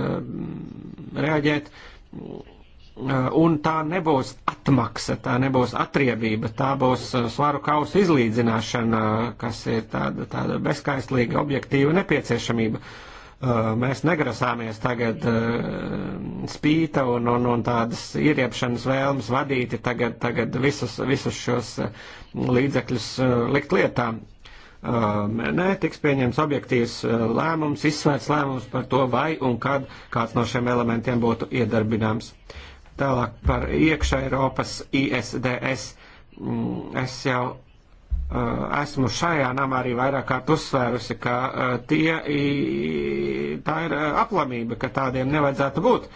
reaģēt. Un tā nebūs atmaksa, tā nebūs atriebība, tā būs svaru kausa izlīdzināšana, kas ir tāda, tāda bezkaislīga objektīva nepieciešamība. Uh, Eh, mēs negrasāmies tagad eh, spīta un, un, un tādas ieriepšanas vēlmes vadīti tagad, tagad visus, visus šos eh, līdzekļus likt lietā. Nē, tiks pieņems objektīvs lēmums, izsvērts lēmums par to, vai un kad kāds no šiem elementiem būtu iedarbināms. Tālāk par iekšā Eiropas ISDS. Mm, es jau Eh, esmu šajā namā arī vairāk kārt uzsvērusi, ka eh, tie, tā ir eh, aplamība, ka tādiem nevajadzētu būt,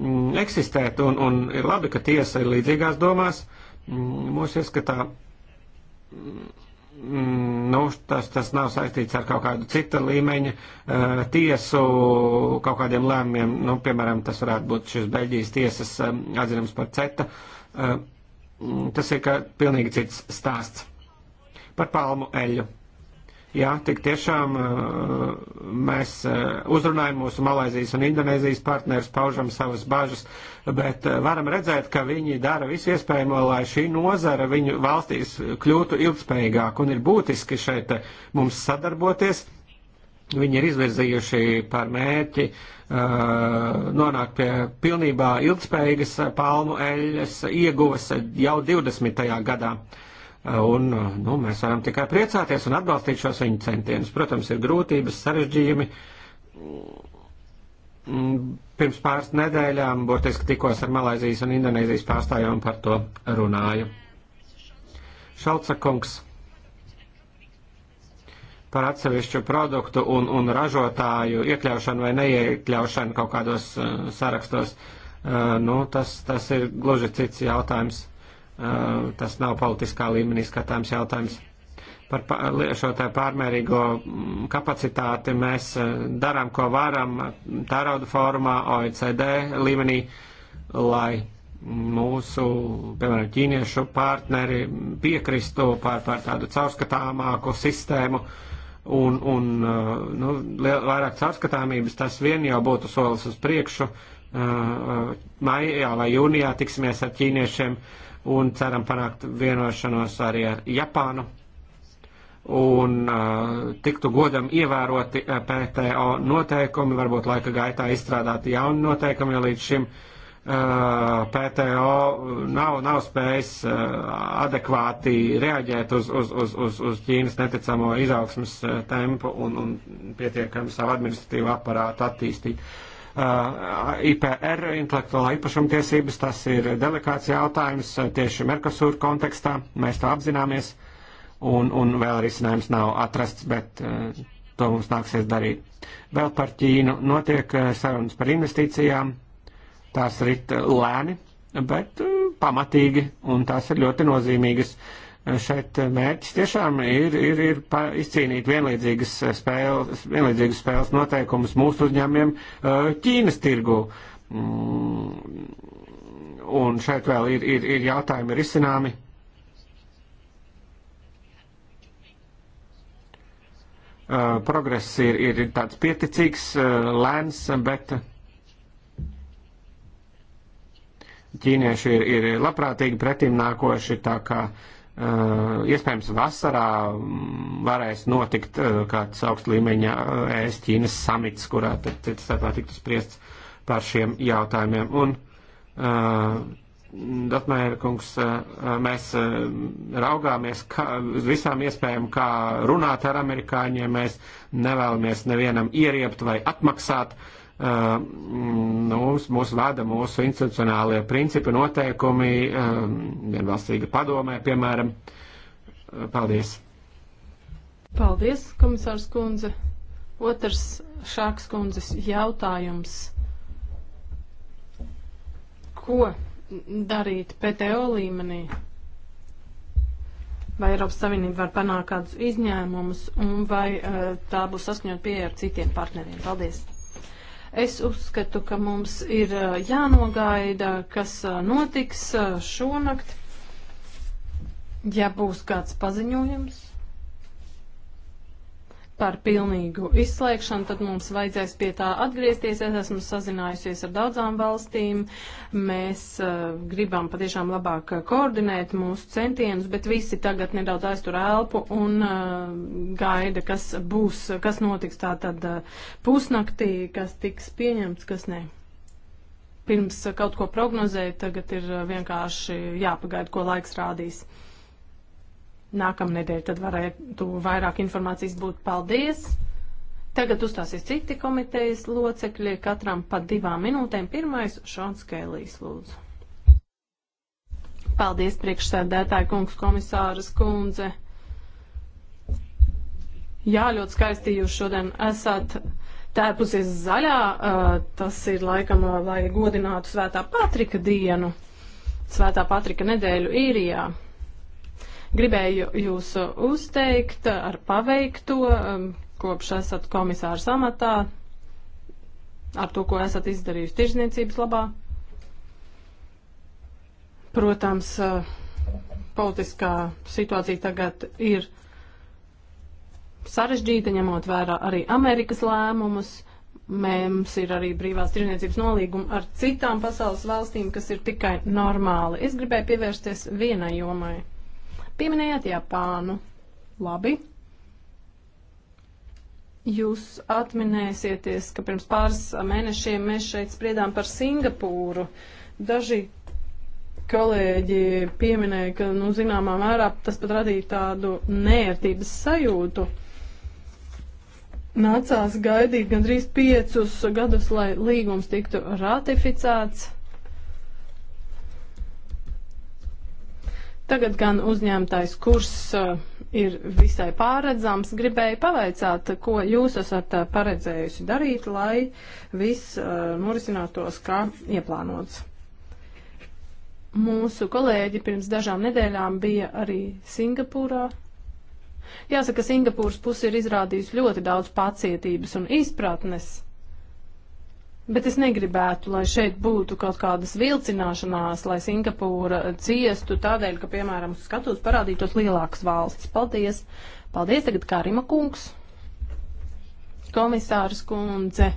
mm, eksistēt, un, un ir labi, ka tiesa ir līdzīgās domās. Mm, mūsu ieskatā, mm, nu, tas, tas nav saistīts ar kaut kādu cita līmeņa tiesu kaut kādiem lēmumiem, nu, piemēram, tas varētu būt šis Beļģijas tiesas atzinums par CETA. Tas ir kā pilnīgi cits stāsts. Par palmu eļu. Jā, tik tiešām uh, mēs uh, uzrunājam mūsu Malaizijas un Indonēzijas partnerus, paužam savas bažas, bet uh, varam redzēt, ka viņi dara visu iespējamo, lai šī nozara viņu valstīs kļūtu ilgspējīgāk un ir būtiski šeit mums sadarboties. Viņi ir izvirzījuši par mērķi nonākt pie pilnībā ilgspējīgas palmu eļas ieguves jau 20. gadā. Uh, Un, nu, mēs varam tikai priecāties un atbalstīt šos viņu centienus. Protams, ir grūtības, sarežģījumi. Mm, pirms pāris nedēļām burtiski tikos ar Malaizijas un Indonēzijas pārstāvjiem par to runāju. Šalca kungs par atsevišķu produktu un, un ražotāju iekļaušanu vai neiekļaušanu kaut kādos uh, sarakstos. Uh, nu, tas, tas ir gluži cits jautājums Tas nav politiskā līmenī skatāms jautājums. Par šo tā pārmērīgo mm, kapacitāti mēs darām, ko varam tērauda fórumā, OECD līmenī, lai mūsu, piemēram, ķīniešu partneri piekristu par, par tādu caurskatāmāku sistēmu un, un nu, liel, vairāk caurskatāmības, tas vien jau būtu solis uz priekšu. Maijā vai jūnijā tiksimies ar ķīniešiem. Uh, un ceram panākt vienošanos arī ar Japānu un uh, tiktu godam ievēroti PTO noteikumi, varbūt laika gaitā izstrādāti jauni noteikumi, jo līdz šim uh, PTO nav, nav spējis uh, adekvāti reaģēt uz, uz, uz, uz, uz Ķīnas neticamo izaugsmas tempu un, un pietiekami savu administratīvu aparātu attīstīt. Uh, Uh, IPR, intelektuālā īpašuma tiesības, tas ir delikāts jautājums uh, tieši Merkosūra kontekstā, mēs to apzināmies, un, un vēl risinājums nav atrasts, bet uh, to mums nāksies darīt. Vēl par Ķīnu notiek sarunas par investīcijām, tās rit lēni, bet pamatīgi, un tās ir ļoti nozīmīgas. Uh, šeit mērķis tiešām ir, ir, ir izcīnīt vienlīdzīgas eh, spēles, vienlīdzīgas spēles noteikumus mūsu uzņēmiem eh, Ķīnas tirgu. Mm, un šeit vēl ir, ir, ir jautājumi risināmi. Eh, progress ir, ir tāds pieticīgs, lēns, bet ķīnieši ir, ir labprātīgi pretim nākoši, tā kā uh, Eh, iespējams, vasarā varēs notikt eh, kāds augst līmeņa ES eh, Ķīnas samits, kurā tad citastarpā tiktu spriests par šiem jautājumiem. Un, Datmēra kungs, mēs raugāmies kā, uz visām iespējām, kā runāt ar amerikāņiem. Mēs nevēlamies nevienam ieriept vai atmaksāt uh, Uh, mm, nu, mūs, mūs vada mūsu institucionālie principi, noteikumi, um, vienbalsīga padomē, piemēram. Uh, paldies! Paldies, komisārs kundze! Otrs šāks kundzes jautājums. Ko darīt PTO līmenī? Vai Eiropas Savienība var panākt kādus izņēmumus un vai uh, tā būs saskaņot pieeja ar citiem partneriem? Paldies! Es uzskatu, ka mums ir eh, jānogaida, kas eh, notiks eh, šonakt, ja būs kāds paziņojums par pilnīgu izslēgšanu, tad mums vajadzēs pie tā atgriezties. Es esmu sazinājusies ar daudzām valstīm. Mēs uh, gribam patiešām labāk eh, koordinēt mūsu centienus, bet visi tagad nedaudz aiztur elpu un uh, gaida, kas būs, kas notiks tā tad uh, pusnaktī, kas tiks pieņemts, kas nē. Pirms uh, kaut ko prognozēt, tagad ir uh, vienkārši jāpagaida, ko laiks rādīs nākamnedēļ tad varētu vairāk informācijas būt. Paldies! Tagad uzstāsies citi komitejas locekļi, katram pa divām minūtēm. Pirmais - Šons Kēlīs, lūdzu. Paldies, priekšsēdētāji kungs, komisāras kundze. Jā, ļoti skaisti jūs šodien esat tēpusies zaļā. Tas ir laikam, lai godinātu Svētā Patrika dienu, Svētā Patrika nedēļu īrijā. Ja. Gribēju jūs uh, uzteikt uh, ar paveikto, um, kopš esat komisārs amatā, ar to, ko esat izdarījusi tirzniecības labā. Protams, uh, politiskā situācija tagad ir sarežģīta, ņemot vērā arī Amerikas lēmumus. Mums ir arī brīvās tirniecības nolīguma ar citām pasaules valstīm, kas ir tikai normāli. Es gribēju pievērsties vienai jomai. Pieminējāt Japānu. Labi. Jūs atminēsieties, ka pirms pāris mēnešiem mēs šeit spriedām par Singapūru. Daži kolēģi pieminēja, ka, nu, zināmā mērā tas pat radīja tādu nērtības sajūtu. Nācās gaidīt gandrīz piecus gadus, lai līgums tiktu ratificēts. Tagad gan uzņemtais kurs uh, ir visai pārredzams. Gribēju pavaicāt, ko jūs esat uh, paredzējusi darīt, lai viss uh, norisinātos kā ieplānots. Mūsu kolēģi pirms dažām nedēļām bija arī Singapūrā. Jāsaka, Singapūras puse ir izrādījusi ļoti daudz pacietības un izpratnes. Bet es negribētu, lai šeit būtu kaut kādas vilcināšanās, lai Singapūra ciestu tādēļ, ka, piemēram, uz skatuves parādītos lielākas valstis. Paldies! Paldies tagad Kārima kungs, komisārs kundze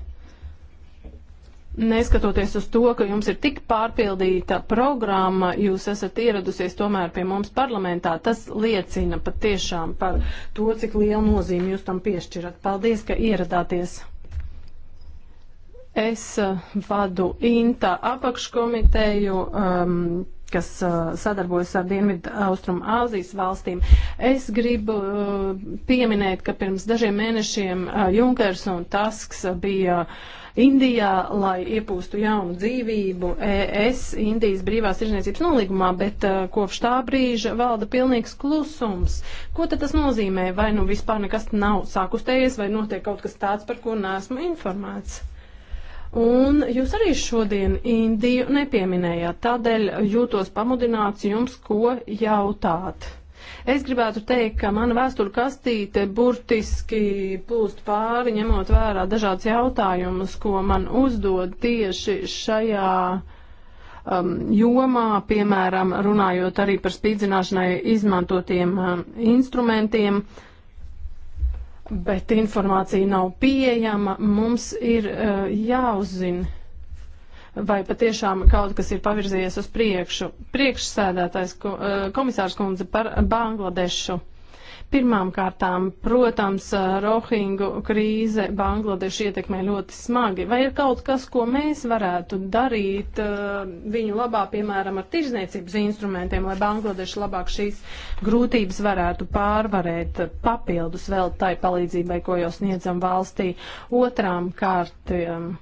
neskatoties uz to, ka jums ir tik pārpildīta programma, jūs esat ieradusies tomēr pie mums parlamentā, tas liecina patiešām par to, cik lielu nozīmi jūs tam piešķirat. Paldies, ka ieradāties! Es eh, vadu INTA apakškomiteju, um, kas uh, sadarbojas ar Dienvidu Austrumu Āzijas valstīm. Es gribu uh, pieminēt, ka pirms dažiem mēnešiem uh, Junkers un Tasks bija Indijā, lai iepūstu jaunu dzīvību ES Indijas brīvās tirzniecības nolīgumā, bet uh, kopš tā brīža valda pilnīgs klusums. Ko tad tas nozīmē? Vai nu vispār nekas nav sākustējies, vai notiek kaut kas tāds, par ko neesmu informēts? Un jūs arī šodien Indiju nepieminējāt, tādēļ jūtos pamudināts jums, ko jautāt. Es gribētu teikt, ka mana vēsturu kastīte burtiski plūst pāri, ņemot vērā dažādas jautājumus, ko man uzdod tieši šajā um, jomā, piemēram, runājot arī par spīdzināšanai izmantotiem um, instrumentiem. Uh, bet informācija nav pieejama, mums ir uh, jāuzzina, vai patiešām kaut kas ir pavirzījies uz priekšu. Priekšsēdētājs ko, uh, komisārs kundze par Bangladešu. Pirmām kārtām, protams, Rohingu krīze Bangladeši ietekmē ļoti smagi. Vai ir kaut kas, ko mēs varētu darīt viņu labā, piemēram, ar tirzniecības instrumentiem, lai Bangladeši labāk šīs grūtības varētu pārvarēt papildus vēl tai palīdzībai, ko jau sniedzam valstī? Otrām kārtām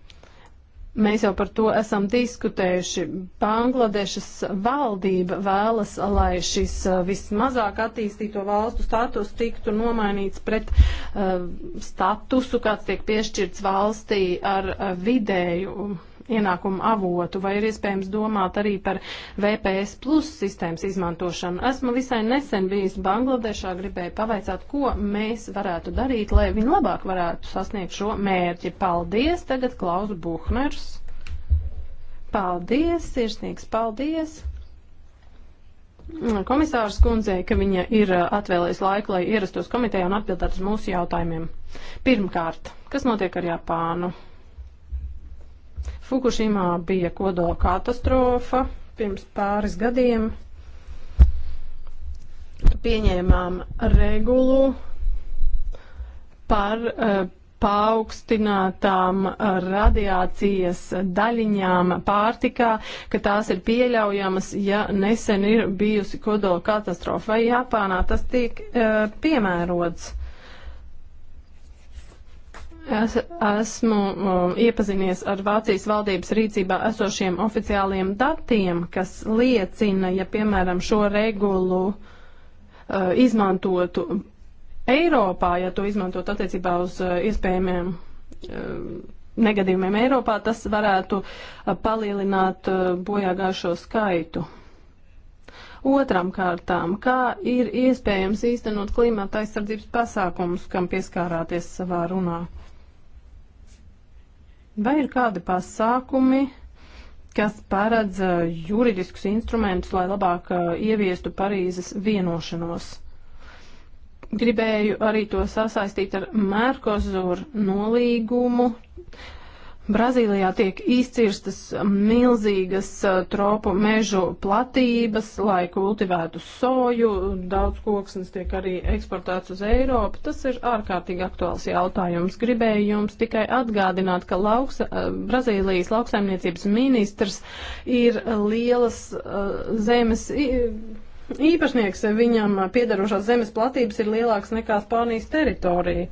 Mēs jau par to esam diskutējuši. Bangladešas valdība vēlas, lai šis uh, vismazāk attīstīto valstu status tiktu nomainīts pret uh, statusu, kāds tiek piešķirts valstī ar uh, vidēju ienākumu avotu, vai ir iespējams domāt arī par VPS plus sistēmas izmantošanu. Esmu visai nesen bijis Bangladešā, gribēju pavaicāt, ko mēs varētu darīt, lai viņi labāk varētu sasniegt šo mērķi. Paldies, tagad Klaus Buhners. Paldies, sirsnīgs paldies! komisārs kundzei, ka viņa ir uh, atvēlējis laiku, lai ierastos komitejā un atbildētu uz mūsu jautājumiem. Pirmkārt, kas notiek ar Japānu? Fukushimā bija kodola katastrofa pirms pāris gadiem. Pieņēmām regulu par uh, paaugstinātām eh, radiācijas daļiņām pārtikā, ka tās ir pieļaujamas, ja nesen ir bijusi kodola katastrofa. Vai Japānā tas tiek uh, piemērots? Es esmu um, iepazinies ar Vācijas valdības rīcībā esošiem oficiāliem datiem, kas liecina, ja piemēram šo regulu uh, izmantotu Eiropā, ja to izmantotu attiecībā uz uh, iespējamiem uh, negadījumiem Eiropā, tas varētu uh, palielināt uh, bojāgājušo skaitu. Otram kārtām, kā ir iespējams īstenot klimata aizsardzības pasākumus, kam pieskārāties savā runā? Vai ir kādi pasākumi, kas paredz uh, juridiskus instrumentus, lai labāk uh, ieviestu Parīzes vienošanos? Gribēju arī to sasaistīt ar Mērkozuru nolīgumu. Brazīlijā tiek izcirstas milzīgas tropu mežu platības, lai kultivētu soju, daudz koksnes tiek arī eksportēts uz Eiropu. Tas ir ārkārtīgi aktuāls jautājums. Gribēju jums tikai atgādināt, ka lauks, Brazīlijas lauksaimniecības ministrs ir lielas zemes īpašnieks, viņam piedarošās zemes platības ir lielākas nekā Spānijas teritorija.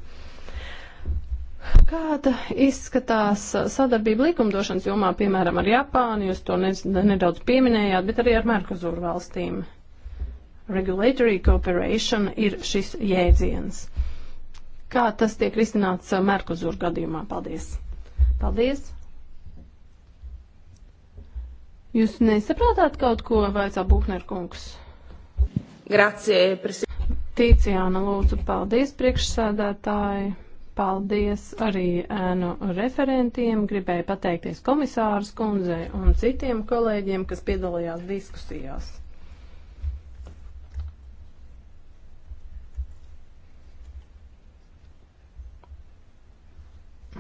Kāda izskatās sadarbība likumdošanas jomā, piemēram, ar Japānu? Jūs to nedaudz pieminējāt, bet arī ar Merkuzuru valstīm. Regulatory cooperation ir šis jēdziens. Kā tas tiek risināts Merkuzuru gadījumā? Paldies! Paldies! Jūs nesaprātāt kaut ko, vaicā Buhner kungs? Grazie, presi. Tīcijāna, lūdzu, paldies priekšsēdētāji. Paldies arī ēnu referentiem, gribēju pateikties komisāras kundzei un citiem kolēģiem, kas piedalījās diskusijās.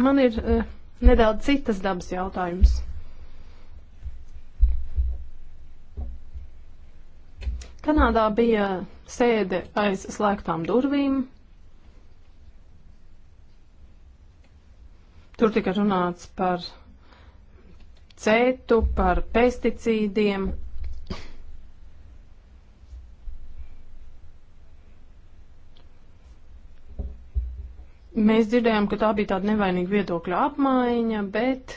Man ir uh, nedaudz citas dabas jautājums. Kanādā bija sēde aiz slēgtām durvīm. Tur tika runāts par cētu, par pesticīdiem. Mēs dzirdējām, ka tā bija tāda nevainīga viedokļa apmaiņa, bet.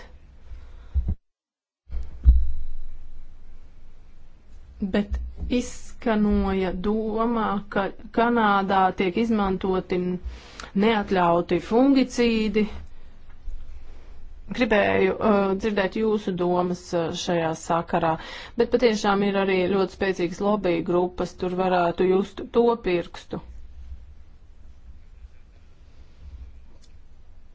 Bet izskanoja domā, ka Kanādā tiek izmantoti neatļauti fungicīdi, Gribēju uh, dzirdēt jūsu domas uh, šajā sakarā, bet patiešām ir arī ļoti spēcīgas lobby grupas, tur varētu just to pirkstu.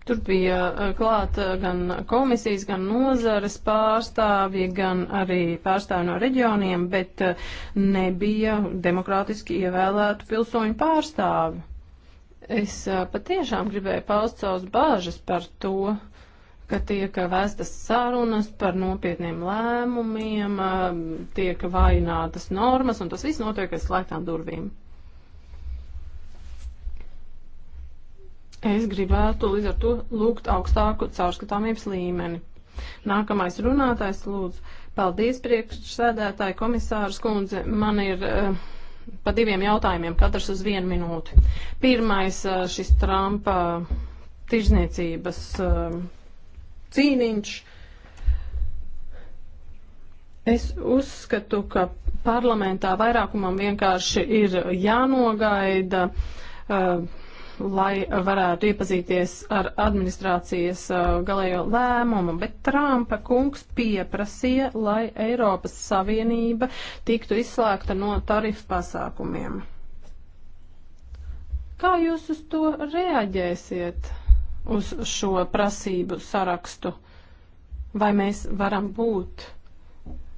Tur bija uh, klāt uh, gan komisijas, gan nozares pārstāvji, gan arī pārstāvji no reģioniem, bet uh, nebija demokrātiski ievēlētu pilsoņu pārstāvi. Es uh, patiešām gribēju paust savus bāžas par to ka tiek vestas sarunas par nopietniem lēmumiem, um, tiek vājinātas normas, un tas viss notiek aiz slēgtām durvīm. Es gribētu līdz ar to lūgt augstāku caurskatāmības līmeni. Nākamais runātājs lūdzu. Paldies, priekšsēdētāji, komisārs kundze. Man ir uh, pa diviem jautājumiem, katrs uz vienu minūti. Pirmais, uh, šis Trumpa tirzniecības uh, cīniņš. Es uzskatu, ka parlamentā vairākumam vienkārši ir jānogaida, uh, lai varētu iepazīties ar administrācijas uh, galējo lēmumu, bet Trumpa kungs pieprasīja, lai Eiropas Savienība tiktu izslēgta no tarifu pasākumiem. Kā jūs uz to reaģēsiet? uz šo prasību sarakstu, vai mēs varam būt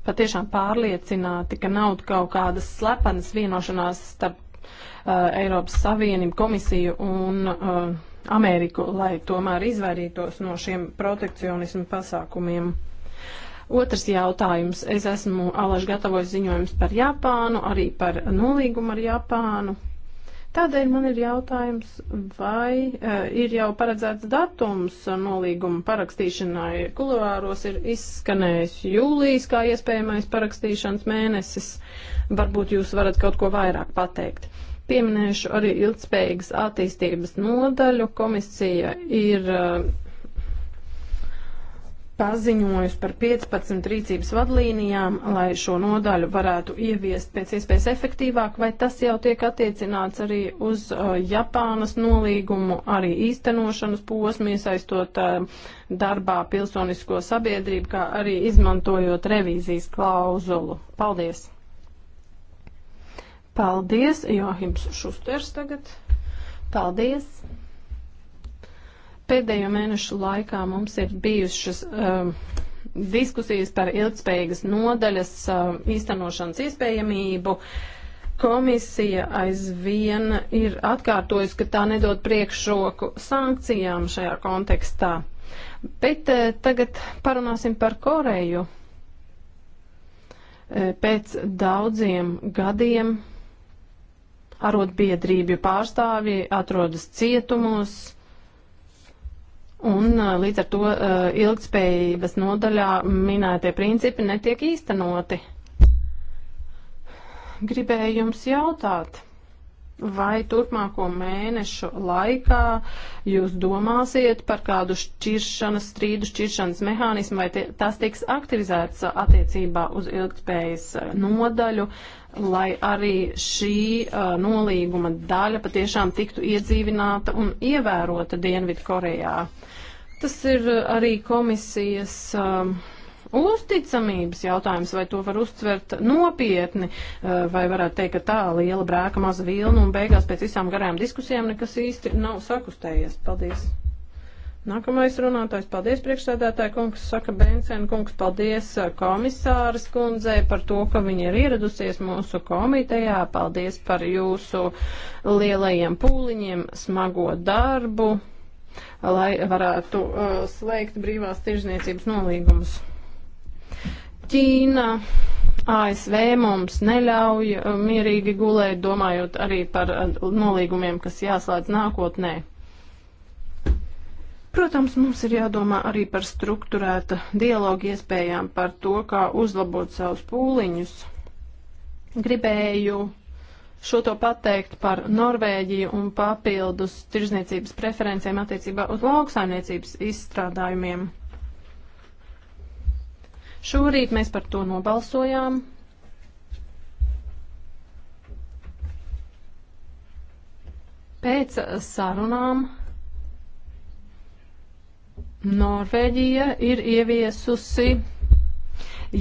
patiešām pārliecināti, ka nav kaut kādas slepenas vienošanās starp uh, Eiropas Savienību komisiju un uh, Ameriku, lai tomēr izvairītos no šiem protekcionismu pasākumiem. Otrs jautājums. Es esmu alaši gatavojis ziņojums par Japānu, arī par nolīgumu ar Japānu. Tādēļ man ir jautājums, vai uh, ir jau paredzēts datums nolīguma parakstīšanai. Kuluāros ir izskanējis jūlijas kā iespējamais parakstīšanas mēnesis. Varbūt jūs varat kaut ko vairāk pateikt. Pieminēšu arī ilgspējīgas attīstības nodaļu. Komisija ir uh, paziņojusi par 15 rīcības vadlīnijām, lai šo nodaļu varētu ieviest pēc iespējas efektīvāk, vai tas jau tiek attiecināts arī uz uh, Japānas nolīgumu, arī īstenošanas posmu, iesaistot uh, darbā pilsonisko sabiedrību, kā arī izmantojot revīzijas klauzulu. Paldies! Paldies, Johims Šusters tagad. Paldies! Pēdējo mēnešu laikā mums ir bijušas um, diskusijas par ilgspējīgas nodaļas um, īstenošanas iespējamību. Komisija aizvien ir atkārtojusi, ka tā nedod priekšroku sankcijām šajā kontekstā. Bet eh, tagad parunāsim par Koreju. Eh, pēc daudziem gadiem arotbiedrību pārstāvji atrodas cietumos Un uh, līdz ar to uh, ilgtspējības nodaļā minētie principi netiek īstenoti. Gribēju jums jautāt, vai turpmāko mēnešu laikā jūs domāsiet par kādu šķiršanas, strīdu šķiršanas mehānismu, vai tie, tas tiks aktivizēts attiecībā uz ilgtspējas uh, nodaļu, uh, lai arī šī uh, nolīguma daļa patiešām tiktu iedzīvināta un ievērota Dienvidkorejā. Tas ir uh, arī komisijas uh, uzticamības jautājums, vai to var uztvert nopietni, uh, vai varētu teikt, ka tā liela brēka maza vilna un beigās pēc visām garajām diskusijām nekas īsti nav sakustējies. Paldies! Nākamais runātājs, paldies priekšsēdētāji kungs, saka Bencēna kungs, paldies komisāras kundzei par to, ka viņa ir ieradusies mūsu komitejā, paldies par jūsu lielajiem pūliņiem, smago darbu, lai varētu uh, slēgt brīvās tirzniecības nolīgumus. Ķīna. ASV mums neļauj mierīgi gulēt, domājot arī par nolīgumiem, kas jāslēdz nākotnē. Protams, mums ir jādomā arī par struktūrēta dialogu iespējām, par to, kā uzlabot savus pūliņus. Gribēju šo to pateikt par Norvēģiju un papildus tirzniecības preferencēm attiecībā uz lauksaimniecības izstrādājumiem. Šorīt mēs par to nobalsojām. Pēc sarunām Norvēģija ir ieviesusi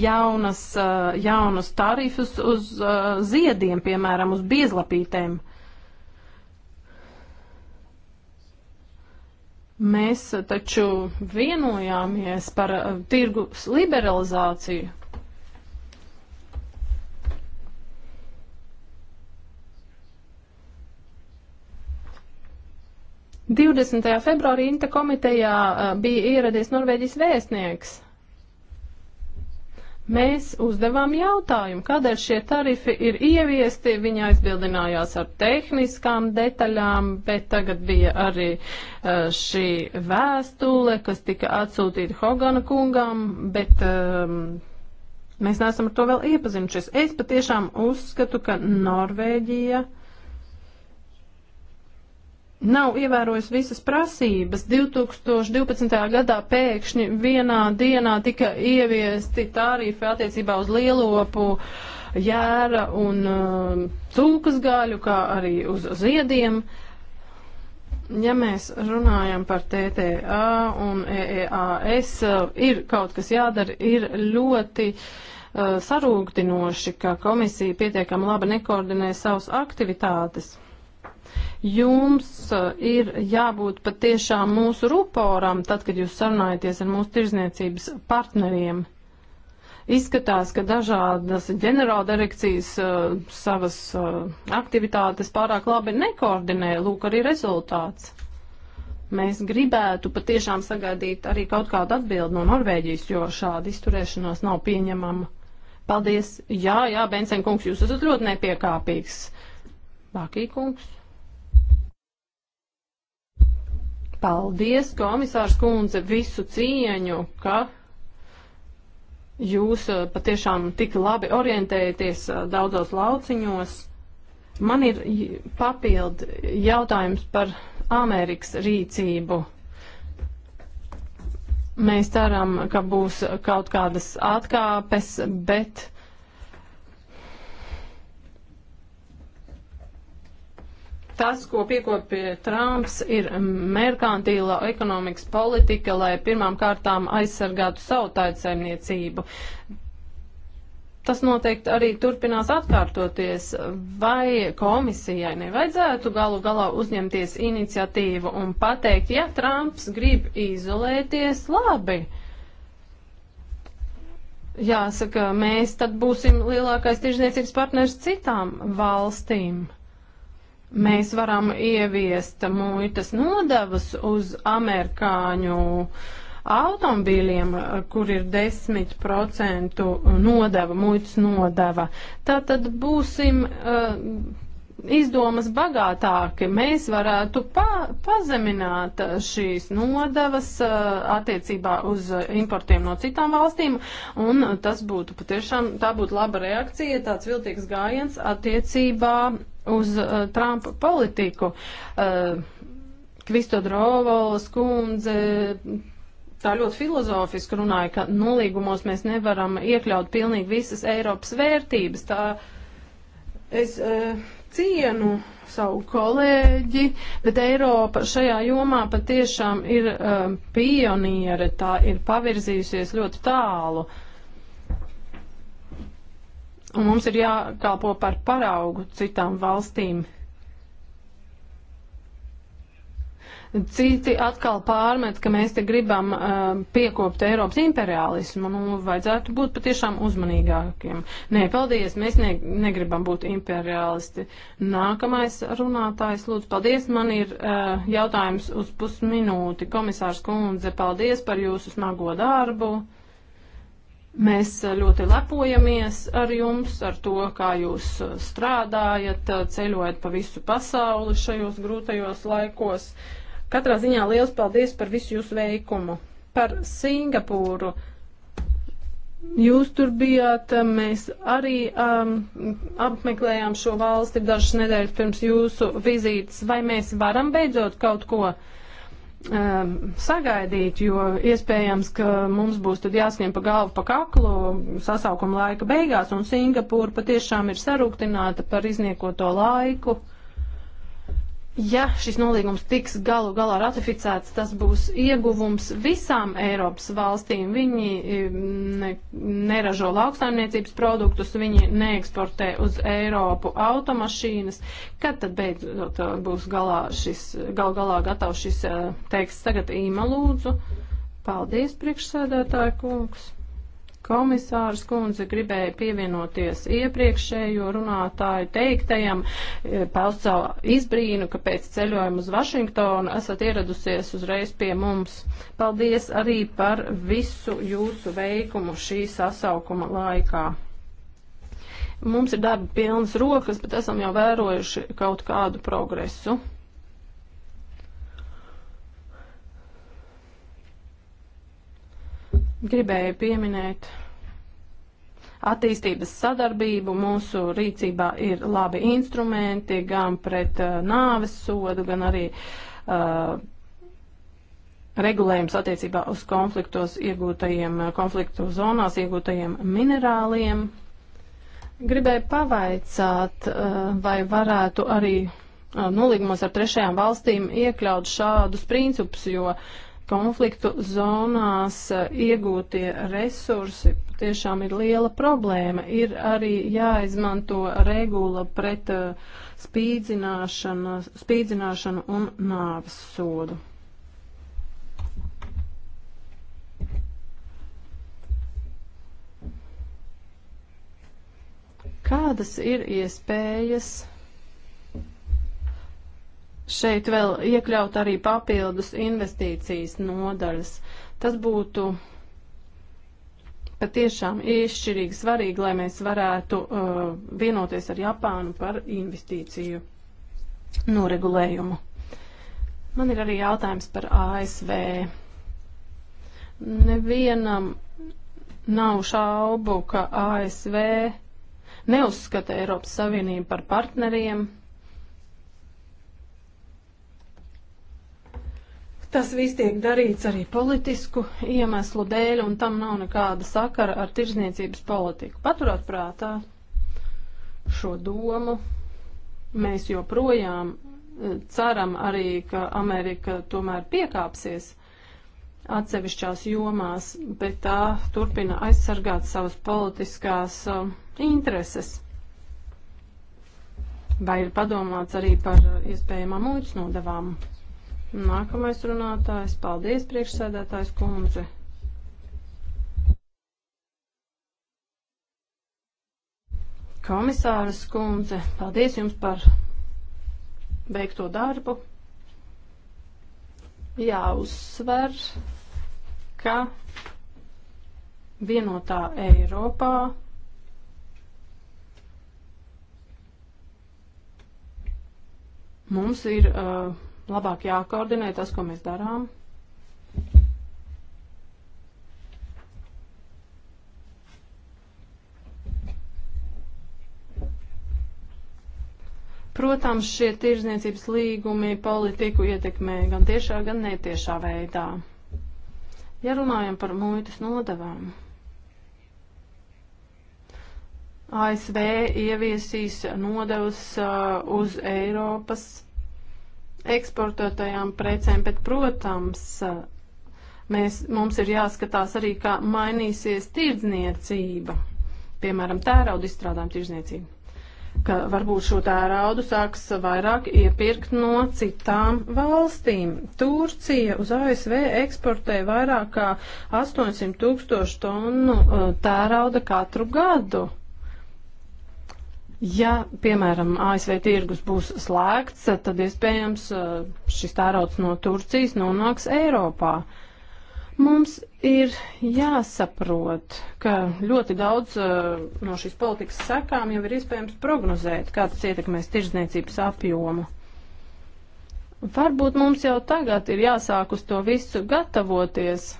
jaunas, eh, jaunus tarifus uz eh, ziediem, piemēram, uz biezlapītēm. Mēs taču vienojāmies par eh, tirgus liberalizāciju. 20. februārī Inta komitejā bija ieradies Norvēģijas vēstnieks. Mēs uzdevām jautājumu, kādēļ šie tarifi ir ieviesti. Viņa aizbildinājās ar tehniskām detaļām, bet tagad bija arī šī vēstule, kas tika atsūtīta Hogana kungam, bet um, mēs neesam ar to vēl iepazinušies. Es patiešām uzskatu, ka Norvēģija. Uh, nav ievērojis visas prasības. 2012. gadā pēkšņi vienā dienā tika ieviesti tarifi attiecībā uz lielopu jēra un uh, um, cūkas gaļu, kā arī uz ziediem. Ja mēs runājam par TTA un EEAS, uh, ir kaut kas jādara, ir ļoti uh, sarūgtinoši, ka komisija pietiekami labi nekoordinē savas aktivitātes. Jums eh, ir jābūt patiešām mūsu ruporam, tad, kad jūs sarunājaties ar mūsu tirzniecības partneriem. Izskatās, ka dažādas ģenerāldirekcijas uh, eh, savas uh, aktivitātes pārāk labi nekoordinē, lūk arī rezultāts. Mēs gribētu patiešām sagaidīt arī kaut kādu atbildi no Norvēģijas, jo šāda izturēšanās nav pieņemama. Paldies! Jā, jā, Bensen kungs, jūs esat ļoti nepiekāpīgs. Bakī kungs. Paldies, komisārs kundze, visu cieņu, ka jūs eh, patiešām tik labi orientējaties eh, daudzos lauciņos. Man ir papildu jautājums par Amerikas rīcību. Mēs ceram, ka būs kaut kādas atkāpes, bet tas, ko piekopie Trumps, ir merkantīla ekonomikas politika, lai pirmām kārtām aizsargātu savu tautsaimniecību. Tas noteikti arī turpinās atkārtoties, vai komisijai nevajadzētu galu galā uzņemties iniciatīvu un pateikt, ja Trumps grib izolēties, labi. Jāsaka, mēs tad būsim lielākais tirzniecības partners citām valstīm mēs varam ieviest muitas nodevas uz amerikāņu automobīļiem, kur ir 10% nodeva, muitas nodeva. Tātad būsim. Uh, izdomas bagātāki, mēs varētu pa, pazemināt uh, šīs nodevas uh, attiecībā uz uh, importiem no citām valstīm, un tas būtu patiešām, tā būtu laba reakcija, tāds viltīgs gājiens attiecībā uz uh, Trumpa politiku. Uh, Kvistodrovolas kundze tā ļoti filozofiski runāja, ka nolīgumos mēs nevaram iekļaut pilnīgi visas Eiropas vērtības. Tā, es, uh, cienu savu kolēģi, bet Eiropa šajā jomā patiešām ir um, pioniere, tā ir pavirzījusies ļoti tālu. Un mums ir jākalpo par paraugu citām valstīm. Citi atkal pārmet, ka mēs te gribam uh, piekopt Eiropas imperialismu. Nu, vajadzētu būt patiešām uzmanīgākiem. Nē, paldies, mēs ne, negribam būt imperialisti. Nākamais runātājs, lūdzu, paldies. Man ir uh, jautājums uz pusminūti. Komisārs Kundze, paldies par jūsu smago darbu. Mēs uh, ļoti lepojamies ar jums, ar to, kā jūs uh, strādājat, uh, ceļojat pa visu pasauli šajos grūtajos laikos. Uh, Katrā ziņā liels paldies par visu jūsu veikumu. Par Singapūru. Jūs tur bijāt, mēs arī um, apmeklējām šo valsti dažas nedēļas pirms jūsu vizītes. Vai mēs varam beidzot kaut ko um, sagaidīt, jo iespējams, ka mums būs tad jāsņem pa galvu pa kaklu sasaukuma laika beigās, un Singapūra patiešām ir sarūktināta par izniekoto laiku. Uh, ja šis nolīgums tiks galu galā ratificēts, tas būs ieguvums visām Eiropas valstīm. Viņi mm, ne, neražo lauksaimniecības produktus, viņi neeksportē uz Eiropu automašīnas. Kad tad beidzot uh, būs galā šis, galu galā gatavs šis uh, teksts? Tagad īma lūdzu. Paldies, priekšsēdētāja kungs komisārs kundze gribēja pievienoties iepriekšējo runātāju teiktajam, e, paust savu izbrīnu, ka pēc ceļojuma uz Vašingtonu esat ieradusies uzreiz pie mums. Paldies arī par visu jūsu veikumu šī sasaukuma laikā. Mums ir darba pilnas rokas, bet esam jau vērojuši kaut kādu progresu. gribēju pieminēt attīstības sadarbību. Mūsu rīcībā ir labi instrumenti gan pret uh, nāves sodu, gan arī uh, regulējums attiecībā uz konfliktos iegūtajiem, uh, konfliktu zonās iegūtajiem minerāliem. Gribēju pavaicāt, uh, vai varētu arī uh, nolīgumos ar trešajām valstīm iekļaut šādus principus, jo uh, konfliktu zonās eh, iegūtie resursi tiešām ir liela problēma. Ir arī jāizmanto regula pret eh, spīdzināšanu, spīdzināšanu un nāves sodu. Kādas ir iespējas? šeit vēl iekļaut arī papildus investīcijas nodaļas. Tas būtu patiešām izšķirīgi svarīgi, lai mēs varētu uh, vienoties ar Japānu par investīciju noregulējumu. Man ir arī jautājums par ASV. Nevienam nav šaubu, ka ASV neuzskata Eiropas Savienību par partneriem Tas viss tiek darīts arī politisku iemeslu dēļ, un tam nav nekāda sakara ar tirzniecības politiku. Paturot prātā šo domu, mēs joprojām e, ceram arī, ka Amerika tomēr piekāpsies atsevišķās jomās, bet tā turpina aizsargāt savas politiskās e, intereses. Vai ir padomāts arī par e, iespējamām muitas nodevām? Nākamais runātājs. Paldies, priekšsēdētājs kundze. Komisāras kundze, paldies jums par veikto darbu. Jāuzsver, ka vienotā Eiropā mums ir uh, labāk jākoordinē tas, ko mēs darām. Protams, šie tirzniecības līgumi politiku ietekmē gan tiešā, gan netiešā veidā. Ja runājam par muitas nodevām, ASV ieviesīs nodevas uh, uz Eiropas eksportētajām precēm, bet, protams, mēs, mums ir jāskatās arī, kā mainīsies tirdzniecība, piemēram, tērauda izstrādājuma tirdzniecība ka varbūt šo tēraudu sāks vairāk iepirkt no citām valstīm. Turcija uz ASV eksportē vairāk kā 800 tūkstošu tonu uh, tērauda katru gadu. Ja, piemēram, ASV tirgus būs slēgts, tad iespējams uh, šis tērauds no Turcijas nonāks Eiropā. Mums ir jāsaprot, ka ļoti daudz uh, no šīs politikas sekām jau ir iespējams prognozēt, kā tas ietekmēs tirdzniecības apjomu. Varbūt mums jau tagad ir jāsāk uz to visu gatavoties.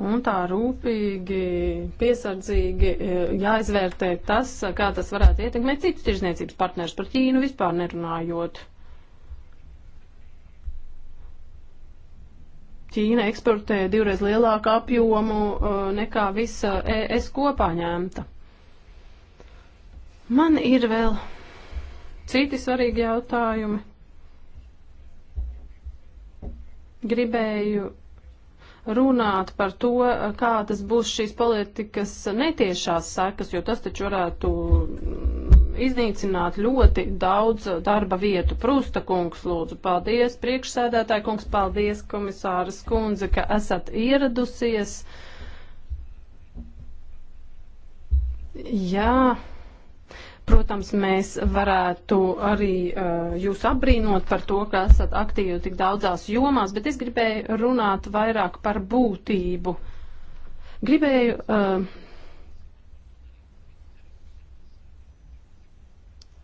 un tā rūpīgi, piesardzīgi e, jāizvērtē tas, kā tas varētu ietekmēt citus tirzniecības partnerus par Ķīnu vispār nerunājot. Ķīna eksportē divreiz lielāku apjomu e, nekā visa ES kopā ņemta. Man ir vēl citi svarīgi jautājumi. Gribēju runāt par to, kādas būs šīs politikas netiešās sekas, jo tas taču varētu iznīcināt ļoti daudz darba vietu. Prusta kungs, lūdzu, paldies, priekšsēdētāji kungs, paldies, komisāras kundze, ka esat ieradusies. Jā. Yeah. Protams, mēs varētu arī uh, jūs apbrīnot par to, ka esat aktīvi tik daudzās jomās, bet es gribēju runāt vairāk par būtību. Gribēju uh,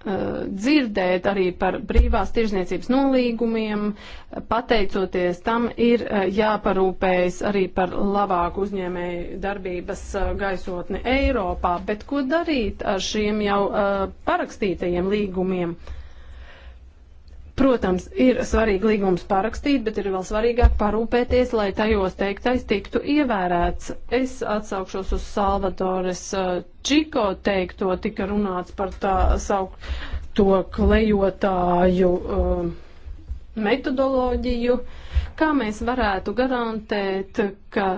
Uh, dzirdēt arī par brīvās tirzniecības nolīgumiem, pateicoties tam ir uh, jāparūpējas arī par labāku uzņēmēju darbības uh, gaisotni Eiropā, bet ko darīt ar šiem jau parakstītajiem līgumiem? Protams, ir svarīgi līgums parakstīt, bet ir vēl svarīgāk parūpēties, lai tajos teiktais tiktu ievērēts. Es atsaukšos uz Salvadores uh, Čiko teikto, tika runāts par tā saukto klejotāju uh, metodoloģiju, kā mēs varētu garantēt, ka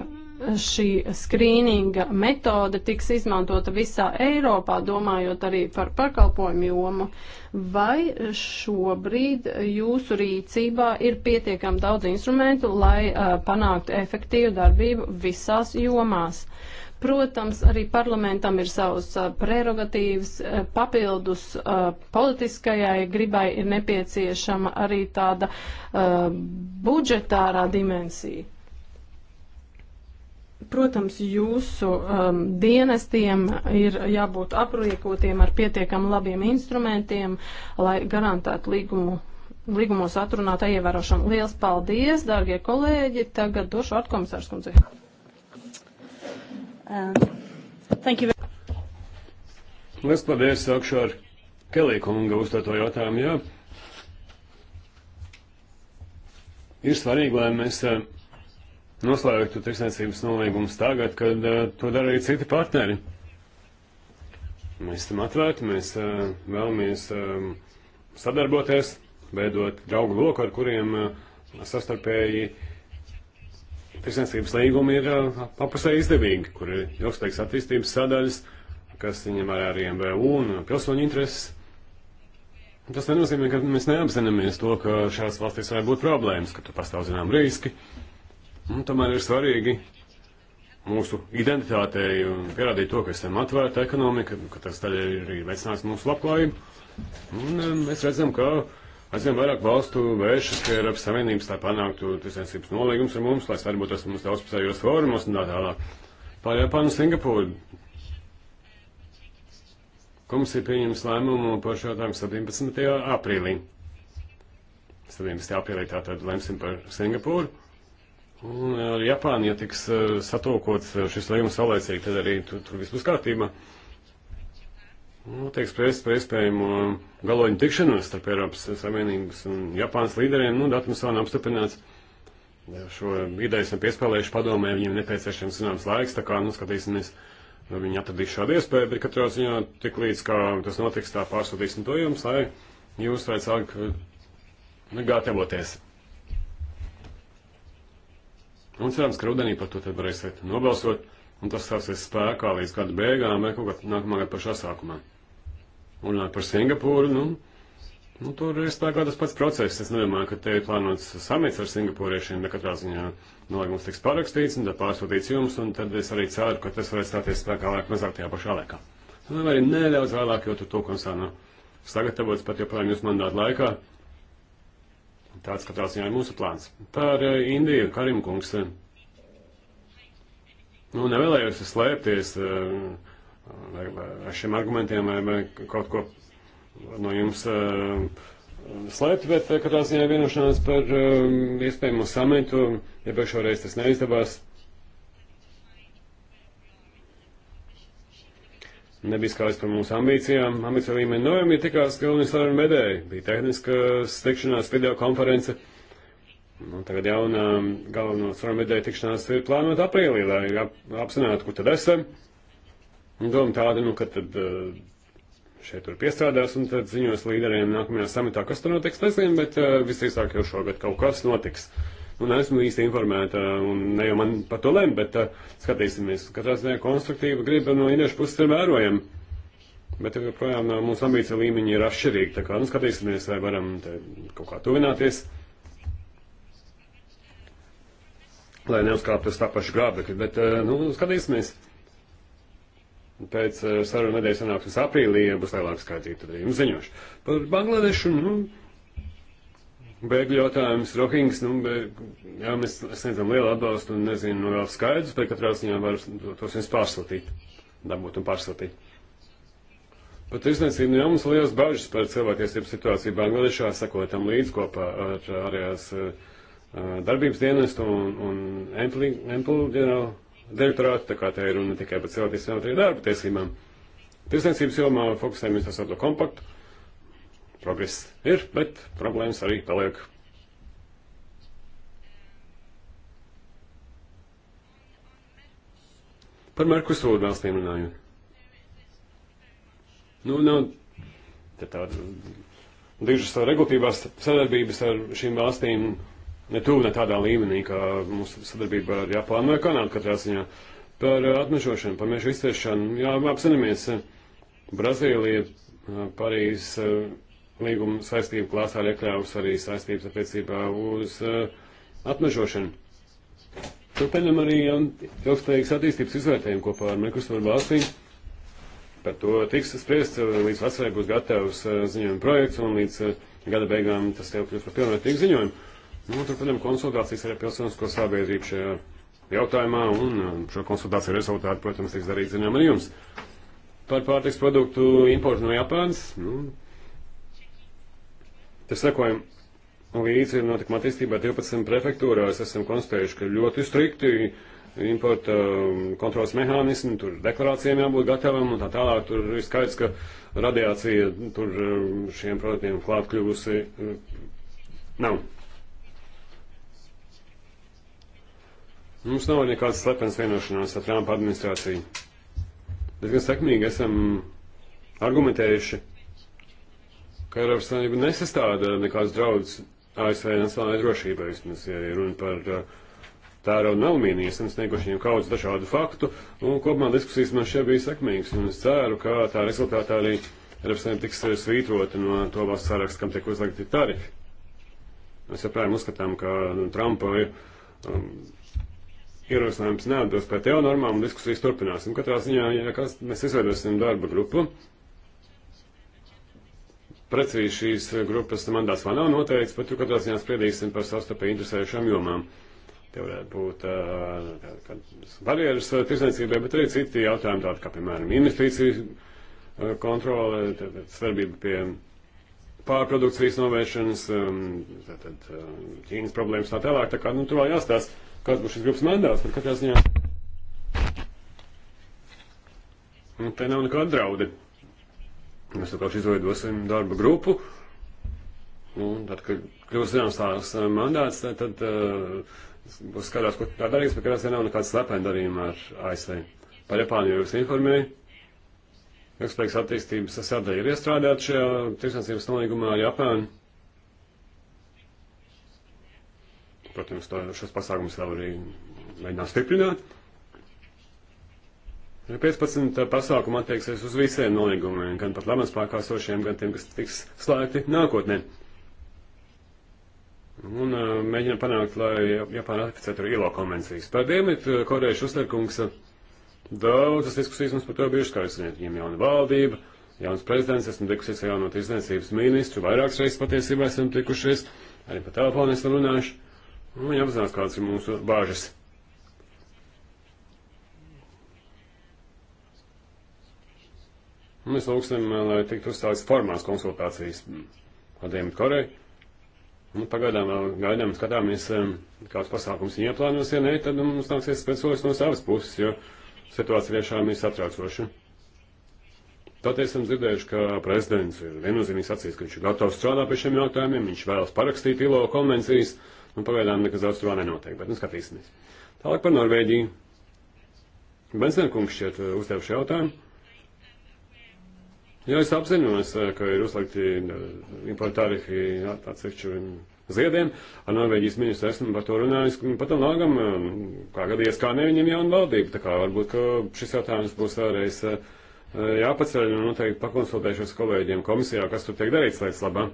šī skrīninga metode tiks izmantota visā Eiropā, domājot arī par pakalpojumu jomu, vai šobrīd jūsu rīcībā ir pietiekami daudz instrumentu, lai uh, panāktu efektīvu darbību visās jomās? Protams, arī parlamentam ir savas prerogatīvas, papildus politiskajai gribai ir nepieciešama arī tāda budžetārā dimensija. Protams, jūsu um, dienestiem ir jābūt apriekotiem ar pietiekam labiem instrumentiem, lai garantētu līgumu, līgumos atrunātā ievērošanu. Liels paldies, dārgie kolēģi. Tagad došu vārdu komisārs kundzei. Um, Liels paldies, sākšu ar Kelī kunga uzdoto jautājumu. Jā. Ir svarīgi, lai mēs. Uh, noslēgtu tirsniecības nolīgumus tagad, kad uh, to darīja citi partneri. Mēs tam atvērti, mēs uh, vēlamies um, sadarboties, veidot draugu loku, ar kuriem uh, sastarpēji tirsniecības līgumi ir uh, apusē izdevīgi, kur ir ilgspējīgas attīstības sadaļas, kas viņam arī ar MBU un pilsoņu intereses. Tas nenozīmē, ka mēs neapzināmies to, ka šās valstīs var būt problēmas, ka tur pastāv zinām riski. Uh, Un tomēr ir svarīgi mūsu identitātei pierādīt to, ka esam atvērta ekonomika, ka tas daļai ir veicinās mūsu labklājību. Un eh, mēs redzam, ka aizvien vairāk valstu vēršas pie Eiropas Savienības, lai panāktu tiesniecības nolīgums ar mums, lai sadarbotos mums daudzpusējos fórumos un tā tālāk. Pār Japānu, Singapūru. Komisija pieņems lēmumu par šo jautājumu 17. aprīlī. 17. aprīlī tātad lemsim par Singapūru. Un ar Japānu, ja tiks eh, satūkots eh, šis lēmums saulēcīgi, tad arī tur, tur viss būs kārtībā. Nu, tiek spriest par iespējamo eh, galoņu tikšanos starp Eiropas Savienības un Japānas līderiem. Nu, datums vēl nav apstiprināts. Šo ideju esam piespēlējuši padomē, viņiem nepieciešams zināms laiks, tā kā, nu, skatīsimies, nu, viņi atradīs šādu iespēju, bet katrā ziņā tik līdz, kā tas notiks, tā pārsūtīsim to jums, lai jūs vajadzāk negatavoties. Nu, un cerams, ka rudenī par to tad varēsiet nobalsot, un tas stāsies spēkā līdz gada beigām vai kaut kā nākamā gada pašā sākumā. Un runājot par Singapūru, nu, nu, tur ir spēkā tas pats process. Es nedomāju, ka te ir plānots samits ar singapūriešiem, bet katrā ziņā nolīgums tiks parakstīts un tad pārsūtīts jums, un tad es arī ceru, ka tas varēs stāties spēkā vairāk mazāk tajā pašā laikā. Un nu, arī nedaudz vēlāk, jo tur to konsāna sagatavots pat joprojām jūsu mandātu laikā. Tāds katrā ziņā ir mūsu plāns. Par eh, Indiju, Karimkungs. Nu, nevēlējos slēpties eh, vai, vai ar šiem argumentiem vai, vai kaut ko no jums eh, slēpt, bet katrā ziņā vienošanās par iespējamo samitu, ja pēkšoreiz tas neizdevās. Nebija skaidrs par mūsu ambīcijām, ambīciju līmeni. Novembrī tikās galvenie sarunu vedēji, bija tehniskas tikšanās, video konference. Nu, tagad jaunā galveno sarunu vedēju tikšanās ir plānota aprīlī, lai ap, apzinātu, kur tad esam. Doma tāda, nu, ka tad eh, šeit tur piestrādās un tad ziņos līderiem nākamajā samitā, kas tur notiks, nezinu, bet eh, visticāk jau šogad kaut kas notiks. Uh, un esmu īsti informēta, un ne jau man par to lem, bet uh, skatīsimies, katrā ziņā konstruktīva griba no iniešu puses ir vērojama. Bet joprojām uh, mūsu ambīcija līmeņi ir atšķirīgi, tā kā nu, skatīsimies, vai varam te kaut kā tuvināties. Lai neuzkāptos tā paša grābekļa, bet, uh, nu, skatīsimies pēc uh, sarunu nedēļas sanāksmes aprīlī, ja būs lielāka skaitība, tad arī jums ziņošu. Par Bangladešu, nu, Bēgļu jautājums, Rohingas, nu, bē, jā, mēs sniedzam lielu atbalstu un nezinu, nu, vēl skaidrs, bet katrā ziņā var tos viens pārslatīt, dabūt un pārslatīt. Pat izniecība, nu, jā, mums liels bažas par cilvēktiesību situāciju Bangladešā, sekotam līdz kopā ar ārējās eh, eh, darbības dienestu un, un Empli, Empli ģenerālu direktorātu, tā kā te ir runa tikai par cilvēktiesībām, bet arī darba tiesībām. Tiesniecības jomā fokusējamies uz to kompaktu progress ir, bet problēmas arī paliek. Par Merkusūdu valstīm runājot. Nu, nav nu, te tāda dižas regulatīvās sadarbības ar šīm valstīm ne tuvu ne tādā līmenī, kā mūsu sadarbība ar Japānu vai Kanādu katrā ziņā. Par atmešošanu, par mežu izcēšanu, jā, apzināmies, Brazīlija, Parīzes, līguma saistību klāstā ir iekļāvusi arī saistības attiecībā uz uh, atmežošanu. Turpinam arī ilgspējīgas attīstības izvērtējumu kopā ar Merkusvaru valstīm. Par to tiks spriests, eh, līdz vasarai būs gatavs uh, ziņojuma projekts un līdz uh, gada beigām tas jau kļūs par pilnvērtīgu ziņojumu. Nu, turpinam konsultācijas ar pilsonisko sabiedrību šajā jautājumā un šo konsultāciju rezultātu, protams, tiks darīt ziņām arī jums. Par pārtiks produktu importu no Japānas. Nu, Te sekojam līdzi notikuma attīstībā 12 prefektūrās. Esam konstatējuši, ka ļoti strikti importa um, kontrols mehānismi, tur deklarācijām jābūt gatavam un tā tālāk. Tur ir skaidrs, ka radiācija tur um, šiem produktiem klāt kļuvusi uh, nav. Mums nav nekādas slepenas vienošanās ar Trumpa administrāciju. Diezgan sekmīgi esam argumentējuši ka Eiropas Savienība nesastāda nekādas draudz ASV nacionālajai drošībai, vismaz, ja runa par uh, tērau un alumīniju, esam snieguši viņiem kaudz dažādu faktu, un kopumā diskusijas man šeit bija sekmīgas, un es ceru, ka tā rezultātā arī Eiropas Savienība tiks uh, svītrota no to valsts saraksta, kam tiek uzlikti tarifi. Mēs joprojām uzskatām, ka nu, Trumpa ir. Um, ierosinājums neatbilst pēc tev normām, un diskusijas turpināsim. Katrā ziņā, ja kas, mēs izveidosim darba grupu, precīzi šīs grupas mandāts vēl nav noteikts, bet tur katrā ziņā spriedīsim par savstarpēji interesējušām jomām. Te varētu būt uh, barjeras tirsniecībai, bet arī citi jautājumi, tādi kā, piemēram, investīciju kontrole, svarbība pie pārprodukcijas novēršanas, um, tātad Ķīnas problēmas tā tālāk. Tā kā, nu, tur vēl jāstāsta, kāds būs šis grupas mandāts, bet katrā ziņā. Un nu, te nav nekāda draudi. Mēs vienkārši izveidosim darba grupu, un tad, kad kļūs zināms tās eh, mandāts, tad, tad uh, būs skatās, ko tā darīs, bet katrā ziņā nav nekāds slepeni darījuma ar ASV. Par Japānu jau jūs informēju. Ekspēks attīstības sadaļa ir iestrādāta šajā tirsniecības nolīgumā ar Japānu. Protams, to, šos pasākumus vēl arī mēģinās stiprināt. 15 eh, pasākumu attieksies uz visiem nolīgumiem, gan pat labam spēkā sošiem, gan tiem, kas tiks slēgti nākotnē. Un uh, eh, mēģinām panākt, lai Japāna ratificētu arī ILO konvencijas. Par Dienvidu eh, Korejas uzliekums daudzas diskusijas mums par to bijušas, kā jūs zināt, viņiem jauna valdība, jauns prezidents, esmu tikusies ar jauno tirdzniecības ministru, vairākas reizes patiesībā esam tikušies, arī pa telefonu esam runājuši, un jāapzinās, kādas ir mūsu bāžas. Nu, mēs lūgsim, eh, lai tiktu uzstāstīts formās konsultācijas ar Dienvidkoreju. Nu, pagaidām vēl gaidām, skatāmies, eh, kāds pasākums viņa ieplānos, ja nē, tad mums nāksies pēc solis no savas puses, jo situācija tiešām ir satraucoša. Tātad esam dzirdējuši, ka prezidents ir viennozīmīgi sacījis, ka viņš ir gatavs strādāt pie šiem jautājumiem, viņš vēlas parakstīt ILO konvencijas, un pagaidām nekas daudz tur vēl nenotiek, bet nu skatīsimies. Tālāk par Norvēģiju. Bensenkungs šķiet eh, uzdevuši jautājumu. Jā, es apzinos, eh, ka ir uzlikti eh, importa tarifi atsevišķi ziediem. Ar Norvēģijas ministru esmu par to runājis. Pat un nākam, eh, kā gadījies, kā ne viņam jauna valdība. Tā kā varbūt, ka šis jautājums būs vēlreiz jāpaceļ un noteikti pakonsultēšos kolēģiem komisijā, kas tur tiek darīts lietas labā.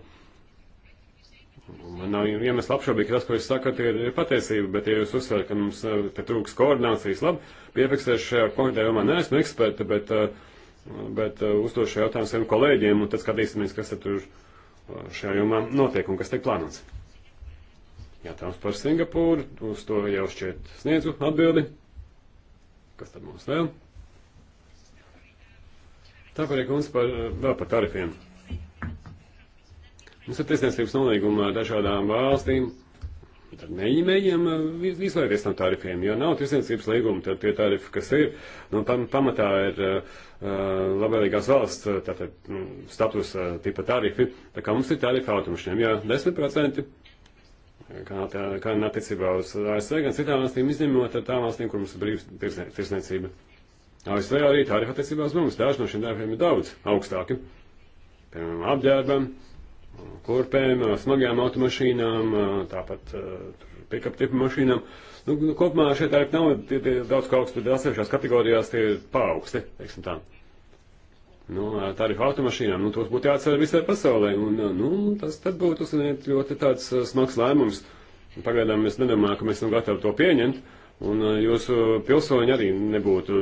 Man nav iemesls apšaubīt, ka tas, ko jūs sakat, ir patiesība, bet, ja jūs uzsverat, ka mums te trūks koordinācijas, labi, piefiksēšu šajā konkrētajā jomā neesmu eksperta, bet uh, bet uh, uzdošu šo jautājumu saviem kolēģiem, un tad skatīsimies, kas tur uh, šajā jomā notiek un kas tiek plānots. Jautājums par Singapūru, uz to jau šķiet sniedzu atbildi. Kas tad mums vēl? Tāpēc ir kungs par, uh, vēl par tarifiem. Mums ir tiesniecības nolīguma ar dažādām valstīm Tad mēģinām uh, izvairīties no tarifiem, jo nav tirsniecības līguma, tad tie tarifi, kas ir, nu, pam, pamatā ir uh, uh labvēlīgās valsts uh, tātad, nu, status uh, tipa tarifi. Tā kā mums ir tarifi automašīniem, jā, 10%, kā, tā, kā attiecībā uz ASV, gan citām valstīm izņemot tām valstīm, kur mums ir brīvs tirsniecība. ASV arī tarifi attiecībā uz mums, daži no šiem tarifiem ir daudz augstāki, piemēram, apģērbam kurpēm, smagajām automašīnām, tāpat pikaptipu mašīnām. Nu, nu, kopumā šie tarifi nav tie, tie daudz kā augstu, bet atsevišķās kategorijās tie ir paaugsti, teiksim tā. Nu, tarifu automašīnām, nu, tos būtu jāatcer visai pasaulē, un, nu, tas tad būtu, uzsaniet, ļoti tāds smags lēmums. Pagaidām es nedomāju, ka mēs esam gatavi to pieņemt, un jūsu pilsoņi arī nebūtu,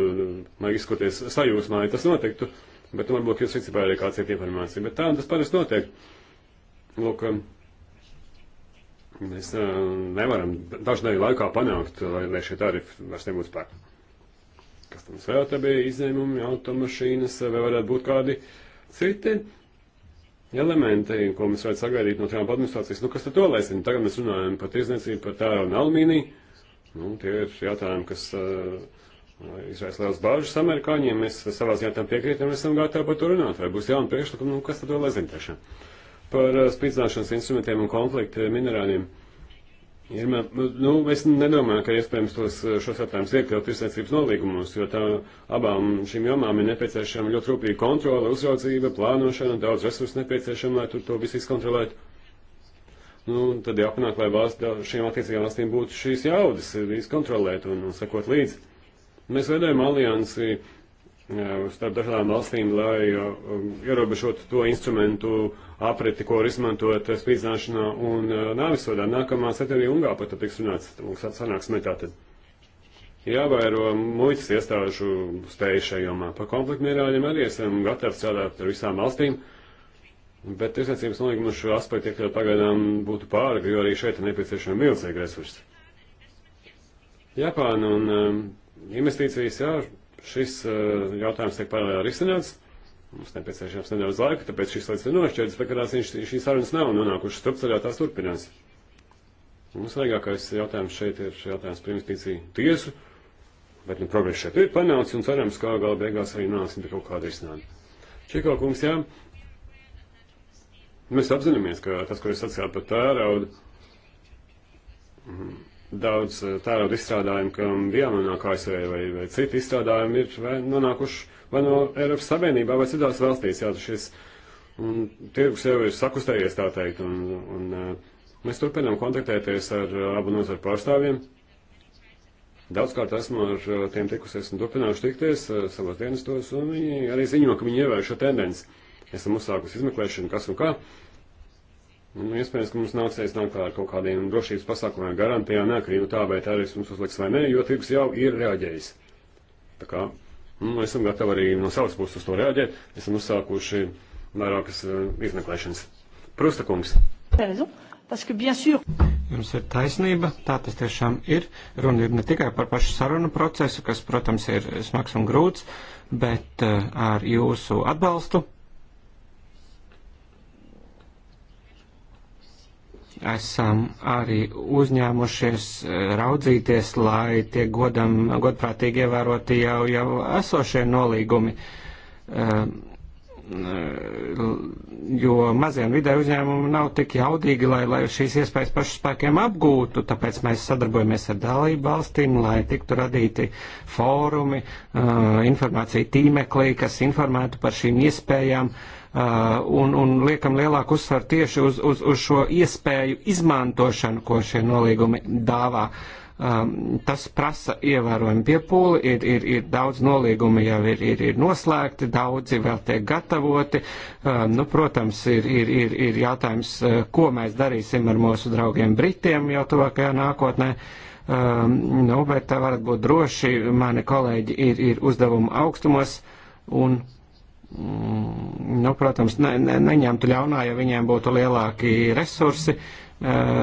lai izskoties sajūsmā, ja tas notiktu, bet varbūt jūs rīcībā arī kāds ir informācija, bet tā tas parasti notiek. Lūk, mēs nevaram dažnēļ laikā panākt, lai, lai šie tarifi vairs nebūtu spēkā. Kas tam vēl te bija izņēmumi, automašīnas, vai varētu būt kādi citi elementi, ko mēs varētu sagaidīt no Trumpa administrācijas. Nu, kas tad to laisim? Tagad mēs runājam par tirzniecību, par tēru un alumīniju. Nu, tie ir jautājumi, kas uh, izraisa liels bāžas amerikāņiem. Mēs savā ziņā tam piekrītam, mēs esam gatavi par to runāt. Vai būs jauni priekšlikumi, nu, kas tad to laisim tiešām? par eh, spīdzināšanas instrumentiem un konfliktu eh, minerāliem. Ir, nu, nu, es nedomāju, ka iespējams tos eh, šos jautājumus iekļaut tirsniecības nolīgumos, jo tā abām šīm jomām ir nepieciešama ļoti rūpīga kontrola, uzraudzība, plānošana, daudz resursu nepieciešama, lai tur to visu izkontrolētu. Nu, tad jāpanāk, lai valsts, šīm attiecīgām valstīm būtu šīs jaudas, izkontrolēt un, un sekot līdzi. Mēs veidojam aliansi starp dažādām valstīm, lai ierobežotu to instrumentu apriti, ko var izmantot eh, spīdzināšanā un eh, nāvisodā. Nākamā septembrī Ungā pat tiks runāts, mums sanāksmē tātad. Jāvēro muitas iestāžu spēju šajā jomā. Par konfliktmierāļiem arī esam gatavi strādāt ar visām valstīm, bet tirsniecības nolīgumu šo aspektu iekļaut pagaidām būtu pārāk, jo arī šeit ir nepieciešami milzīgi resursi. Japāna un um, investīcijas, jā, šis uh, jautājums tiek paralēli risināts. Mums nepieciešams nedaudz laika, tāpēc šīs lietas ir nošķirtas, bet kādās viņš šīs sarunas nav nonākušas strupceļā, tās turpinās. Un svarīgākais jautājums šeit ir jautājums par investīciju tiesu, bet nu, progress šeit ir panācis un cerams, ka gala beigās arī nonāksim pie kaut kāda risinājuma. Čikā kungs, jā, mēs apzināmies, ka tas, ko jūs sacījāt par tēraudu, mm, daudz eh, tērauda izstrādājumu, kam jānonāk ASV vai, vai citi izstrādājumi ir vai nonākuši vai no Eiropas Savienībā vai citās valstīs. Jā, šis un, tirgus jau ir sakustējies, tā teikt, un, un eh, mēs turpinām kontaktēties ar eh, abu nozaru pārstāvjiem. Daudzkārt esmu ar tiem tikusies un turpināšu tikties savos dienestos, un viņi arī ziņo, ka viņi ievēr šo tendenci. Esam uzsākusi izmeklēšanu, kas un kā. Uh, Nu, iespējams, ka mums nāksies nākt ar kaut kādiem drošības pasākumiem, garantijām, neatkarīgi no nu, tā, vai tērēs mums uzliks vai nē, jo tirgus jau ir reaģējis. Tā kā nu, esam gatavi arī no savas puses uz to reaģēt, esam uzsākuši vairākas uh, izmeklēšanas. Prusta kungs. Jums ir taisnība, tā tas tiešām ir. Runa ir ne tikai par pašu sarunu procesu, kas, protams, ir smags un grūts, bet uh, ar jūsu atbalstu esam arī uzņēmušies e, raudzīties, lai tiek godam, godprātīgi ievēroti jau, jau esošie nolīgumi. E, e, jo mazie un vidēji uzņēmumi nav tik jaudīgi, lai, lai šīs iespējas pašu spēkiem apgūtu, tāpēc mēs sadarbojamies ar dalību valstīm, lai tiktu radīti fórumi, informācija tīmeklī, kas informētu par šīm iespējām. Uh, Uh, un, un liekam lielāku uzsvaru tieši uz, uz, uz šo iespēju izmantošanu, ko šie nolīgumi dāvā. Um, tas prasa ievērojumu piepūli, ir, ir, ir daudz nolīgumi jau ir, ir, ir noslēgti, daudzi vēl tiek gatavoti. Um, nu, protams, ir, ir, ir, ir jautājums, uh, ko mēs darīsim ar mūsu draugiem Britiem jau tuvākajā nākotnē. Um, nu, bet varat būt droši, mani kolēģi ir, ir uzdevuma augstumos un Mm, nu, protams, ne, ne, neņemtu ļaunā, ja viņiem būtu lielāki resursi eh,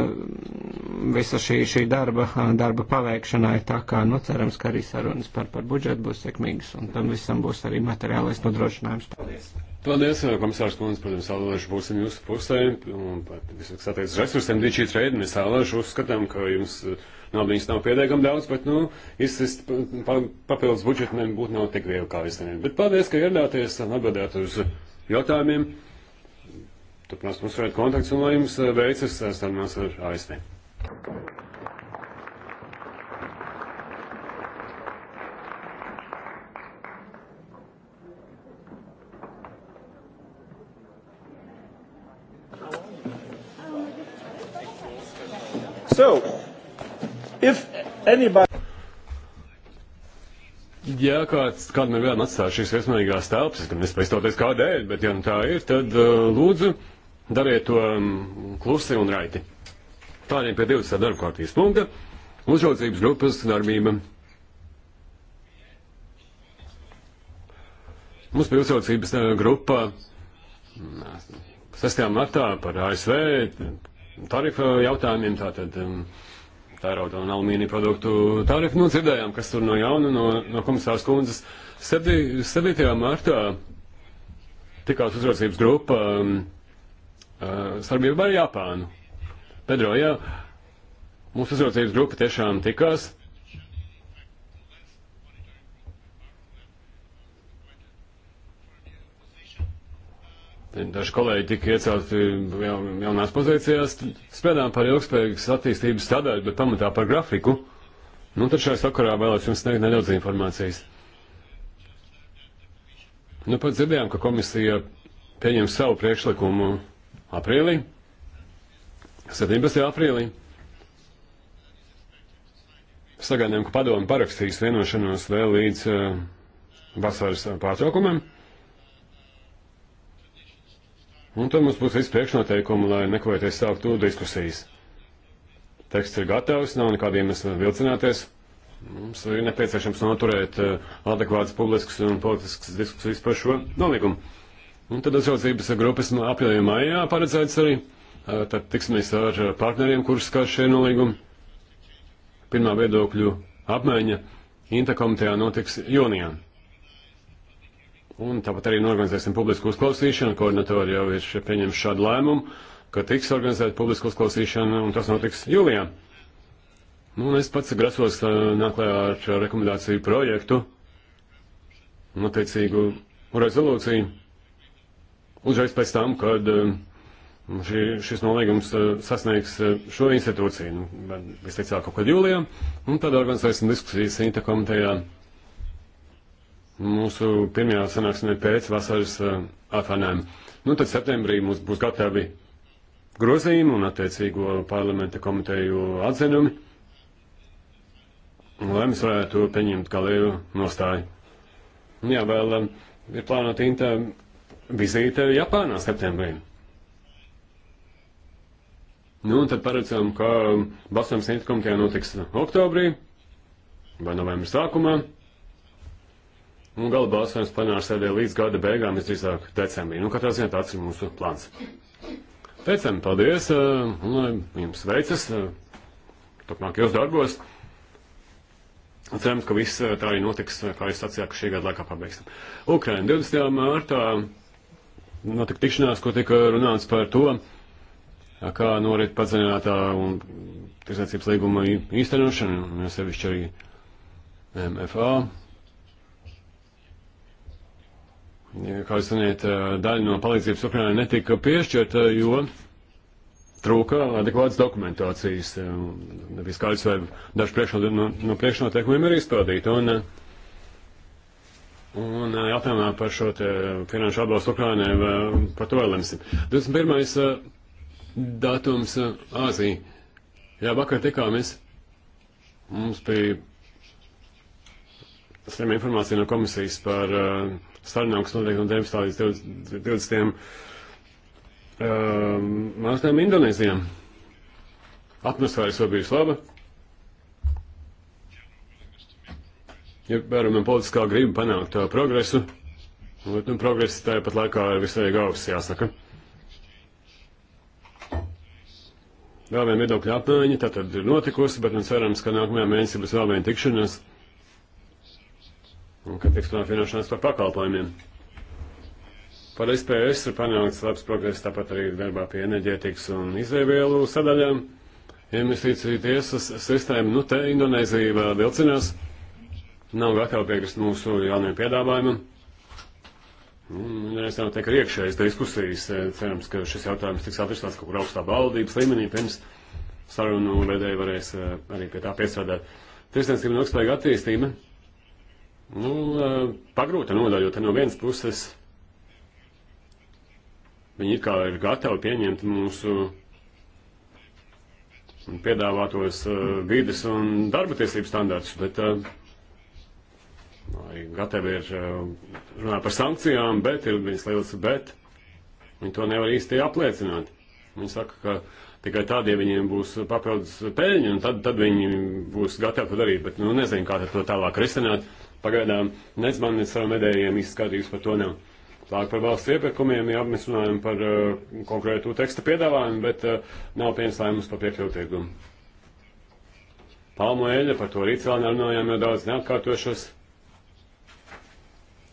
visa šī, šī darba, darba paveikšanai. Tā kā, nu, cerams, ka arī sarunas par, par budžetu būs sekmīgas, un tam visam būs arī materiālais nodrošinājums. Paldies! Paldies, eh, komisārs Kundze, protams, Alēšu būsim jūsu pusē, un pat visāk satiecas resursiem, dičīt reidini, es Alēšu uzskatām, ka jums uh, Naudiņas nav pietiekami daudz, bet, nu, izsist papildus budžetu nebūtu nav tik viegli kā izdarīt. Bet paldies, ka ieradāties un atbildēt uz jautājumiem. Turpinās mums varētu kontakts un lai jums eh, veicas eh, sarunās ar ASV. So, If anybody... Ja kāds, kādam ir vēl atstājis šīs viesmīlīgās telpas, es gan nespēju stāties kādēļ, bet ja nu tā ir, tad uh, lūdzu dariet to um, klusi un raiti. Tādiem pie 20. darba kārtības punkta - uzraudzības grupas darbība. Mums bija uzraudzības uh, grupa 6. martā par ASV tarifa jautājumiem, tātad. Um, tērauda un alumīnija produktu tarifu. Nu, dzirdējām, kas tur no jauna no, no komisāras kundzes 7. martā tikās uzraudzības grupa um, uh, starpība ar Japānu. Pedro, jā, mūsu uzraudzības grupa tiešām tikās. Daži kolēģi tika iecelti jaunās pozīcijās, spēdām par ilgspējīgas attīstības sadaļu, bet pamatā par grafiku. Nu, tad šajā sakarā vēlos jums sniegt nedaudz informācijas. Nu, pat dzirdējām, ka komisija pieņem savu priekšlikumu aprīlī, 17. aprīlī. Sagaidām, ka padomu parakstīs vienošanos vēl līdz uh, vasaras pārtraukumam. Uh, Un tad mums būs viss priekšnoteikumi, lai nekavēties sāktu diskusijas. Teksts ir gatavs, nav nekādiem iemesla vilcināties. Mums ir nepieciešams noturēt eh, adekvātas publiskas un politiskas diskusijas par šo nolīgumu. Un tad uzraudzības grupas apjājumā maijā paredzēts arī. Eh, tad tiksimies ar partneriem, kurus skar šie nolīgumi. Pirmā viedokļu apmaiņa Inta komitejā notiks jūnijā. Un tāpat arī norganizēsim publisku uzklausīšanu. Koordinatori jau ir pieņemši šādu lēmumu, ka tiks organizēta publiska uzklausīšana, un tas notiks jūlijā. Nu, un es pats grasos nāklājā ar rekomendāciju projektu un attiecīgu rezolūciju. Uzreiz pēc tam, kad šī, šis nolīgums sasniegs šo institūciju, nu, visticāk kaut kad jūlijā, un tad organizēsim diskusijas Inta komitejā mūsu pirmajā sanāksmē pēc vasaras eh, atvainājuma. Nu, tad septembrī mums būs gatavi grozījumi un attiecīgo parlamenta komiteju atzinumi, lai mēs varētu pieņemt galēju nostāju. Jā, vēl eh, ir plānota Inta vizīte Japānā septembrī. Nu, un tad paredzam, ka eh, Balsams Inta komitejā notiks oktobrī vai novembra sākumā. Un gala balsojums plenāra sēdē līdz gada beigām, visdrīzāk decembrī. Nu, katrā ziņā tāds ir mūsu plāns. Teicam, paldies, eh, un lai eh, jums veicas eh, turpmākajos darbos. Cerams, ka viss tā arī notiks, kā jūs sacījāt, ka šī gada laikā pabeigsim. Ukraina 20. mārtā notika tikšanās, ko tika runāts par to, kā norit padziļinātā un tirsniecības līguma īstenošana, un sevišķi arī MFA kā jūs zināt, daļa no palīdzības Ukrainai netika piešķirta, jo trūka adekvātas dokumentācijas. Nebija skaidrs, vai daži priekšno, no, no priekšnoteikumiem ir izpildīti. Un, un jautājumā par šo te finanšu atbalstu Ukrainai, par to vēl lemsim. 21. Eh, datums eh, Āzija. Jā, vakar tikāmies. Mums bija saņem informāciju no komisijas par uh, sarunām, kas notiek no 19. līdz 20. 20 uh, mākslām Indonēzijā. Atmosfēra jau bijusi laba. Ja vērojam politiskā griba panākt uh, progresu, bet nu, progress tāpat laikā ir visai gauss, jāsaka. Vēl viena viedokļa apmaiņa, tā tad ir notikusi, bet mēs cerams, ka nākamajā mēnesī būs vēl viena tikšanās. Un, kad tiks panākt vienošanās par pakalpojumiem. Par SPS ir panākts labs progress, tāpat arī darbā pie enerģētikas un izēvielu sadaļām. Investīcija tiesas sistēma, nu te Indonēzija vēl vilcinās, nav gatava piekrist mūsu jaunajiem piedāvājumam. Es tam teiktu, ka iekšējas diskusijas, eh, cerams, ka šis jautājums tiks atrisināts kaut kur augstā valdības līmenī, pirms sarunu vedēji varēs eh, arī pie tā piestrādāt. Tirsniecība un ilgspējīga attīstība Nu, eh, pagrūta nodaļa, jo te no vienas puses viņi it kā ir gatavi pieņemt mūsu piedāvātos eh, vides un darba tiesību standārtus, bet eh, arī gatavi ir runāt par sankcijām, bet ir viņas liels bet. Viņi to nevar īsti apliecināt. Viņi saka, ka tikai tad, ja viņiem būs papildus peļņa, un tad, tad viņi būs gatavi to darīt, bet nu nezinu, kā to tālāk risināt. Pagaidām nec man, nec savu nedēļiem izskatījums par to nav. Tālāk par valsts iepirkumiem, jā, mēs runājam par uh, konkrētu teksta piedāvājumu, bet uh, nav pieņems lēmums par piekļuvu tirgumu. Palmu eļļa, par to arī cēlā runājām jau daudz neatkārtošos.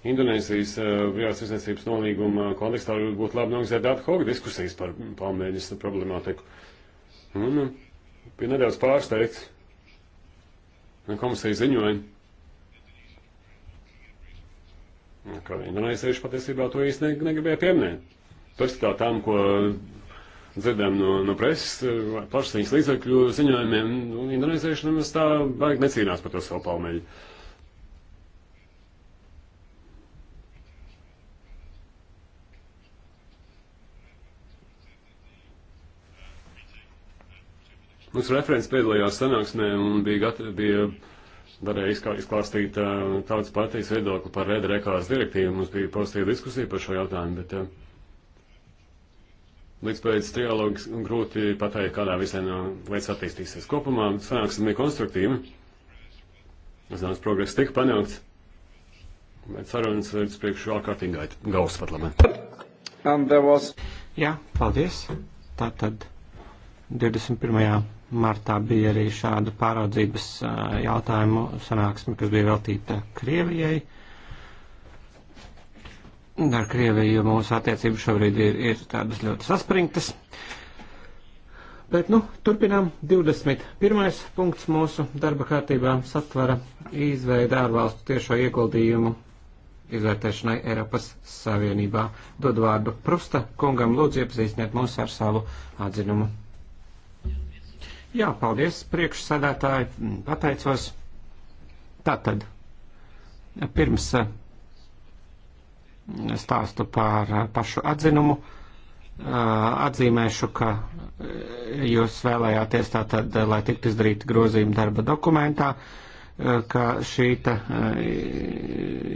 Indonēzijas brīvās uh, izniecības nolīguma kontekstā būtu labi norizēt ad hoc diskusijas par palmēģis problemātiku. Un uh, bija nedaudz pārsteigts. Nu, komisija ziņoja, ka indonēzieši patiesībā to īsti negribēja pieminēt. Pretstatā tam, ko dzirdam no, no preses, eh, plašsaziņas līdzekļu ziņojumiem, nu, indonēzieši nemaz tā baigi necīnās par to savu palmeļu. Mums referents piedalījās sanāksmē un bija, gatavi, bija varēja izklāstīt uh, tautas partijas viedokli par reda rekās direktīvu. Mums bija pozitīva diskusija par šo jautājumu, bet uh, līdz pēc trialogas grūti pateikt, kādā visai no lietas attīstīsies. Kopumā sanāksim bija konstruktīva. Zināms, progress tika panākts, bet sarunas ir priekšu ārkārtīgi gausa pat labi. Was... Jā, paldies. Tātad 21. Martā bija arī šāda pāraudzības jautājumu sanāksme, kas bija veltīta Krievijai. Ar Krieviju mūsu attiecības šobrīd ir, ir tādas ļoti saspringtas. Bet, nu, turpinām. 21. punkts mūsu darba kārtībā satvara izveidu ārvalstu tiešo ieguldījumu izvērtēšanai Eiropas Savienībā. Dod vārdu Prusta kungam, lūdzu iepazīstiniet mūs ar savu atzinumu. Jā, paldies, priekšsēdētāji, mm, pateicos. Tātad, pirms mm, stāstu par eh, pašu atzinumu, eh, atzīmēšu, ka eh, jūs vēlējāties tātad, lai tiktu izdarīti grozījumi darba dokumentā ka šī ta,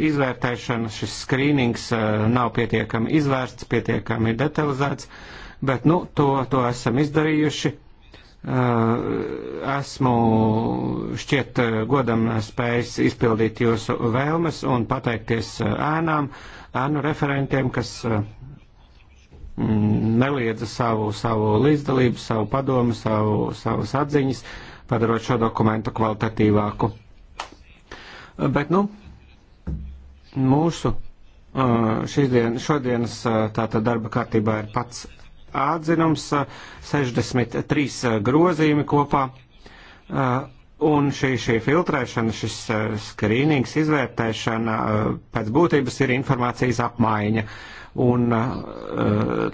izvērtēšana, šis skrīnings nav pietiekami izvērsts, pietiekami detalizēts, bet nu, to, to esam izdarījuši esmu šķiet godam spējis izpildīt jūsu vēlmes un pateikties ēnām, ēnu referentiem, kas neliedza savu, savu līdzdalību, savu padomu, savu, savas atziņas, padarot šo dokumentu kvalitatīvāku. Bet, nu, mūsu šīs dienas, šodienas tātad darba kārtībā ir pats atzinums, 63 grozījumi kopā. Un šī, šī filtrēšana, šis skrīnings, izvērtēšana pēc būtības ir informācijas apmaiņa. Un,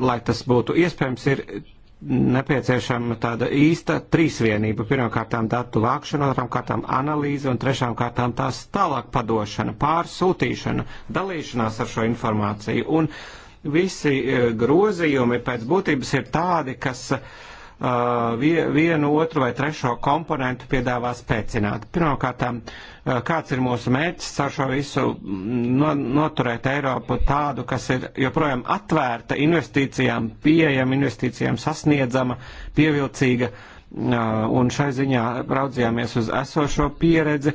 lai tas būtu iespējams, ir nepieciešama tāda īsta trīsvienība. Pirmkārtām datu vākšana, otram kārtām analīze un trešām kārtām tās tālāk padošana, pārsūtīšana, dalīšanās ar šo informāciju. Un, uh, Visi e, grozījumi pēc būtības ir tādi, kas e, vienu, otru vai trešo komponentu piedāvā spēcināt. Pirmkārt, e, kāds ir mūsu mērķis ar šo visu mm, noturēt Eiropu tādu, kas ir joprojām atvērta investīcijām, pieejama investīcijām, sasniedzama, pievilcīga. Uh, Un šai ziņā raudzījāmies uz esošo pieredzi,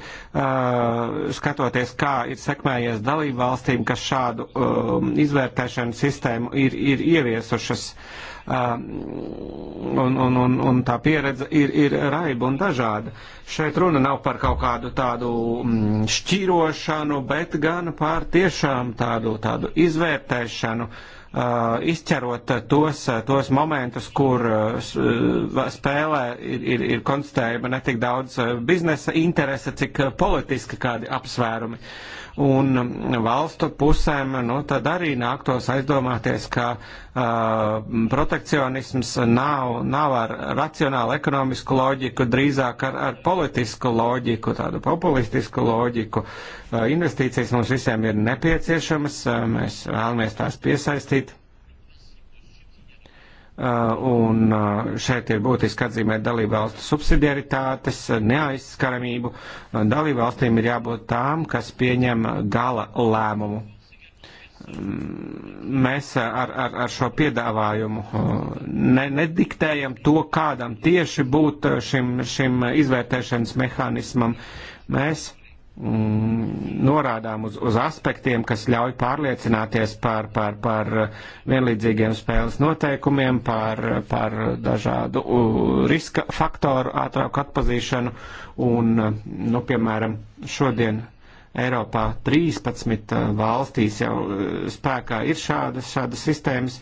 skatoties, kā ir sekmējies dalību valstīm, kas šādu um, izvērtēšanu sistēmu ir, ir ieviesušas. Un, un, un, un tā pieredze ir, ir raiba un dažāda. Šeit runa nav par kaut kādu tādu mm, šķirošanu, bet gan par tiešām tādu, tādu izvērtēšanu. Uh, Uh, izķerot tos, uh, tos momentus, kur uh, spēlē ir, ir, ir konstatējama netik daudz biznesa interese, cik politiski kādi apsvērumi. Uh, un um, valstu pusēm, nu, tad arī nāktos aizdomāties, ka uh, protekcionisms nav, nav ar racionālu ekonomisku loģiku, drīzāk ar, ar politisku loģiku, tādu populistisku loģiku. Uh, investīcijas mums visiem ir nepieciešamas, uh, mēs vēlamies tās piesaistīt Uh, un uh, šeit ir būtiski atzīmēt dalībvalstu subsidiaritātes, uh, neaizskaramību. Dalībvalstīm ir jābūt tām, kas pieņem gala lēmumu. Mm, mēs ar, ar, ar šo piedāvājumu ne, nediktējam to, kādam tieši būt šim, šim izvērtēšanas mehānismam. Mēs Mm, norādām uz, uz aspektiem, kas ļauj pārliecināties par, par, par vienlīdzīgiem spēles noteikumiem, par, par dažādu riska faktoru ātrāku atpazīšanu. Un, nu, piemēram, šodien Eiropā 13 valstīs jau uh, spēkā ir šādas, šādas sistēmas.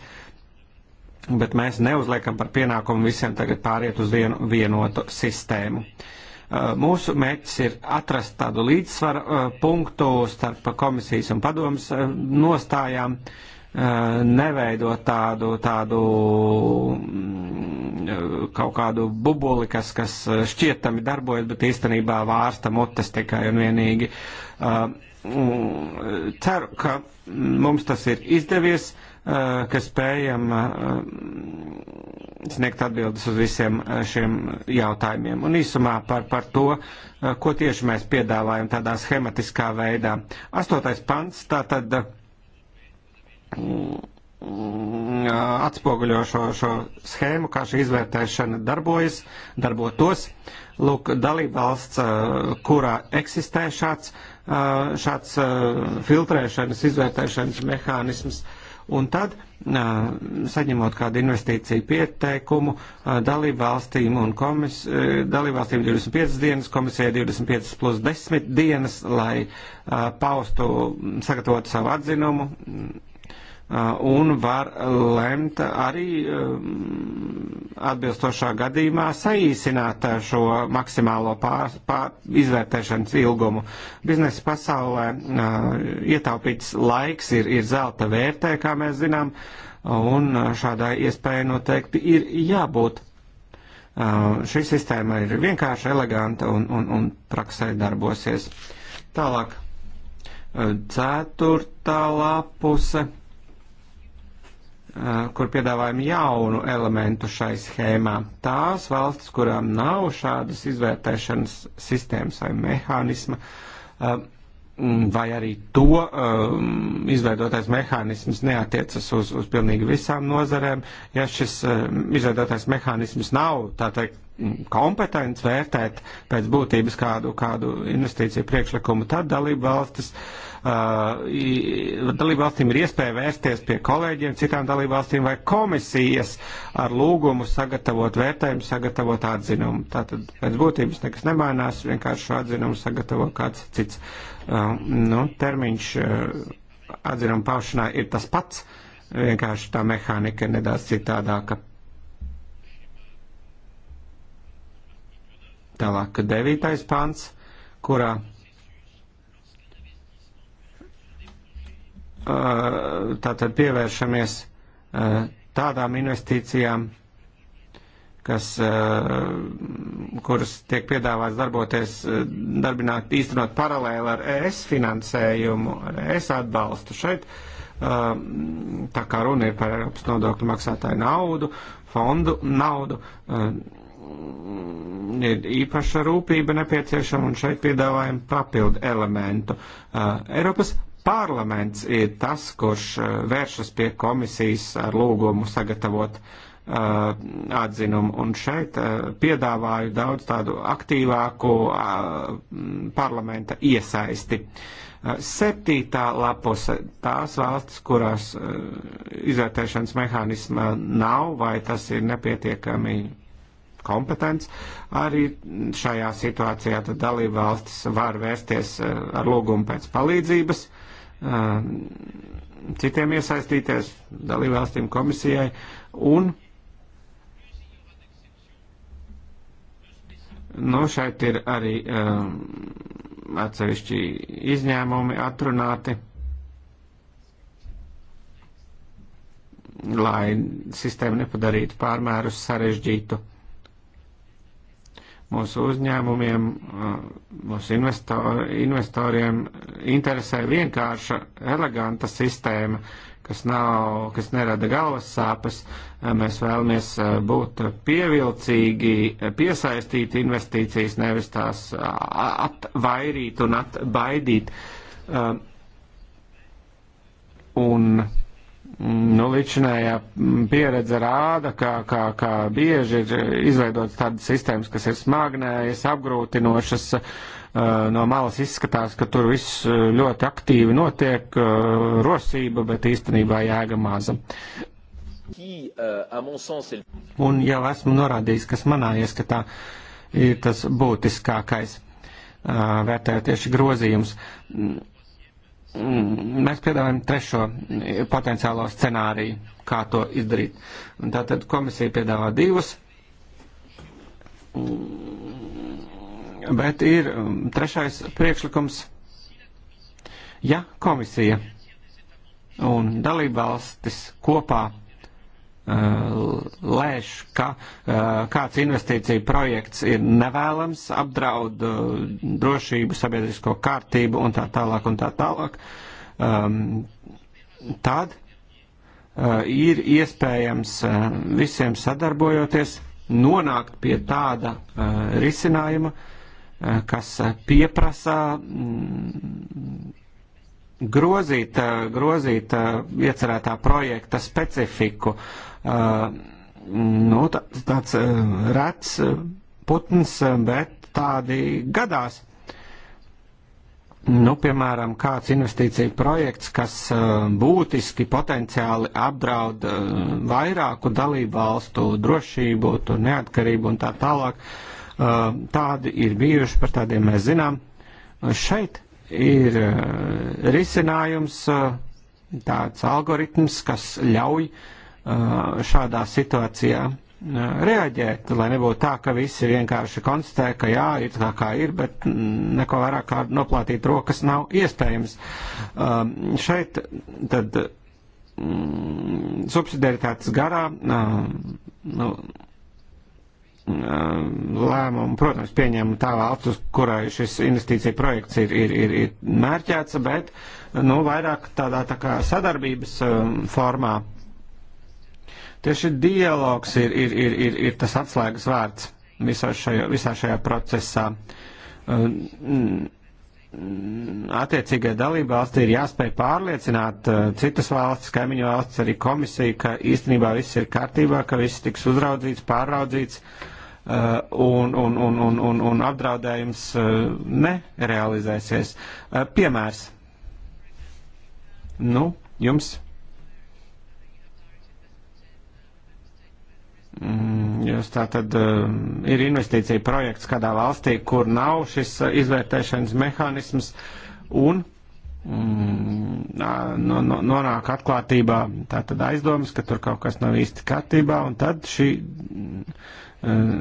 Bet mēs neuzliekam par pienākumu visiem tagad pāriet uz vienu vienotu sistēmu. Uh, Uh, mūsu mērķis ir atrast tādu līdzsvaru uh, punktu starp komisijas un padomas uh, nostājām, neveidot tādu, tādu mm, kaut kādu bubuli, kas, kas šķietami darbojas, bet īstenībā vārsta mutes tikai un vienīgi. Mm, ceru, ka mums tas ir izdevies. Uh, ka spējam sniegt atbildes uz visiem šiem jautājumiem. Un īsumā par, par to, ko tieši mēs piedāvājam tādā schematiskā veidā. Astotais pants, tā tad atspoguļo šo, šo schēmu, kā šī izvērtēšana darbojas, darbotos. Lūk, dalībvalsts, kurā eksistē šāds, šāds filtrēšanas, izvērtēšanas mehānisms, uh, Un tad, saņemot kādu investīciju pieteikumu, dalību valstīm un komis, dalību valstīm 25 dienas, komisijai 25 plus 10 dienas, lai paustu, sagatavotu savu atzinumu Uh, un var lemt arī um, atbilstošā gadījumā saīsināt uh, šo maksimālo pār, pār, izvērtēšanas ilgumu. Biznesa pasaulē uh, ietaupīts laiks ir, ir zelta vērtē, kā mēs zinām, un šādai iespējai noteikti ir jābūt. Šī sistēma ir vienkārši eleganta un, un, un praksē darbosies. Tālāk. Ceturtā lapuse Eh, kur piedāvājam jaunu elementu šai schēmā. Tās valstis, kurām nav šādas izvērtēšanas sistēmas vai mehānisma, eh, vai arī to eh, izveidotais mehānisms neatiecas uz, uz pilnīgi visām nozarēm, ja šis izveidotais mehānisms nav, tā teikt, kompetents vērtēt pēc būtības kādu, kādu investīciju priekšlikumu, tad dalību valstis. Uh, dalību valstīm ir iespēja vērsties pie kolēģiem, citām dalību valstīm vai komisijas ar lūgumu sagatavot vērtējumu, sagatavot atzinumu. Tātad pēc būtības nekas nemainās, vienkārši šo atzinumu sagatavo kāds cits. Uh, nu, termiņš uh, atzinumu paušanā ir tas pats, vienkārši tā mehānika ir nedaudz citādāka. Tālāk, devītais pants, kurā tātad pievēršamies tādām investīcijām, kas, kuras tiek piedāvāts darboties, darbināt, īstenot paralēli ar ES finansējumu, ar ES atbalstu šeit. Tā kā runa ir par Eiropas nodokļu maksātāju naudu, fondu naudu, Mm, ir īpaša rūpība nepieciešama un šeit piedāvājam papildu elementu. Uh, Eiropas parlaments ir tas, kurš uh, vēršas pie komisijas ar lūgumu sagatavot uh, atzinumu. Un šeit piedāvāju daudz tādu aktīvāku parlamenta iesaisti. Septītā lapose tās valstis, kurās izvērtēšanas mehānisma nav vai tas ir nepietiekami kompetents. Arī šajā situācijā tad dalība valstis var vērsties eh, ar lūgumu pēc palīdzības eh, citiem iesaistīties, dalību valstīm komisijai un Nu, šeit ir arī um, atsevišķi izņēmumi atrunāti. lai sistēmu nepadarītu pārmērus sarežģītu mūsu uzņēmumiem, mūsu investor, investoriem interesē vienkārša, eleganta sistēma, kas, nav, kas nerada galvas sāpes. Mēs vēlamies būt pievilcīgi, piesaistīt investīcijas, nevis tās atvairīt un atbaidīt. Un Nu, Līdzinājā pieredze rāda, ka, ka, ka bieži ir izveidotas tādas sistēmas, kas ir smagnējas, apgrūtinošas. Uh, no malas izskatās, ka tur viss uh, ļoti aktīvi notiek, uh, rosība, bet īstenībā jēga maza. Un jau esmu norādījis, kas manā ieskatā ir tas būtiskākais, vērtējot tieši grozījumus Mm, mēs piedāvājam trešo potenciālo scenāriju, kā to izdarīt. Un tātad komisija piedāvā divus, mm, bet ir mm, trešais priekšlikums. Ja komisija un dalībvalstis kopā Eh, lēš, ka eh, kāds investīcija projekts ir nevēlams, apdraud eh, drošību, sabiedrisko kārtību un tā tālāk un tā tālāk, ehm, tad ir iespējams visiem sadarbojoties nonākt pie tāda risinājuma, kas pieprasa mm, grozīt, grozīt iecerētā projekta specifiku, uh, nu, tā, tāds rets putns, bet tādi gadās. Nu, piemēram, kāds investīcija projekts, kas būtiski potenciāli apdraud vairāku dalību valstu drošību, tur neatkarību un tā tālāk. Tādi ir bijuši, par tādiem mēs zinām. Šeit ir risinājums, tāds algoritms, kas ļauj uh, šādā situācijā reaģēt, lai nebūtu tā, ka visi vienkārši konstatē, ka jā, ir tā kā ir, bet neko vairāk kā noplātīt rokas nav iespējams. Šeit tad mm, subsidiaritātes garā nu, lēmumu, protams, pieņem tā valsts, uz kurai šis investīcija projekts ir, ir, ir, ir mērķēts, bet nu, vairāk tādā tā kā sadarbības formā Tieši dialogs ir, ir, ir, ir, ir tas atslēgas vārds visā šajā, visā šajā procesā. Mm, Attiecīgai dalībvalstī ir jāspēj pārliecināt eh, citas valsts, kaimiņu valsts, arī komisiju, ka īstenībā viss ir kārtībā, ka viss tiks uzraudzīts, pārraudzīts eh, un, un, un, un, un, un apdraudējums eh, nerealizēsies. Piemērs. Nu, jums Mm, jūs tā tad um, ir investīcija projekts kādā valstī, kur nav šis uh, izvērtēšanas mehānisms un mm, nonāk atklātībā tātad aizdomas, ka tur kaut kas nav īsti kārtībā, un tad šī mm,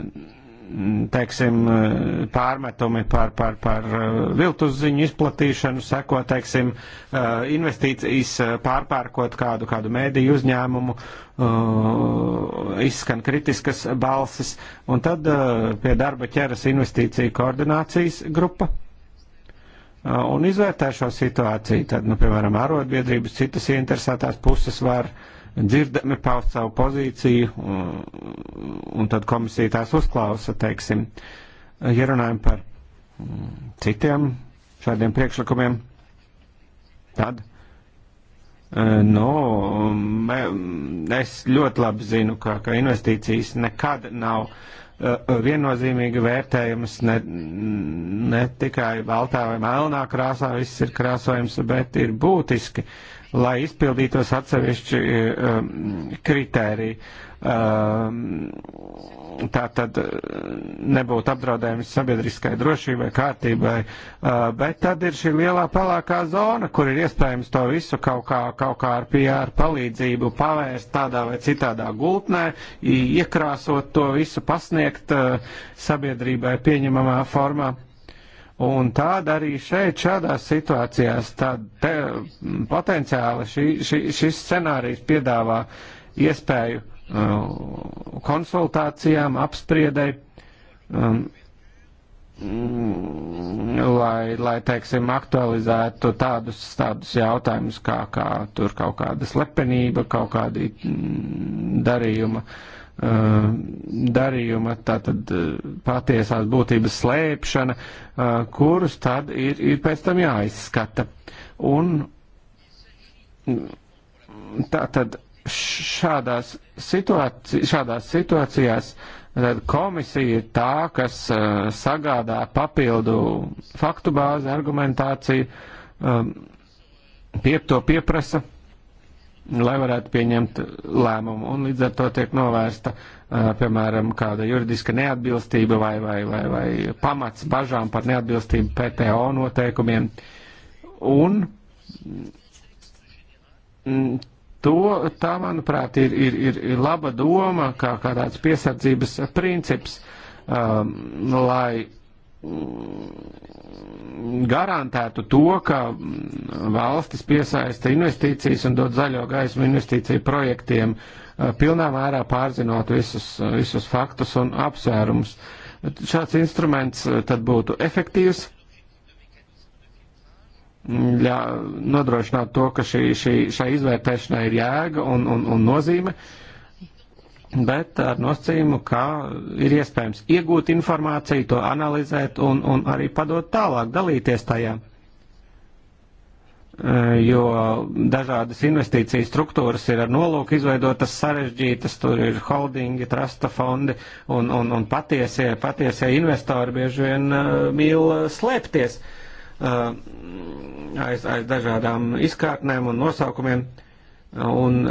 teiksim, pārmetumi par, par, par eh, viltus ziņu izplatīšanu, seko, teiksim, eh, investīcijas eh, pārpērkot kādu, kādu mēdīju uzņēmumu, izskan kritiskas balsis, un tad pie darba ķeras investīcija koordinācijas grupa. Un izvērtē šo situāciju, tad, nu, piemēram, arotbiedrības citas interesētās puses var uh, dzirdami paust savu pozīciju, un, un tad komisija tās uzklausa, teiksim. Ja runājam par mm, citiem šādiem priekšlikumiem, tad, e, nu, me, es ļoti labi zinu, ka, ka investīcijas nekad nav e, viennozīmīgi vērtējamas ne, ne tikai baltā vai melnā krāsā, viss ir krāsojums, bet ir būtiski lai izpildītos atsevišķi um, kritēriji. Um, tā tad uh, nebūtu apdraudējums sabiedriskai drošībai, kārtībai, uh, bet tad ir šī lielā pelēkā zona, kur ir iespējams to visu kaut kā, kaut kā ar PR palīdzību pavērst tādā vai citādā gultnē, iekrāsot to visu, pasniegt uh, sabiedrībai pieņemamā formā. Un tāda arī šeit, šādās situācijās, tad te, potenciāli šī, šī, šis scenārijs piedāvā iespēju uh, konsultācijām, apspriedēji, um, mm, lai, lai, teiksim, aktualizētu tādus, tādus jautājumus, kā, kā tur kaut kāda slepenība, kaut kādi mm, darījuma uh, Uh, darījuma, tātad uh, patiesās būtības slēpšana, uh, kurus tad ir, ir pēc tam jāizskata. Un mm, tātad šādās, situāci šādās situācijās tad komisija ir tā, kas sagādā papildu faktu bāzi, argumentāciju, um, pie to pieprasa lai varētu pieņemt lēmumu. Un līdz ar to tiek novērsta, piemēram, kāda juridiska neatbilstība vai, vai, vai, vai pamats bažām par neatbilstību PTO noteikumiem. Un mm, to, tā, manuprāt, ir, ir, ir, ir laba doma, kā, kā tāds piesardzības princips, um, lai Mm, garantētu to, ka mm, valstis piesaista investīcijas un dod zaļo gaismu investīciju projektiem, eh, pilnā mērā pārzinot visus, visus faktus un apsvērumus. Šāds instruments eh, tad būtu efektīvs, mm, ļā, nodrošināt to, ka šī, šī, šai izvērtēšanai ir jēga un, un, un nozīme. Uh, bet ar nosacījumu, ka ir iespējams iegūt informāciju, to analizēt un, un arī padot tālāk, dalīties tajā. E, jo dažādas investīcijas struktūras ir ar nolūku izveidotas sarežģītas, tur ir holdingi, trusta fondi un, un, un patiesie, patiesie investori bieži vien e, mīl slēpties e, aiz, aiz dažādām izkārtnēm un nosaukumiem. Un,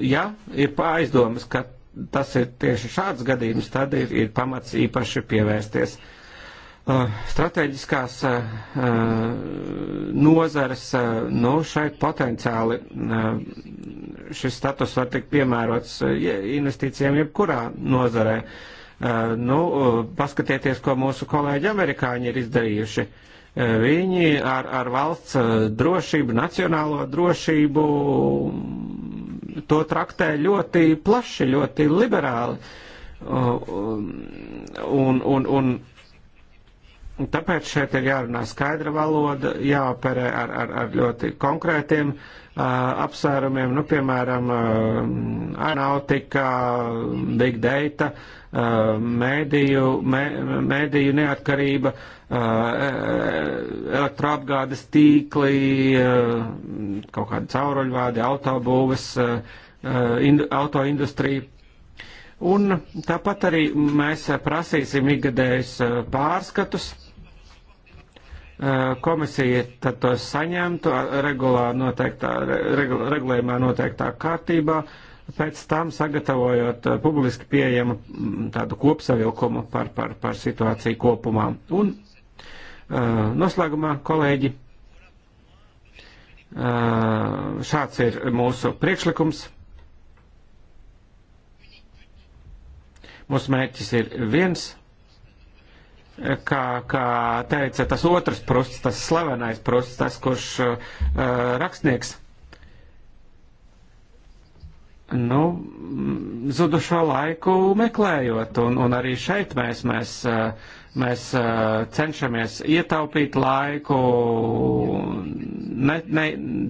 ja ir aizdomas, ka tas ir tieši šāds gadījums, tad ir, ir pamats īpaši pievērsties uh, strateģiskās uh, uh, nozares, nu, šai potenciāli šis status var tikt piemērots investīcijiem jebkurā nozarē. Nu, paskatieties, ko mūsu kolēģi amerikāņi ir izdarījuši. Viņi ar, ar valsts drošību, nacionālo drošību to traktē ļoti plaši, ļoti liberāli. Un, um, un, un, un tāpēc šeit ir jārunā skaidra valoda, jāoperē ar, ar, ar ļoti konkrētiem uh, apsvērumiem, nu, piemēram, uh, aeronautika, big data. Uh, Uh, mēdīju, mē, mēdīju neatkarība, uh, e, e, elektroapgādes tīkli, uh, kaut kādi cauruļvādi, autobūves, autoindustrija. Un tāpat arī mēs prasīsim ikgadējus pārskatus. Komisija tad tos saņemtu regulā noteiktā, regulējumā noteiktā kārtībā. Uh, pēc tam sagatavojot eh, publiski pieejamu mm, tādu kopsavilkumu par, par, par situāciju kopumā. Un eh, noslēgumā, kolēģi, eh, šāds ir mūsu priekšlikums. Mūsu mērķis ir viens kā, kā teica tas otrs prusts, tas slavenais prusts, tas, kurš uh, rakstnieks nu, mm, zudušo laiku meklējot, un, un arī šeit mēs, mēs, eh, mēs eh, cenšamies ietaupīt laiku, ne, ne,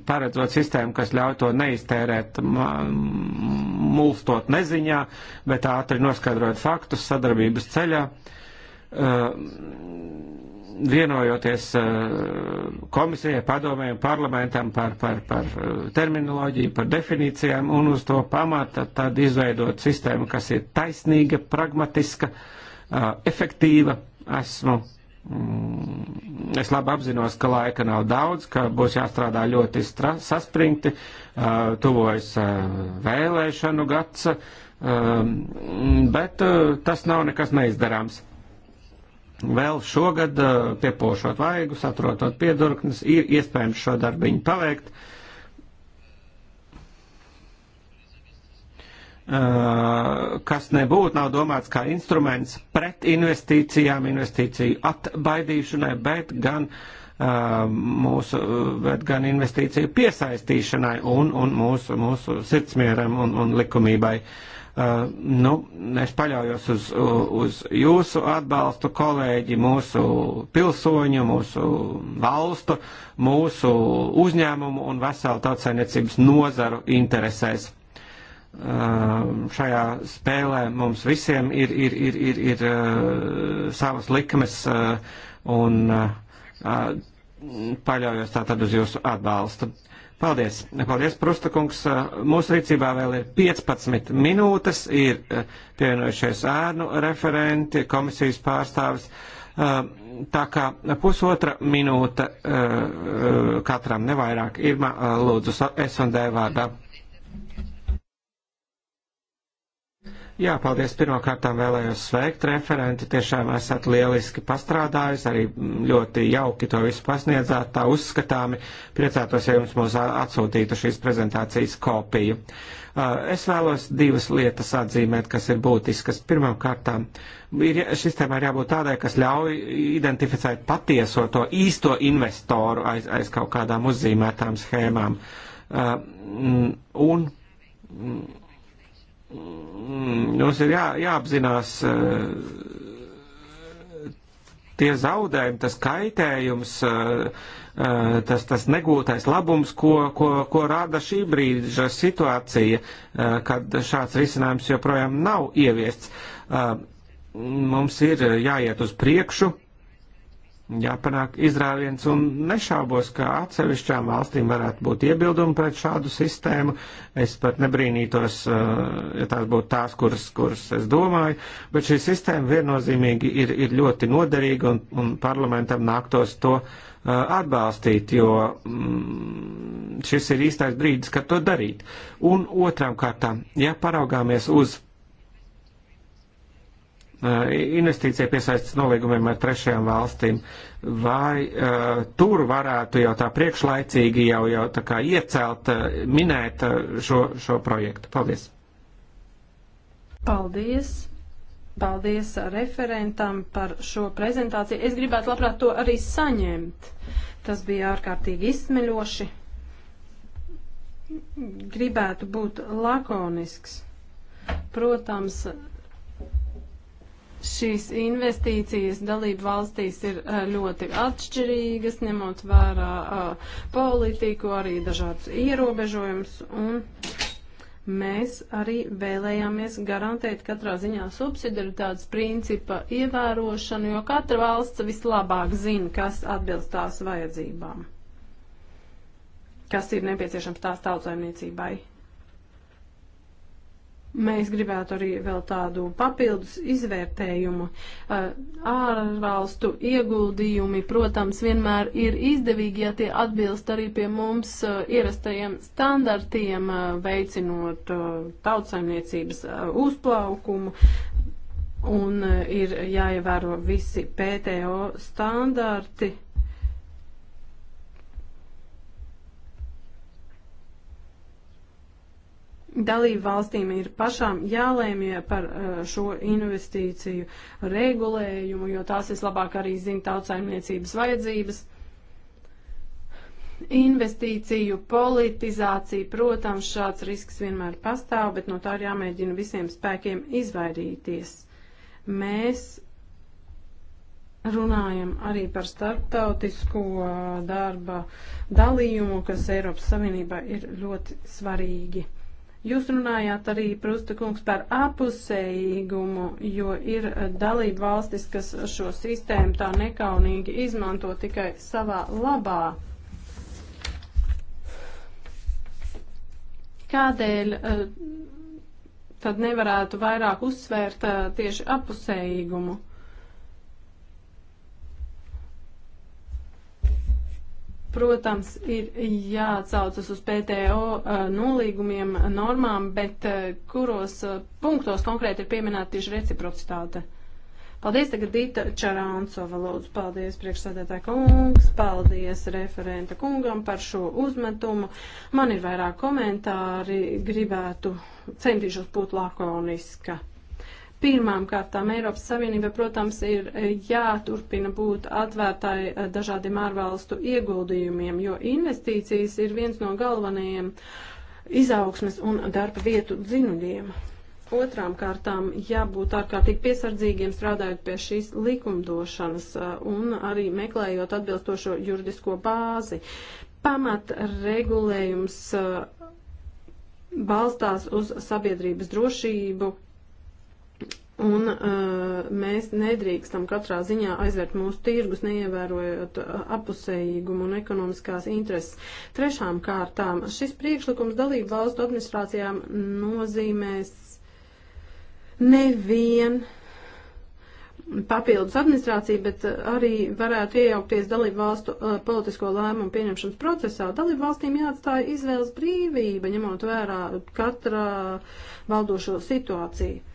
paredzot sistēmu, kas ļauj to neiztērēt mulstot neziņā, bet ātri noskaidrot faktus sadarbības ceļā. Uh, vienojoties eh, komisijai, padomēm, parlamentam par, par, par eh, terminoloģiju, par definīcijām un uz to pamata tad izveidot sistēmu, kas ir taisnīga, pragmatiska, eh, efektīva. Esmu, mm, es labi apzinos, ka laika nav daudz, ka būs jāstrādā ļoti stra, saspringti, tuvojas vēlēšanu gads, bet tas nav nekas neizdarāms vēl šogad eh, piepošot vaigus, atrotot piedurknes, ir iespējams šo darbiņu paveikt. Eh, kas nebūtu nav domāts kā instruments pret investīcijām, investīciju atbaidīšanai, bet gan eh, mūsu, bet gan investīciju piesaistīšanai un, un mūsu, mūsu sirdsmieram un, un likumībai. Uh, Uh, nu, es paļaujos uz, uz jūsu atbalstu, kolēģi, mūsu pilsoņu, mūsu valstu, mūsu uzņēmumu un veselu tautsainiecības nozaru interesēs. Uh, šajā spēlē mums visiem ir, ir, ir, ir, ir uh, savas likmes un paļaujos tātad uz jūsu atbalstu. Paldies, paldies, Prustakungs. Mūsu rīcībā vēl ir 15 minūtes, ir pievienojušies ēnu referenti, komisijas pārstāvis. Tā kā pusotra minūte katram nevairāk ir, lūdzu, S&D vārdā. Jā, paldies. Pirmkārtām vēlējos sveikt referenti. Tiešām esat lieliski pastrādājis, arī ļoti jauki to visu pasniedzāt, tā uzskatāmi. Priecātos, ja jums mūs atsūtītu šīs prezentācijas kopiju. Uh, es vēlos divas lietas atzīmēt, kas ir būtiskas. Pirmkārtām, šis tēmā ir jābūt tādai, kas ļauj identificēt patieso to īsto investoru aiz, aiz kaut kādām uzzīmētām schēmām. Uh, un, Mm, mums ir jā, jāapzinās eh, tie zaudējumi, tas kaitējums, eh, eh, tas, tas negūtais labums, ko, ko, ko rada šī brīža situācija, kad šāds risinājums joprojām nav ieviests. Mums ir jāiet uz priekšu jāpanāk izrāviens, un nešaubos, ka atsevišķām valstīm varētu būt iebildumi pret šādu sistēmu. Es pat nebrīnītos, eh, ja tās būtu tās, kuras, kuras es domāju, bet šī sistēma viennozīmīgi ir, ir ļoti noderīga, un, un parlamentam nāktos to eh, atbalstīt, jo mm, šis ir īstais brīdis, kad to darīt. Un otrām kārtām, ja paraugāmies uz Eh, investīcija piesaistas nolīgumiem ar trešajām valstīm, vai uh, tur varētu jau tā priekšlaicīgi jau, jau tā kā iecelt, uh, minēt uh, šo, šo projektu. Paldies! Paldies! Paldies referentam par šo prezentāciju. Es gribētu labprāt to arī saņemt. Tas bija ārkārtīgi izsmeļoši. Gribētu būt lakonisks. Protams, šīs investīcijas dalību valstīs ir eh, ļoti atšķirīgas, ņemot vērā eh, politiku, arī dažādus ierobežojumus, un mēs arī vēlējāmies garantēt katrā ziņā subsidiaritātes principa ievērošanu, jo katra valsts vislabāk zina, kas atbilst tās vajadzībām, kas ir nepieciešams tās tautsaimniecībai. Mēs gribētu arī vēl tādu papildus izvērtējumu. Eh, ārvalstu ieguldījumi, protams, vienmēr ir izdevīgi, ja tie atbilst arī pie mums eh, ierastajiem standartiem, eh, veicinot tautsaimniecības uzplaukumu. Un ir jāievēro visi PTO standarti Dalību valstīm ir pašām jālēmie par uh, šo investīciju regulējumu, jo tās vislabāk arī zina tautsaimniecības vajadzības. Investīciju politizācija, protams, šāds risks vienmēr pastāv, bet no tā ir jāmēģina visiem spēkiem izvairīties. Mēs runājam arī par starptautisko darba dalījumu, kas Eiropas Savienībā ir ļoti svarīgi. Jūs runājāt arī, Prusta kungs, par apusējīgumu, jo ir eh, dalība valstis, kas šo sistēmu tā nekaunīgi izmanto tikai savā labā. Kādēļ eh, tad nevarētu vairāk uzsvērt eh, tieši apusējīgumu? protams, ir jāatsaucas uz PTO eh, nolīgumiem, normām, bet eh, kuros eh, punktos konkrēti ir pieminēta tieši reciprocitāte. Paldies, tagad Dita Čarāncova, lūdzu, paldies priekšsēdētāja kungs, paldies referenta kungam par šo uzmetumu. Man ir vairāk komentāri, gribētu, centīšos būt lakoniska. Pirmām kārtām Eiropas Savienība, protams, ir e, jāturpina būt atvērtai e, dažādiem ārvalstu ieguldījumiem, jo investīcijas ir viens no galvenajiem izaugsmes un darba vietu dzinuļiem. Otrām kārtām jābūt ārkārtīgi piesardzīgiem strādājot pie šīs likumdošanas e, un arī meklējot atbilstošo juridisko bāzi. Pamat regulējums balstās uz sabiedrības drošību, Un uh, mēs nedrīkstam katrā ziņā aizvērt mūsu tirgus, neievērojot eh, apusējīgumu un ekonomiskās intereses. Trešām kārtām šis priekšlikums dalību valstu administrācijām nozīmēs nevien papildus administrācija, bet eh, arī varētu iejaukties dalību valstu uh, politisko lēmumu pieņemšanas procesā. Dalību valstīm jāatstāja izvēles brīvība, ņemot vērā katrā valdošo situāciju.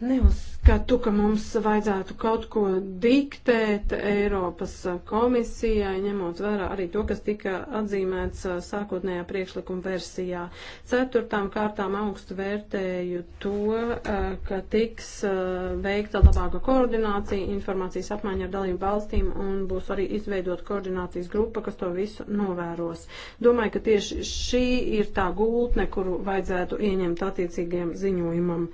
Neuzskatu, ka mums vajadzētu kaut ko diktēt Eiropas komisijai, ņemot vērā arī to, kas tika atzīmēts uh, sākotnējā priekšlikuma versijā. Ceturtām kārtām augstu vērtēju to, uh, ka tiks uh, veikta labāka koordinācija, informācijas apmaiņa ar dalību valstīm un būs arī izveidot koordinācijas grupa, kas to visu novēros. Domāju, ka tieši šī ir tā gultne, kuru vajadzētu ieņemt attiecīgiem ziņojumam.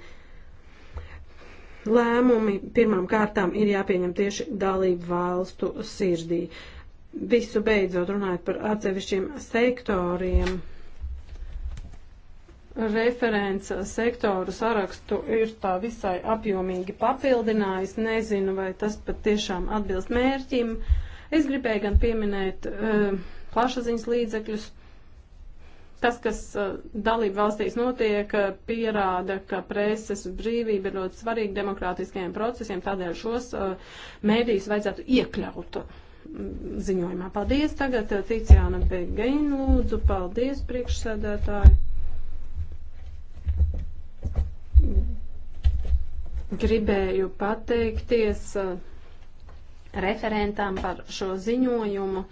Lēmumi pirmām kārtām ir jāpieņem tieši dalību valstu sirdī. Visu beidzot runājot par atsevišķiem sektoriem referents sektoru sarakstu ir tā visai apjomīgi papildinājis. Nezinu, vai tas pat tiešām atbilst mērķim. Es gribēju gan pieminēt uh, eh, plašaziņas līdzekļus. Uh, Tas, kas uh, dalību valstīs notiek, uh, pierāda, ka preses brīvība ir ļoti svarīga demokrātiskajiem procesiem, tādēļ šos uh, mēdījus vajadzētu iekļaut mm, ziņojumā. Paldies tagad Ticijāna Begaina lūdzu, paldies priekšsēdētāji. Gribēju pateikties. Uh, referentam par šo ziņojumu.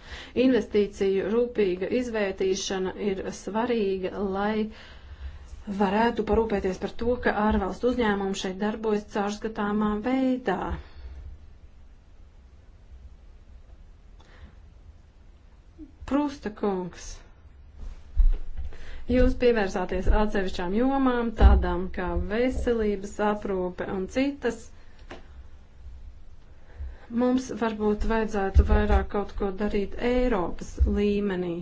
Investīciju rūpīga izvērtīšana ir svarīga, lai varētu parūpēties par to, ka ārvalstu uzņēmumi šeit darbojas caurskatāmā veidā. Prūsta kungs. Jūs pievērsāties atsevišķām jomām, tādām kā veselības aprūpe un citas. Mums varbūt vajadzētu vairāk kaut ko darīt Eiropas līmenī.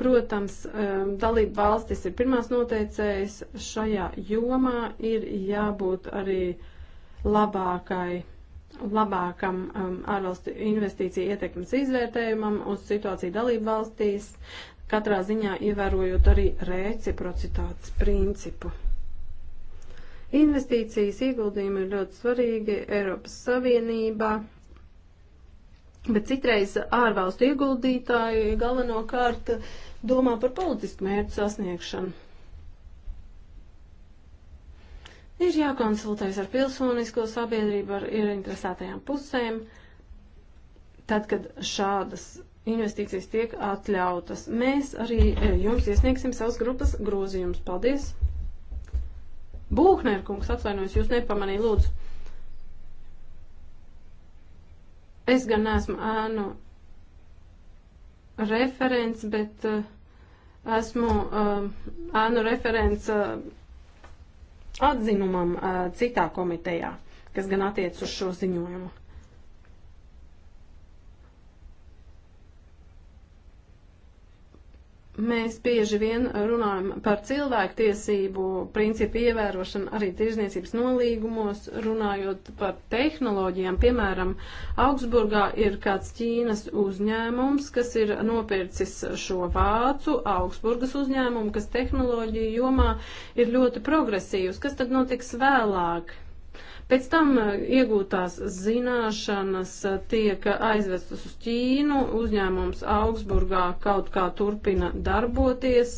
Protams, um, dalība valstis ir pirmās noteicējas šajā jomā, ir jābūt arī labākai, labākam um, ārvalstu investīciju ietekmes izvērtējumam uz situāciju dalību valstīs, katrā ziņā ievērojot arī reciprocitātes principu. Investīcijas ieguldījumi ir ļoti svarīgi Eiropas Savienībā, bet citreiz ārvalstu ieguldītāji galvenokārt domā par politisku mērķu sasniegšanu. Ir jākonsultējas ar pilsonisko sabiedrību, ar ieinteresētajām pusēm, tad, kad šādas investīcijas tiek atļautas. Mēs arī eh, jums iesniegsim savas grupas grozījumus. Paldies! Būhnerkungs, atvainojos, jūs nepamanīju, lūdzu. Es gan neesmu ēnu referents, bet uh, esmu uh, ēnu referents uh, atzinumam uh, citā komitejā, kas gan attiec uz šo ziņojumu. Mēs bieži vien runājam par cilvēktiesību principu ievērošanu arī tirzniecības nolīgumos, runājot par tehnoloģijām. Piemēram, Augsburgā ir kāds Ķīnas uzņēmums, kas ir nopircis šo vācu Augsburgas uzņēmumu, kas tehnoloģiju jomā ir ļoti progresīvs. Kas tad notiks vēlāk? Pēc tam uh, iegūtās zināšanas uh, tiek aizvestas uz Ķīnu, uzņēmums Augsburgā kaut kā turpina darboties,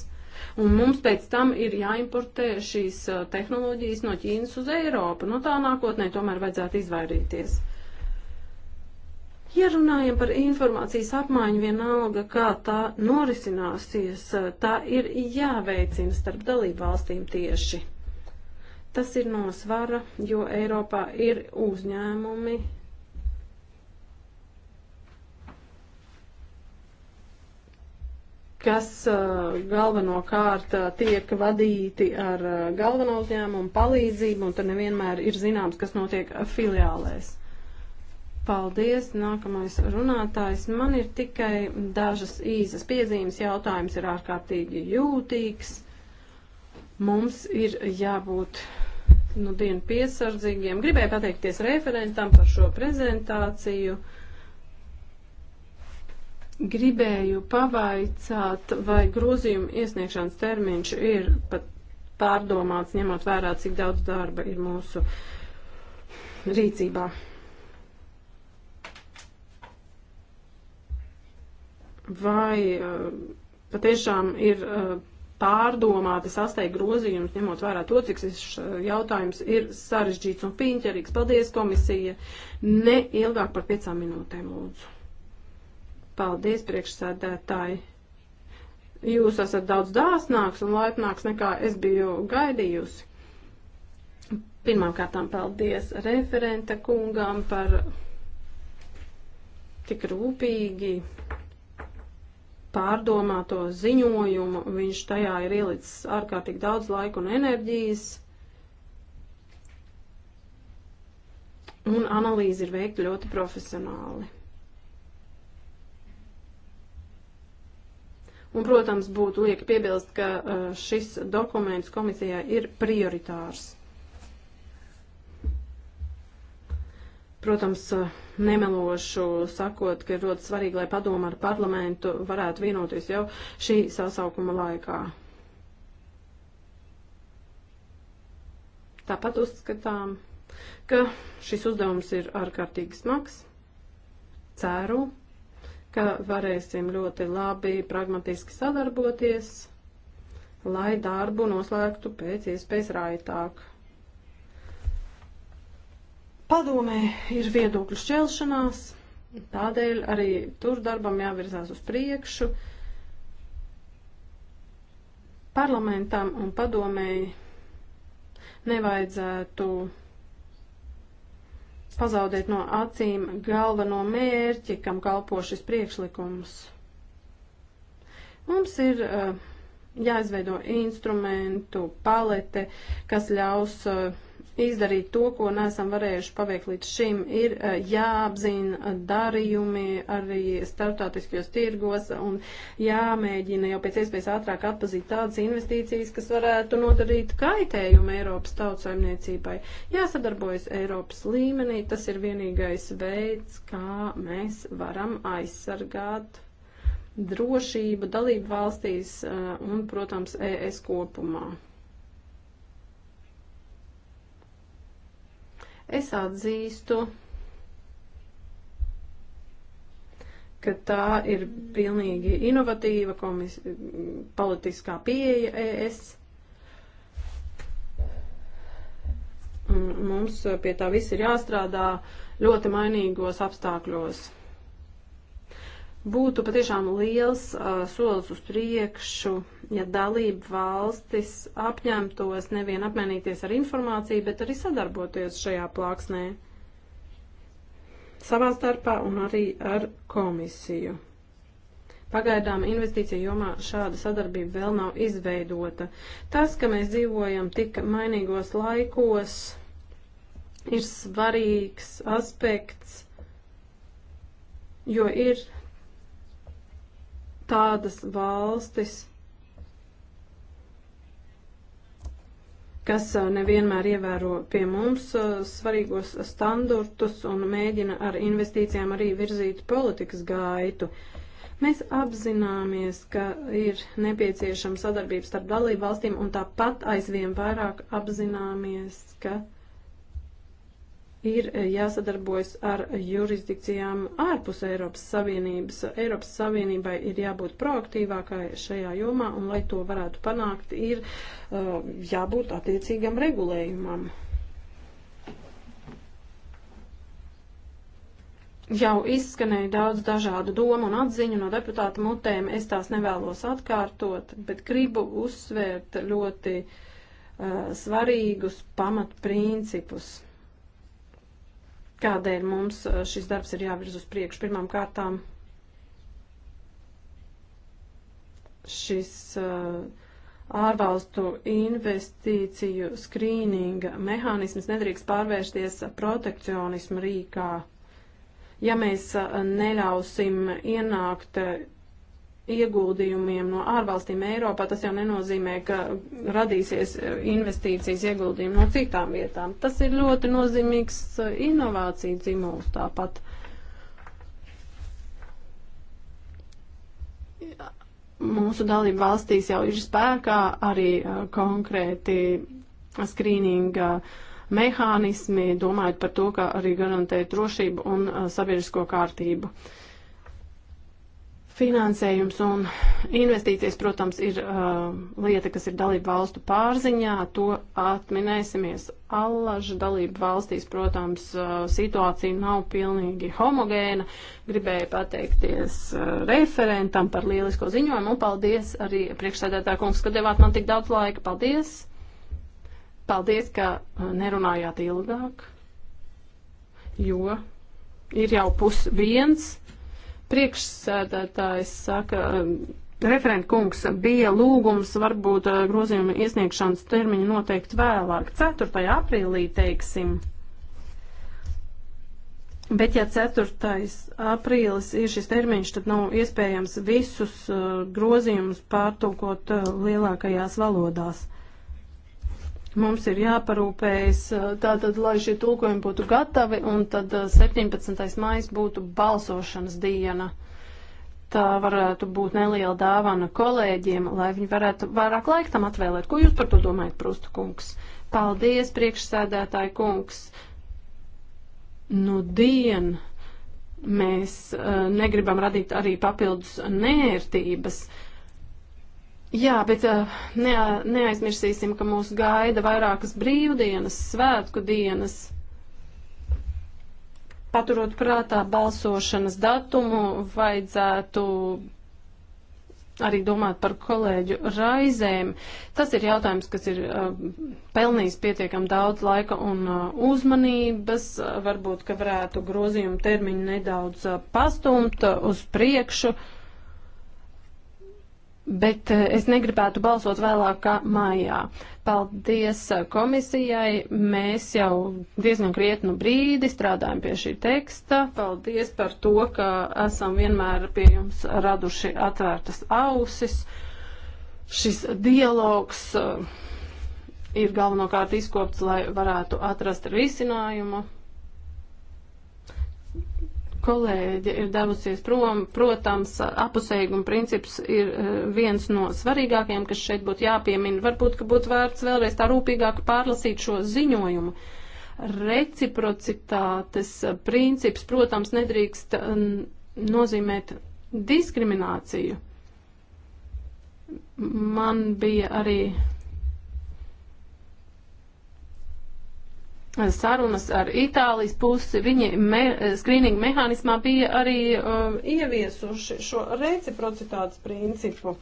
un mums pēc tam ir jāimportē šīs uh, tehnoloģijas no Ķīnas uz Eiropu. No nu, tā nākotnē tomēr vajadzētu izvairīties. Ja runājam par informācijas apmaiņu, vienalga, kā tā norisināsies, tā ir jāveicina starp dalību valstīm tieši. Tas ir no svara, jo Eiropā ir uzņēmumi, kas uh, galvenokārt uh, tiek vadīti ar uh, galveno uzņēmumu palīdzību, un tur nevienmēr ir zināms, kas notiek filiālēs. Paldies, nākamais runātājs. Man ir tikai dažas īsas piezīmes, jautājums ir ārkārtīgi jūtīgs. Mums ir jābūt nu dienu piesardzīgiem. Gribēju pateikties referentam par šo prezentāciju. Gribēju pavaicāt, vai grozījuma iesniegšanas termiņš ir pat pārdomāts, ņemot vērā, cik daudz darba ir mūsu rīcībā. Vai uh, patiešām ir uh, pārdomāti sastai grozījums, ņemot vērā to, cik šis eh, jautājums ir sarežģīts un piņķerīgs. Paldies, komisija. Ne ilgāk par piecām minūtēm, lūdzu. Paldies, priekšsēdētāji. Jūs esat daudz dāsnāks un laipnāks nekā es biju gaidījusi. Pirmkārt, paldies referenta kungam par tik rūpīgi pārdomāto ziņojumu. Viņš tajā ir ielicis ārkārtīgi daudz laika un enerģijas. Un analīze ir veikta ļoti profesionāli. Un, protams, būtu lieki piebilst, ka uh, šis dokuments komisijai ir prioritārs. Protams, uh, nemelošu, sakot, ka ir ļoti svarīgi, lai padoma ar parlamentu varētu vienoties jau šī sasaukuma laikā. Tāpat uzskatām, ka šis uzdevums ir ārkārtīgi smags. Ceru, ka varēsim ļoti labi, pragmatiski sadarboties, lai darbu noslēgtu pēc iespējas raitāk. Padomē ir viedokļu šķelšanās, tādēļ arī tur darbam jāvirzās uz priekšu. Parlamentam un padomēji nevajadzētu pazaudēt no acīm galveno mērķi, kam kalpo šis priekšlikums. Mums ir uh, jāizveido instrumentu palete, kas ļaus uh, izdarīt to, ko neesam varējuši paveikt līdz šim. Ir eh, jāapzina darījumi arī starptautiskajos tirgos un jāmēģina jau pēc iespējas ātrāk atpazīt tādas investīcijas, kas varētu nodarīt kaitējumu Eiropas tautsaimniecībai. Jāsadarbojas Eiropas līmenī, tas ir vienīgais veids, kā mēs varam aizsargāt drošību dalību valstīs eh, un, protams, ES kopumā. Es atzīstu, ka tā ir pilnīgi inovatīva komis, politiskā pieeja ES. Mums pie tā viss ir jāstrādā ļoti mainīgos apstākļos. Būtu patiešām liels uh, solis uz priekšu, ja dalība valstis apņemtos nevien apmainīties ar informāciju, bet arī sadarboties šajā plāksnē savā starpā un arī ar komisiju. Pagaidām investīcija jomā šāda sadarbība vēl nav izveidota. Tas, ka mēs dzīvojam tik mainīgos laikos, ir svarīgs aspekts, jo ir tādas valstis, kas uh, nevienmēr ievēro pie mums uh, svarīgos standartus un mēģina ar investīcijām arī virzīt politikas gaitu. Mēs apzināmies, ka ir nepieciešama sadarbība starp dalību valstīm un tāpat aizvien vairāk apzināmies, ka ir e, jāsadarbojas ar jurisdikcijām ārpus Eiropas Savienības. Eiropas Savienībai ir jābūt proaktīvākai šajā jomā, un lai to varētu panākt, ir uh, jābūt attiecīgam regulējumam. Jau izskanēja daudz dažādu domu un atziņu no deputāta mutēm, es tās nevēlos atkārtot, bet gribu uzsvērt ļoti uh, svarīgus pamatprincipus kādēļ mums uh, šis darbs ir jāvirz uz priekšu. Pirmām kārtām šis uh, ārvalstu investīciju skrīninga mehānisms nedrīkst pārvērsties protekcionismu rīkā. Ja mēs uh, neļausim ienākt ieguldījumiem no ārvalstīm Eiropā, tas jau nenozīmē, ka radīsies e, investīcijas ieguldījumi no citām vietām. Tas ir ļoti nozīmīgs e, inovāciju dzimuls tāpat. Mūsu dalību valstīs jau ir spēkā arī e, konkrēti skrīninga mehānismi, domājot par to, kā arī garantēt drošību un sabiedrisko kārtību. Uh, Finansējums un investīcijas, protams, ir uh, lieta, kas ir dalību valstu pārziņā. To atminēsimies. Allaža dalību valstīs, protams, uh, situācija nav pilnīgi homogēna. Gribēju pateikties uh, referentam par lielisko ziņojumu un paldies arī priekšsēdētā kungs, ka devāt man tik daudz laika. Paldies! Paldies, ka uh, nerunājāt ilgāk, jo ir jau pus viens. Priekšsēdētājs saka, um, referent kungs, bija lūgums varbūt uh, grozījuma iesniegšanas termiņu noteikti vēlāk, 4. aprīlī, teiksim. Bet, ja 4. aprīlis ir šis termiņš, tad nav nu, iespējams visus uh, grozījumus pārtulkot uh, lielākajās valodās. Mums ir jāparūpējas tātad, lai šie tulkojumi būtu gatavi, un tad 17. mājas būtu balsošanas diena. Tā varētu būt neliela dāvana kolēģiem, lai viņi varētu vairāk laika tam atvēlēt. Ko jūs par to domājat, Prusta kungs? Paldies, priekšsēdētāji kungs. Nu, diena mēs uh, negribam radīt arī papildus nērtības. Uh, Jā, bet ne, neaizmirsīsim, ka mūs gaida vairākas brīvdienas, svētku dienas. Paturot prātā balsošanas datumu, vajadzētu arī domāt par kolēģu raizēm. Tas ir jautājums, kas ir uh, pelnījis pietiekam daudz laika un uh, uzmanības. Varbūt, ka varētu grozījumu termiņu nedaudz uh, pastumt uz priekšu. Uh, bet eh, es negribētu balsot vēlāk kā mājā. Paldies eh, komisijai, mēs jau diezgan krietnu brīdi strādājam pie šī teksta. Paldies par to, ka esam vienmēr pie jums raduši atvērtas ausis. Šis dialogs eh, ir galvenokārt izkopts, lai varētu atrast risinājumu kolēģe ir devusies prom. Protams, apusējuma princips ir eh, viens no svarīgākajiem, kas šeit būtu jāpiemina. Varbūt, ka būtu vērts vēlreiz tā rūpīgāk pārlasīt šo ziņojumu reciprocitātes eh, princips, protams, nedrīkst eh, nozīmēt diskrimināciju. Man bija arī sarunas ar Itālijas pusi, viņi me, skrīninga mehānismā bija arī um, ieviesuši šo reciprocitātes principu.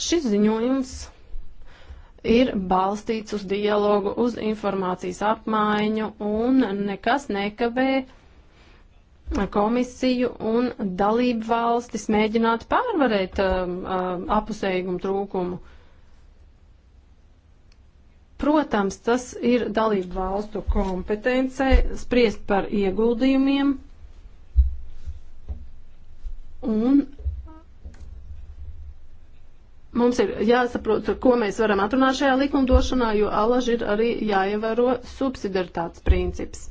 Šis ziņojums ir balstīts uz dialogu, uz informācijas apmaiņu un nekas nekavē komisiju un dalību valstis mēģināt pārvarēt um, um apusējumu trūkumu. Protams, tas ir dalību valstu kompetencē spriest par ieguldījumiem un mums ir jāsaprot, ko mēs varam atrunāt šajā likumdošanā, jo alaži ir arī jāievēro subsidaritātes princips.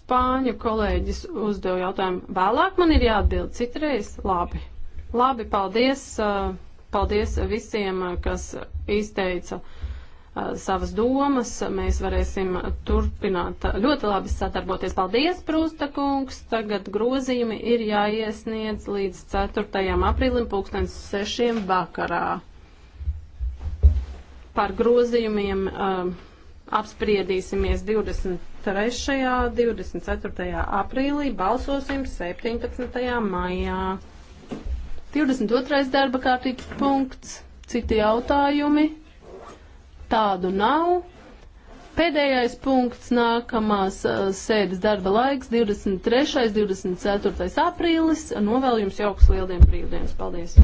Spāņu kolēģis uzdeva jautājumu vēlāk, man ir jāatbild citreiz. Labi, labi paldies, paldies visiem, kas izteica savas domas, mēs varēsim turpināt ļoti labi sadarboties. Paldies, Prūsta kungs! Tagad grozījumi ir jāiesniedz līdz 4. aprīlim pulkstens 6. vakarā. Par grozījumiem um, apspriedīsimies 23. 24. aprīlī, balsosim 17. maijā. 22. darba kārtības punkts, citi jautājumi tādu nav. Pēdējais punkts nākamās sēdes darba laiks 23. 24. aprīlis. Novēl jums jauks lieldien brīvdienas. Paldies!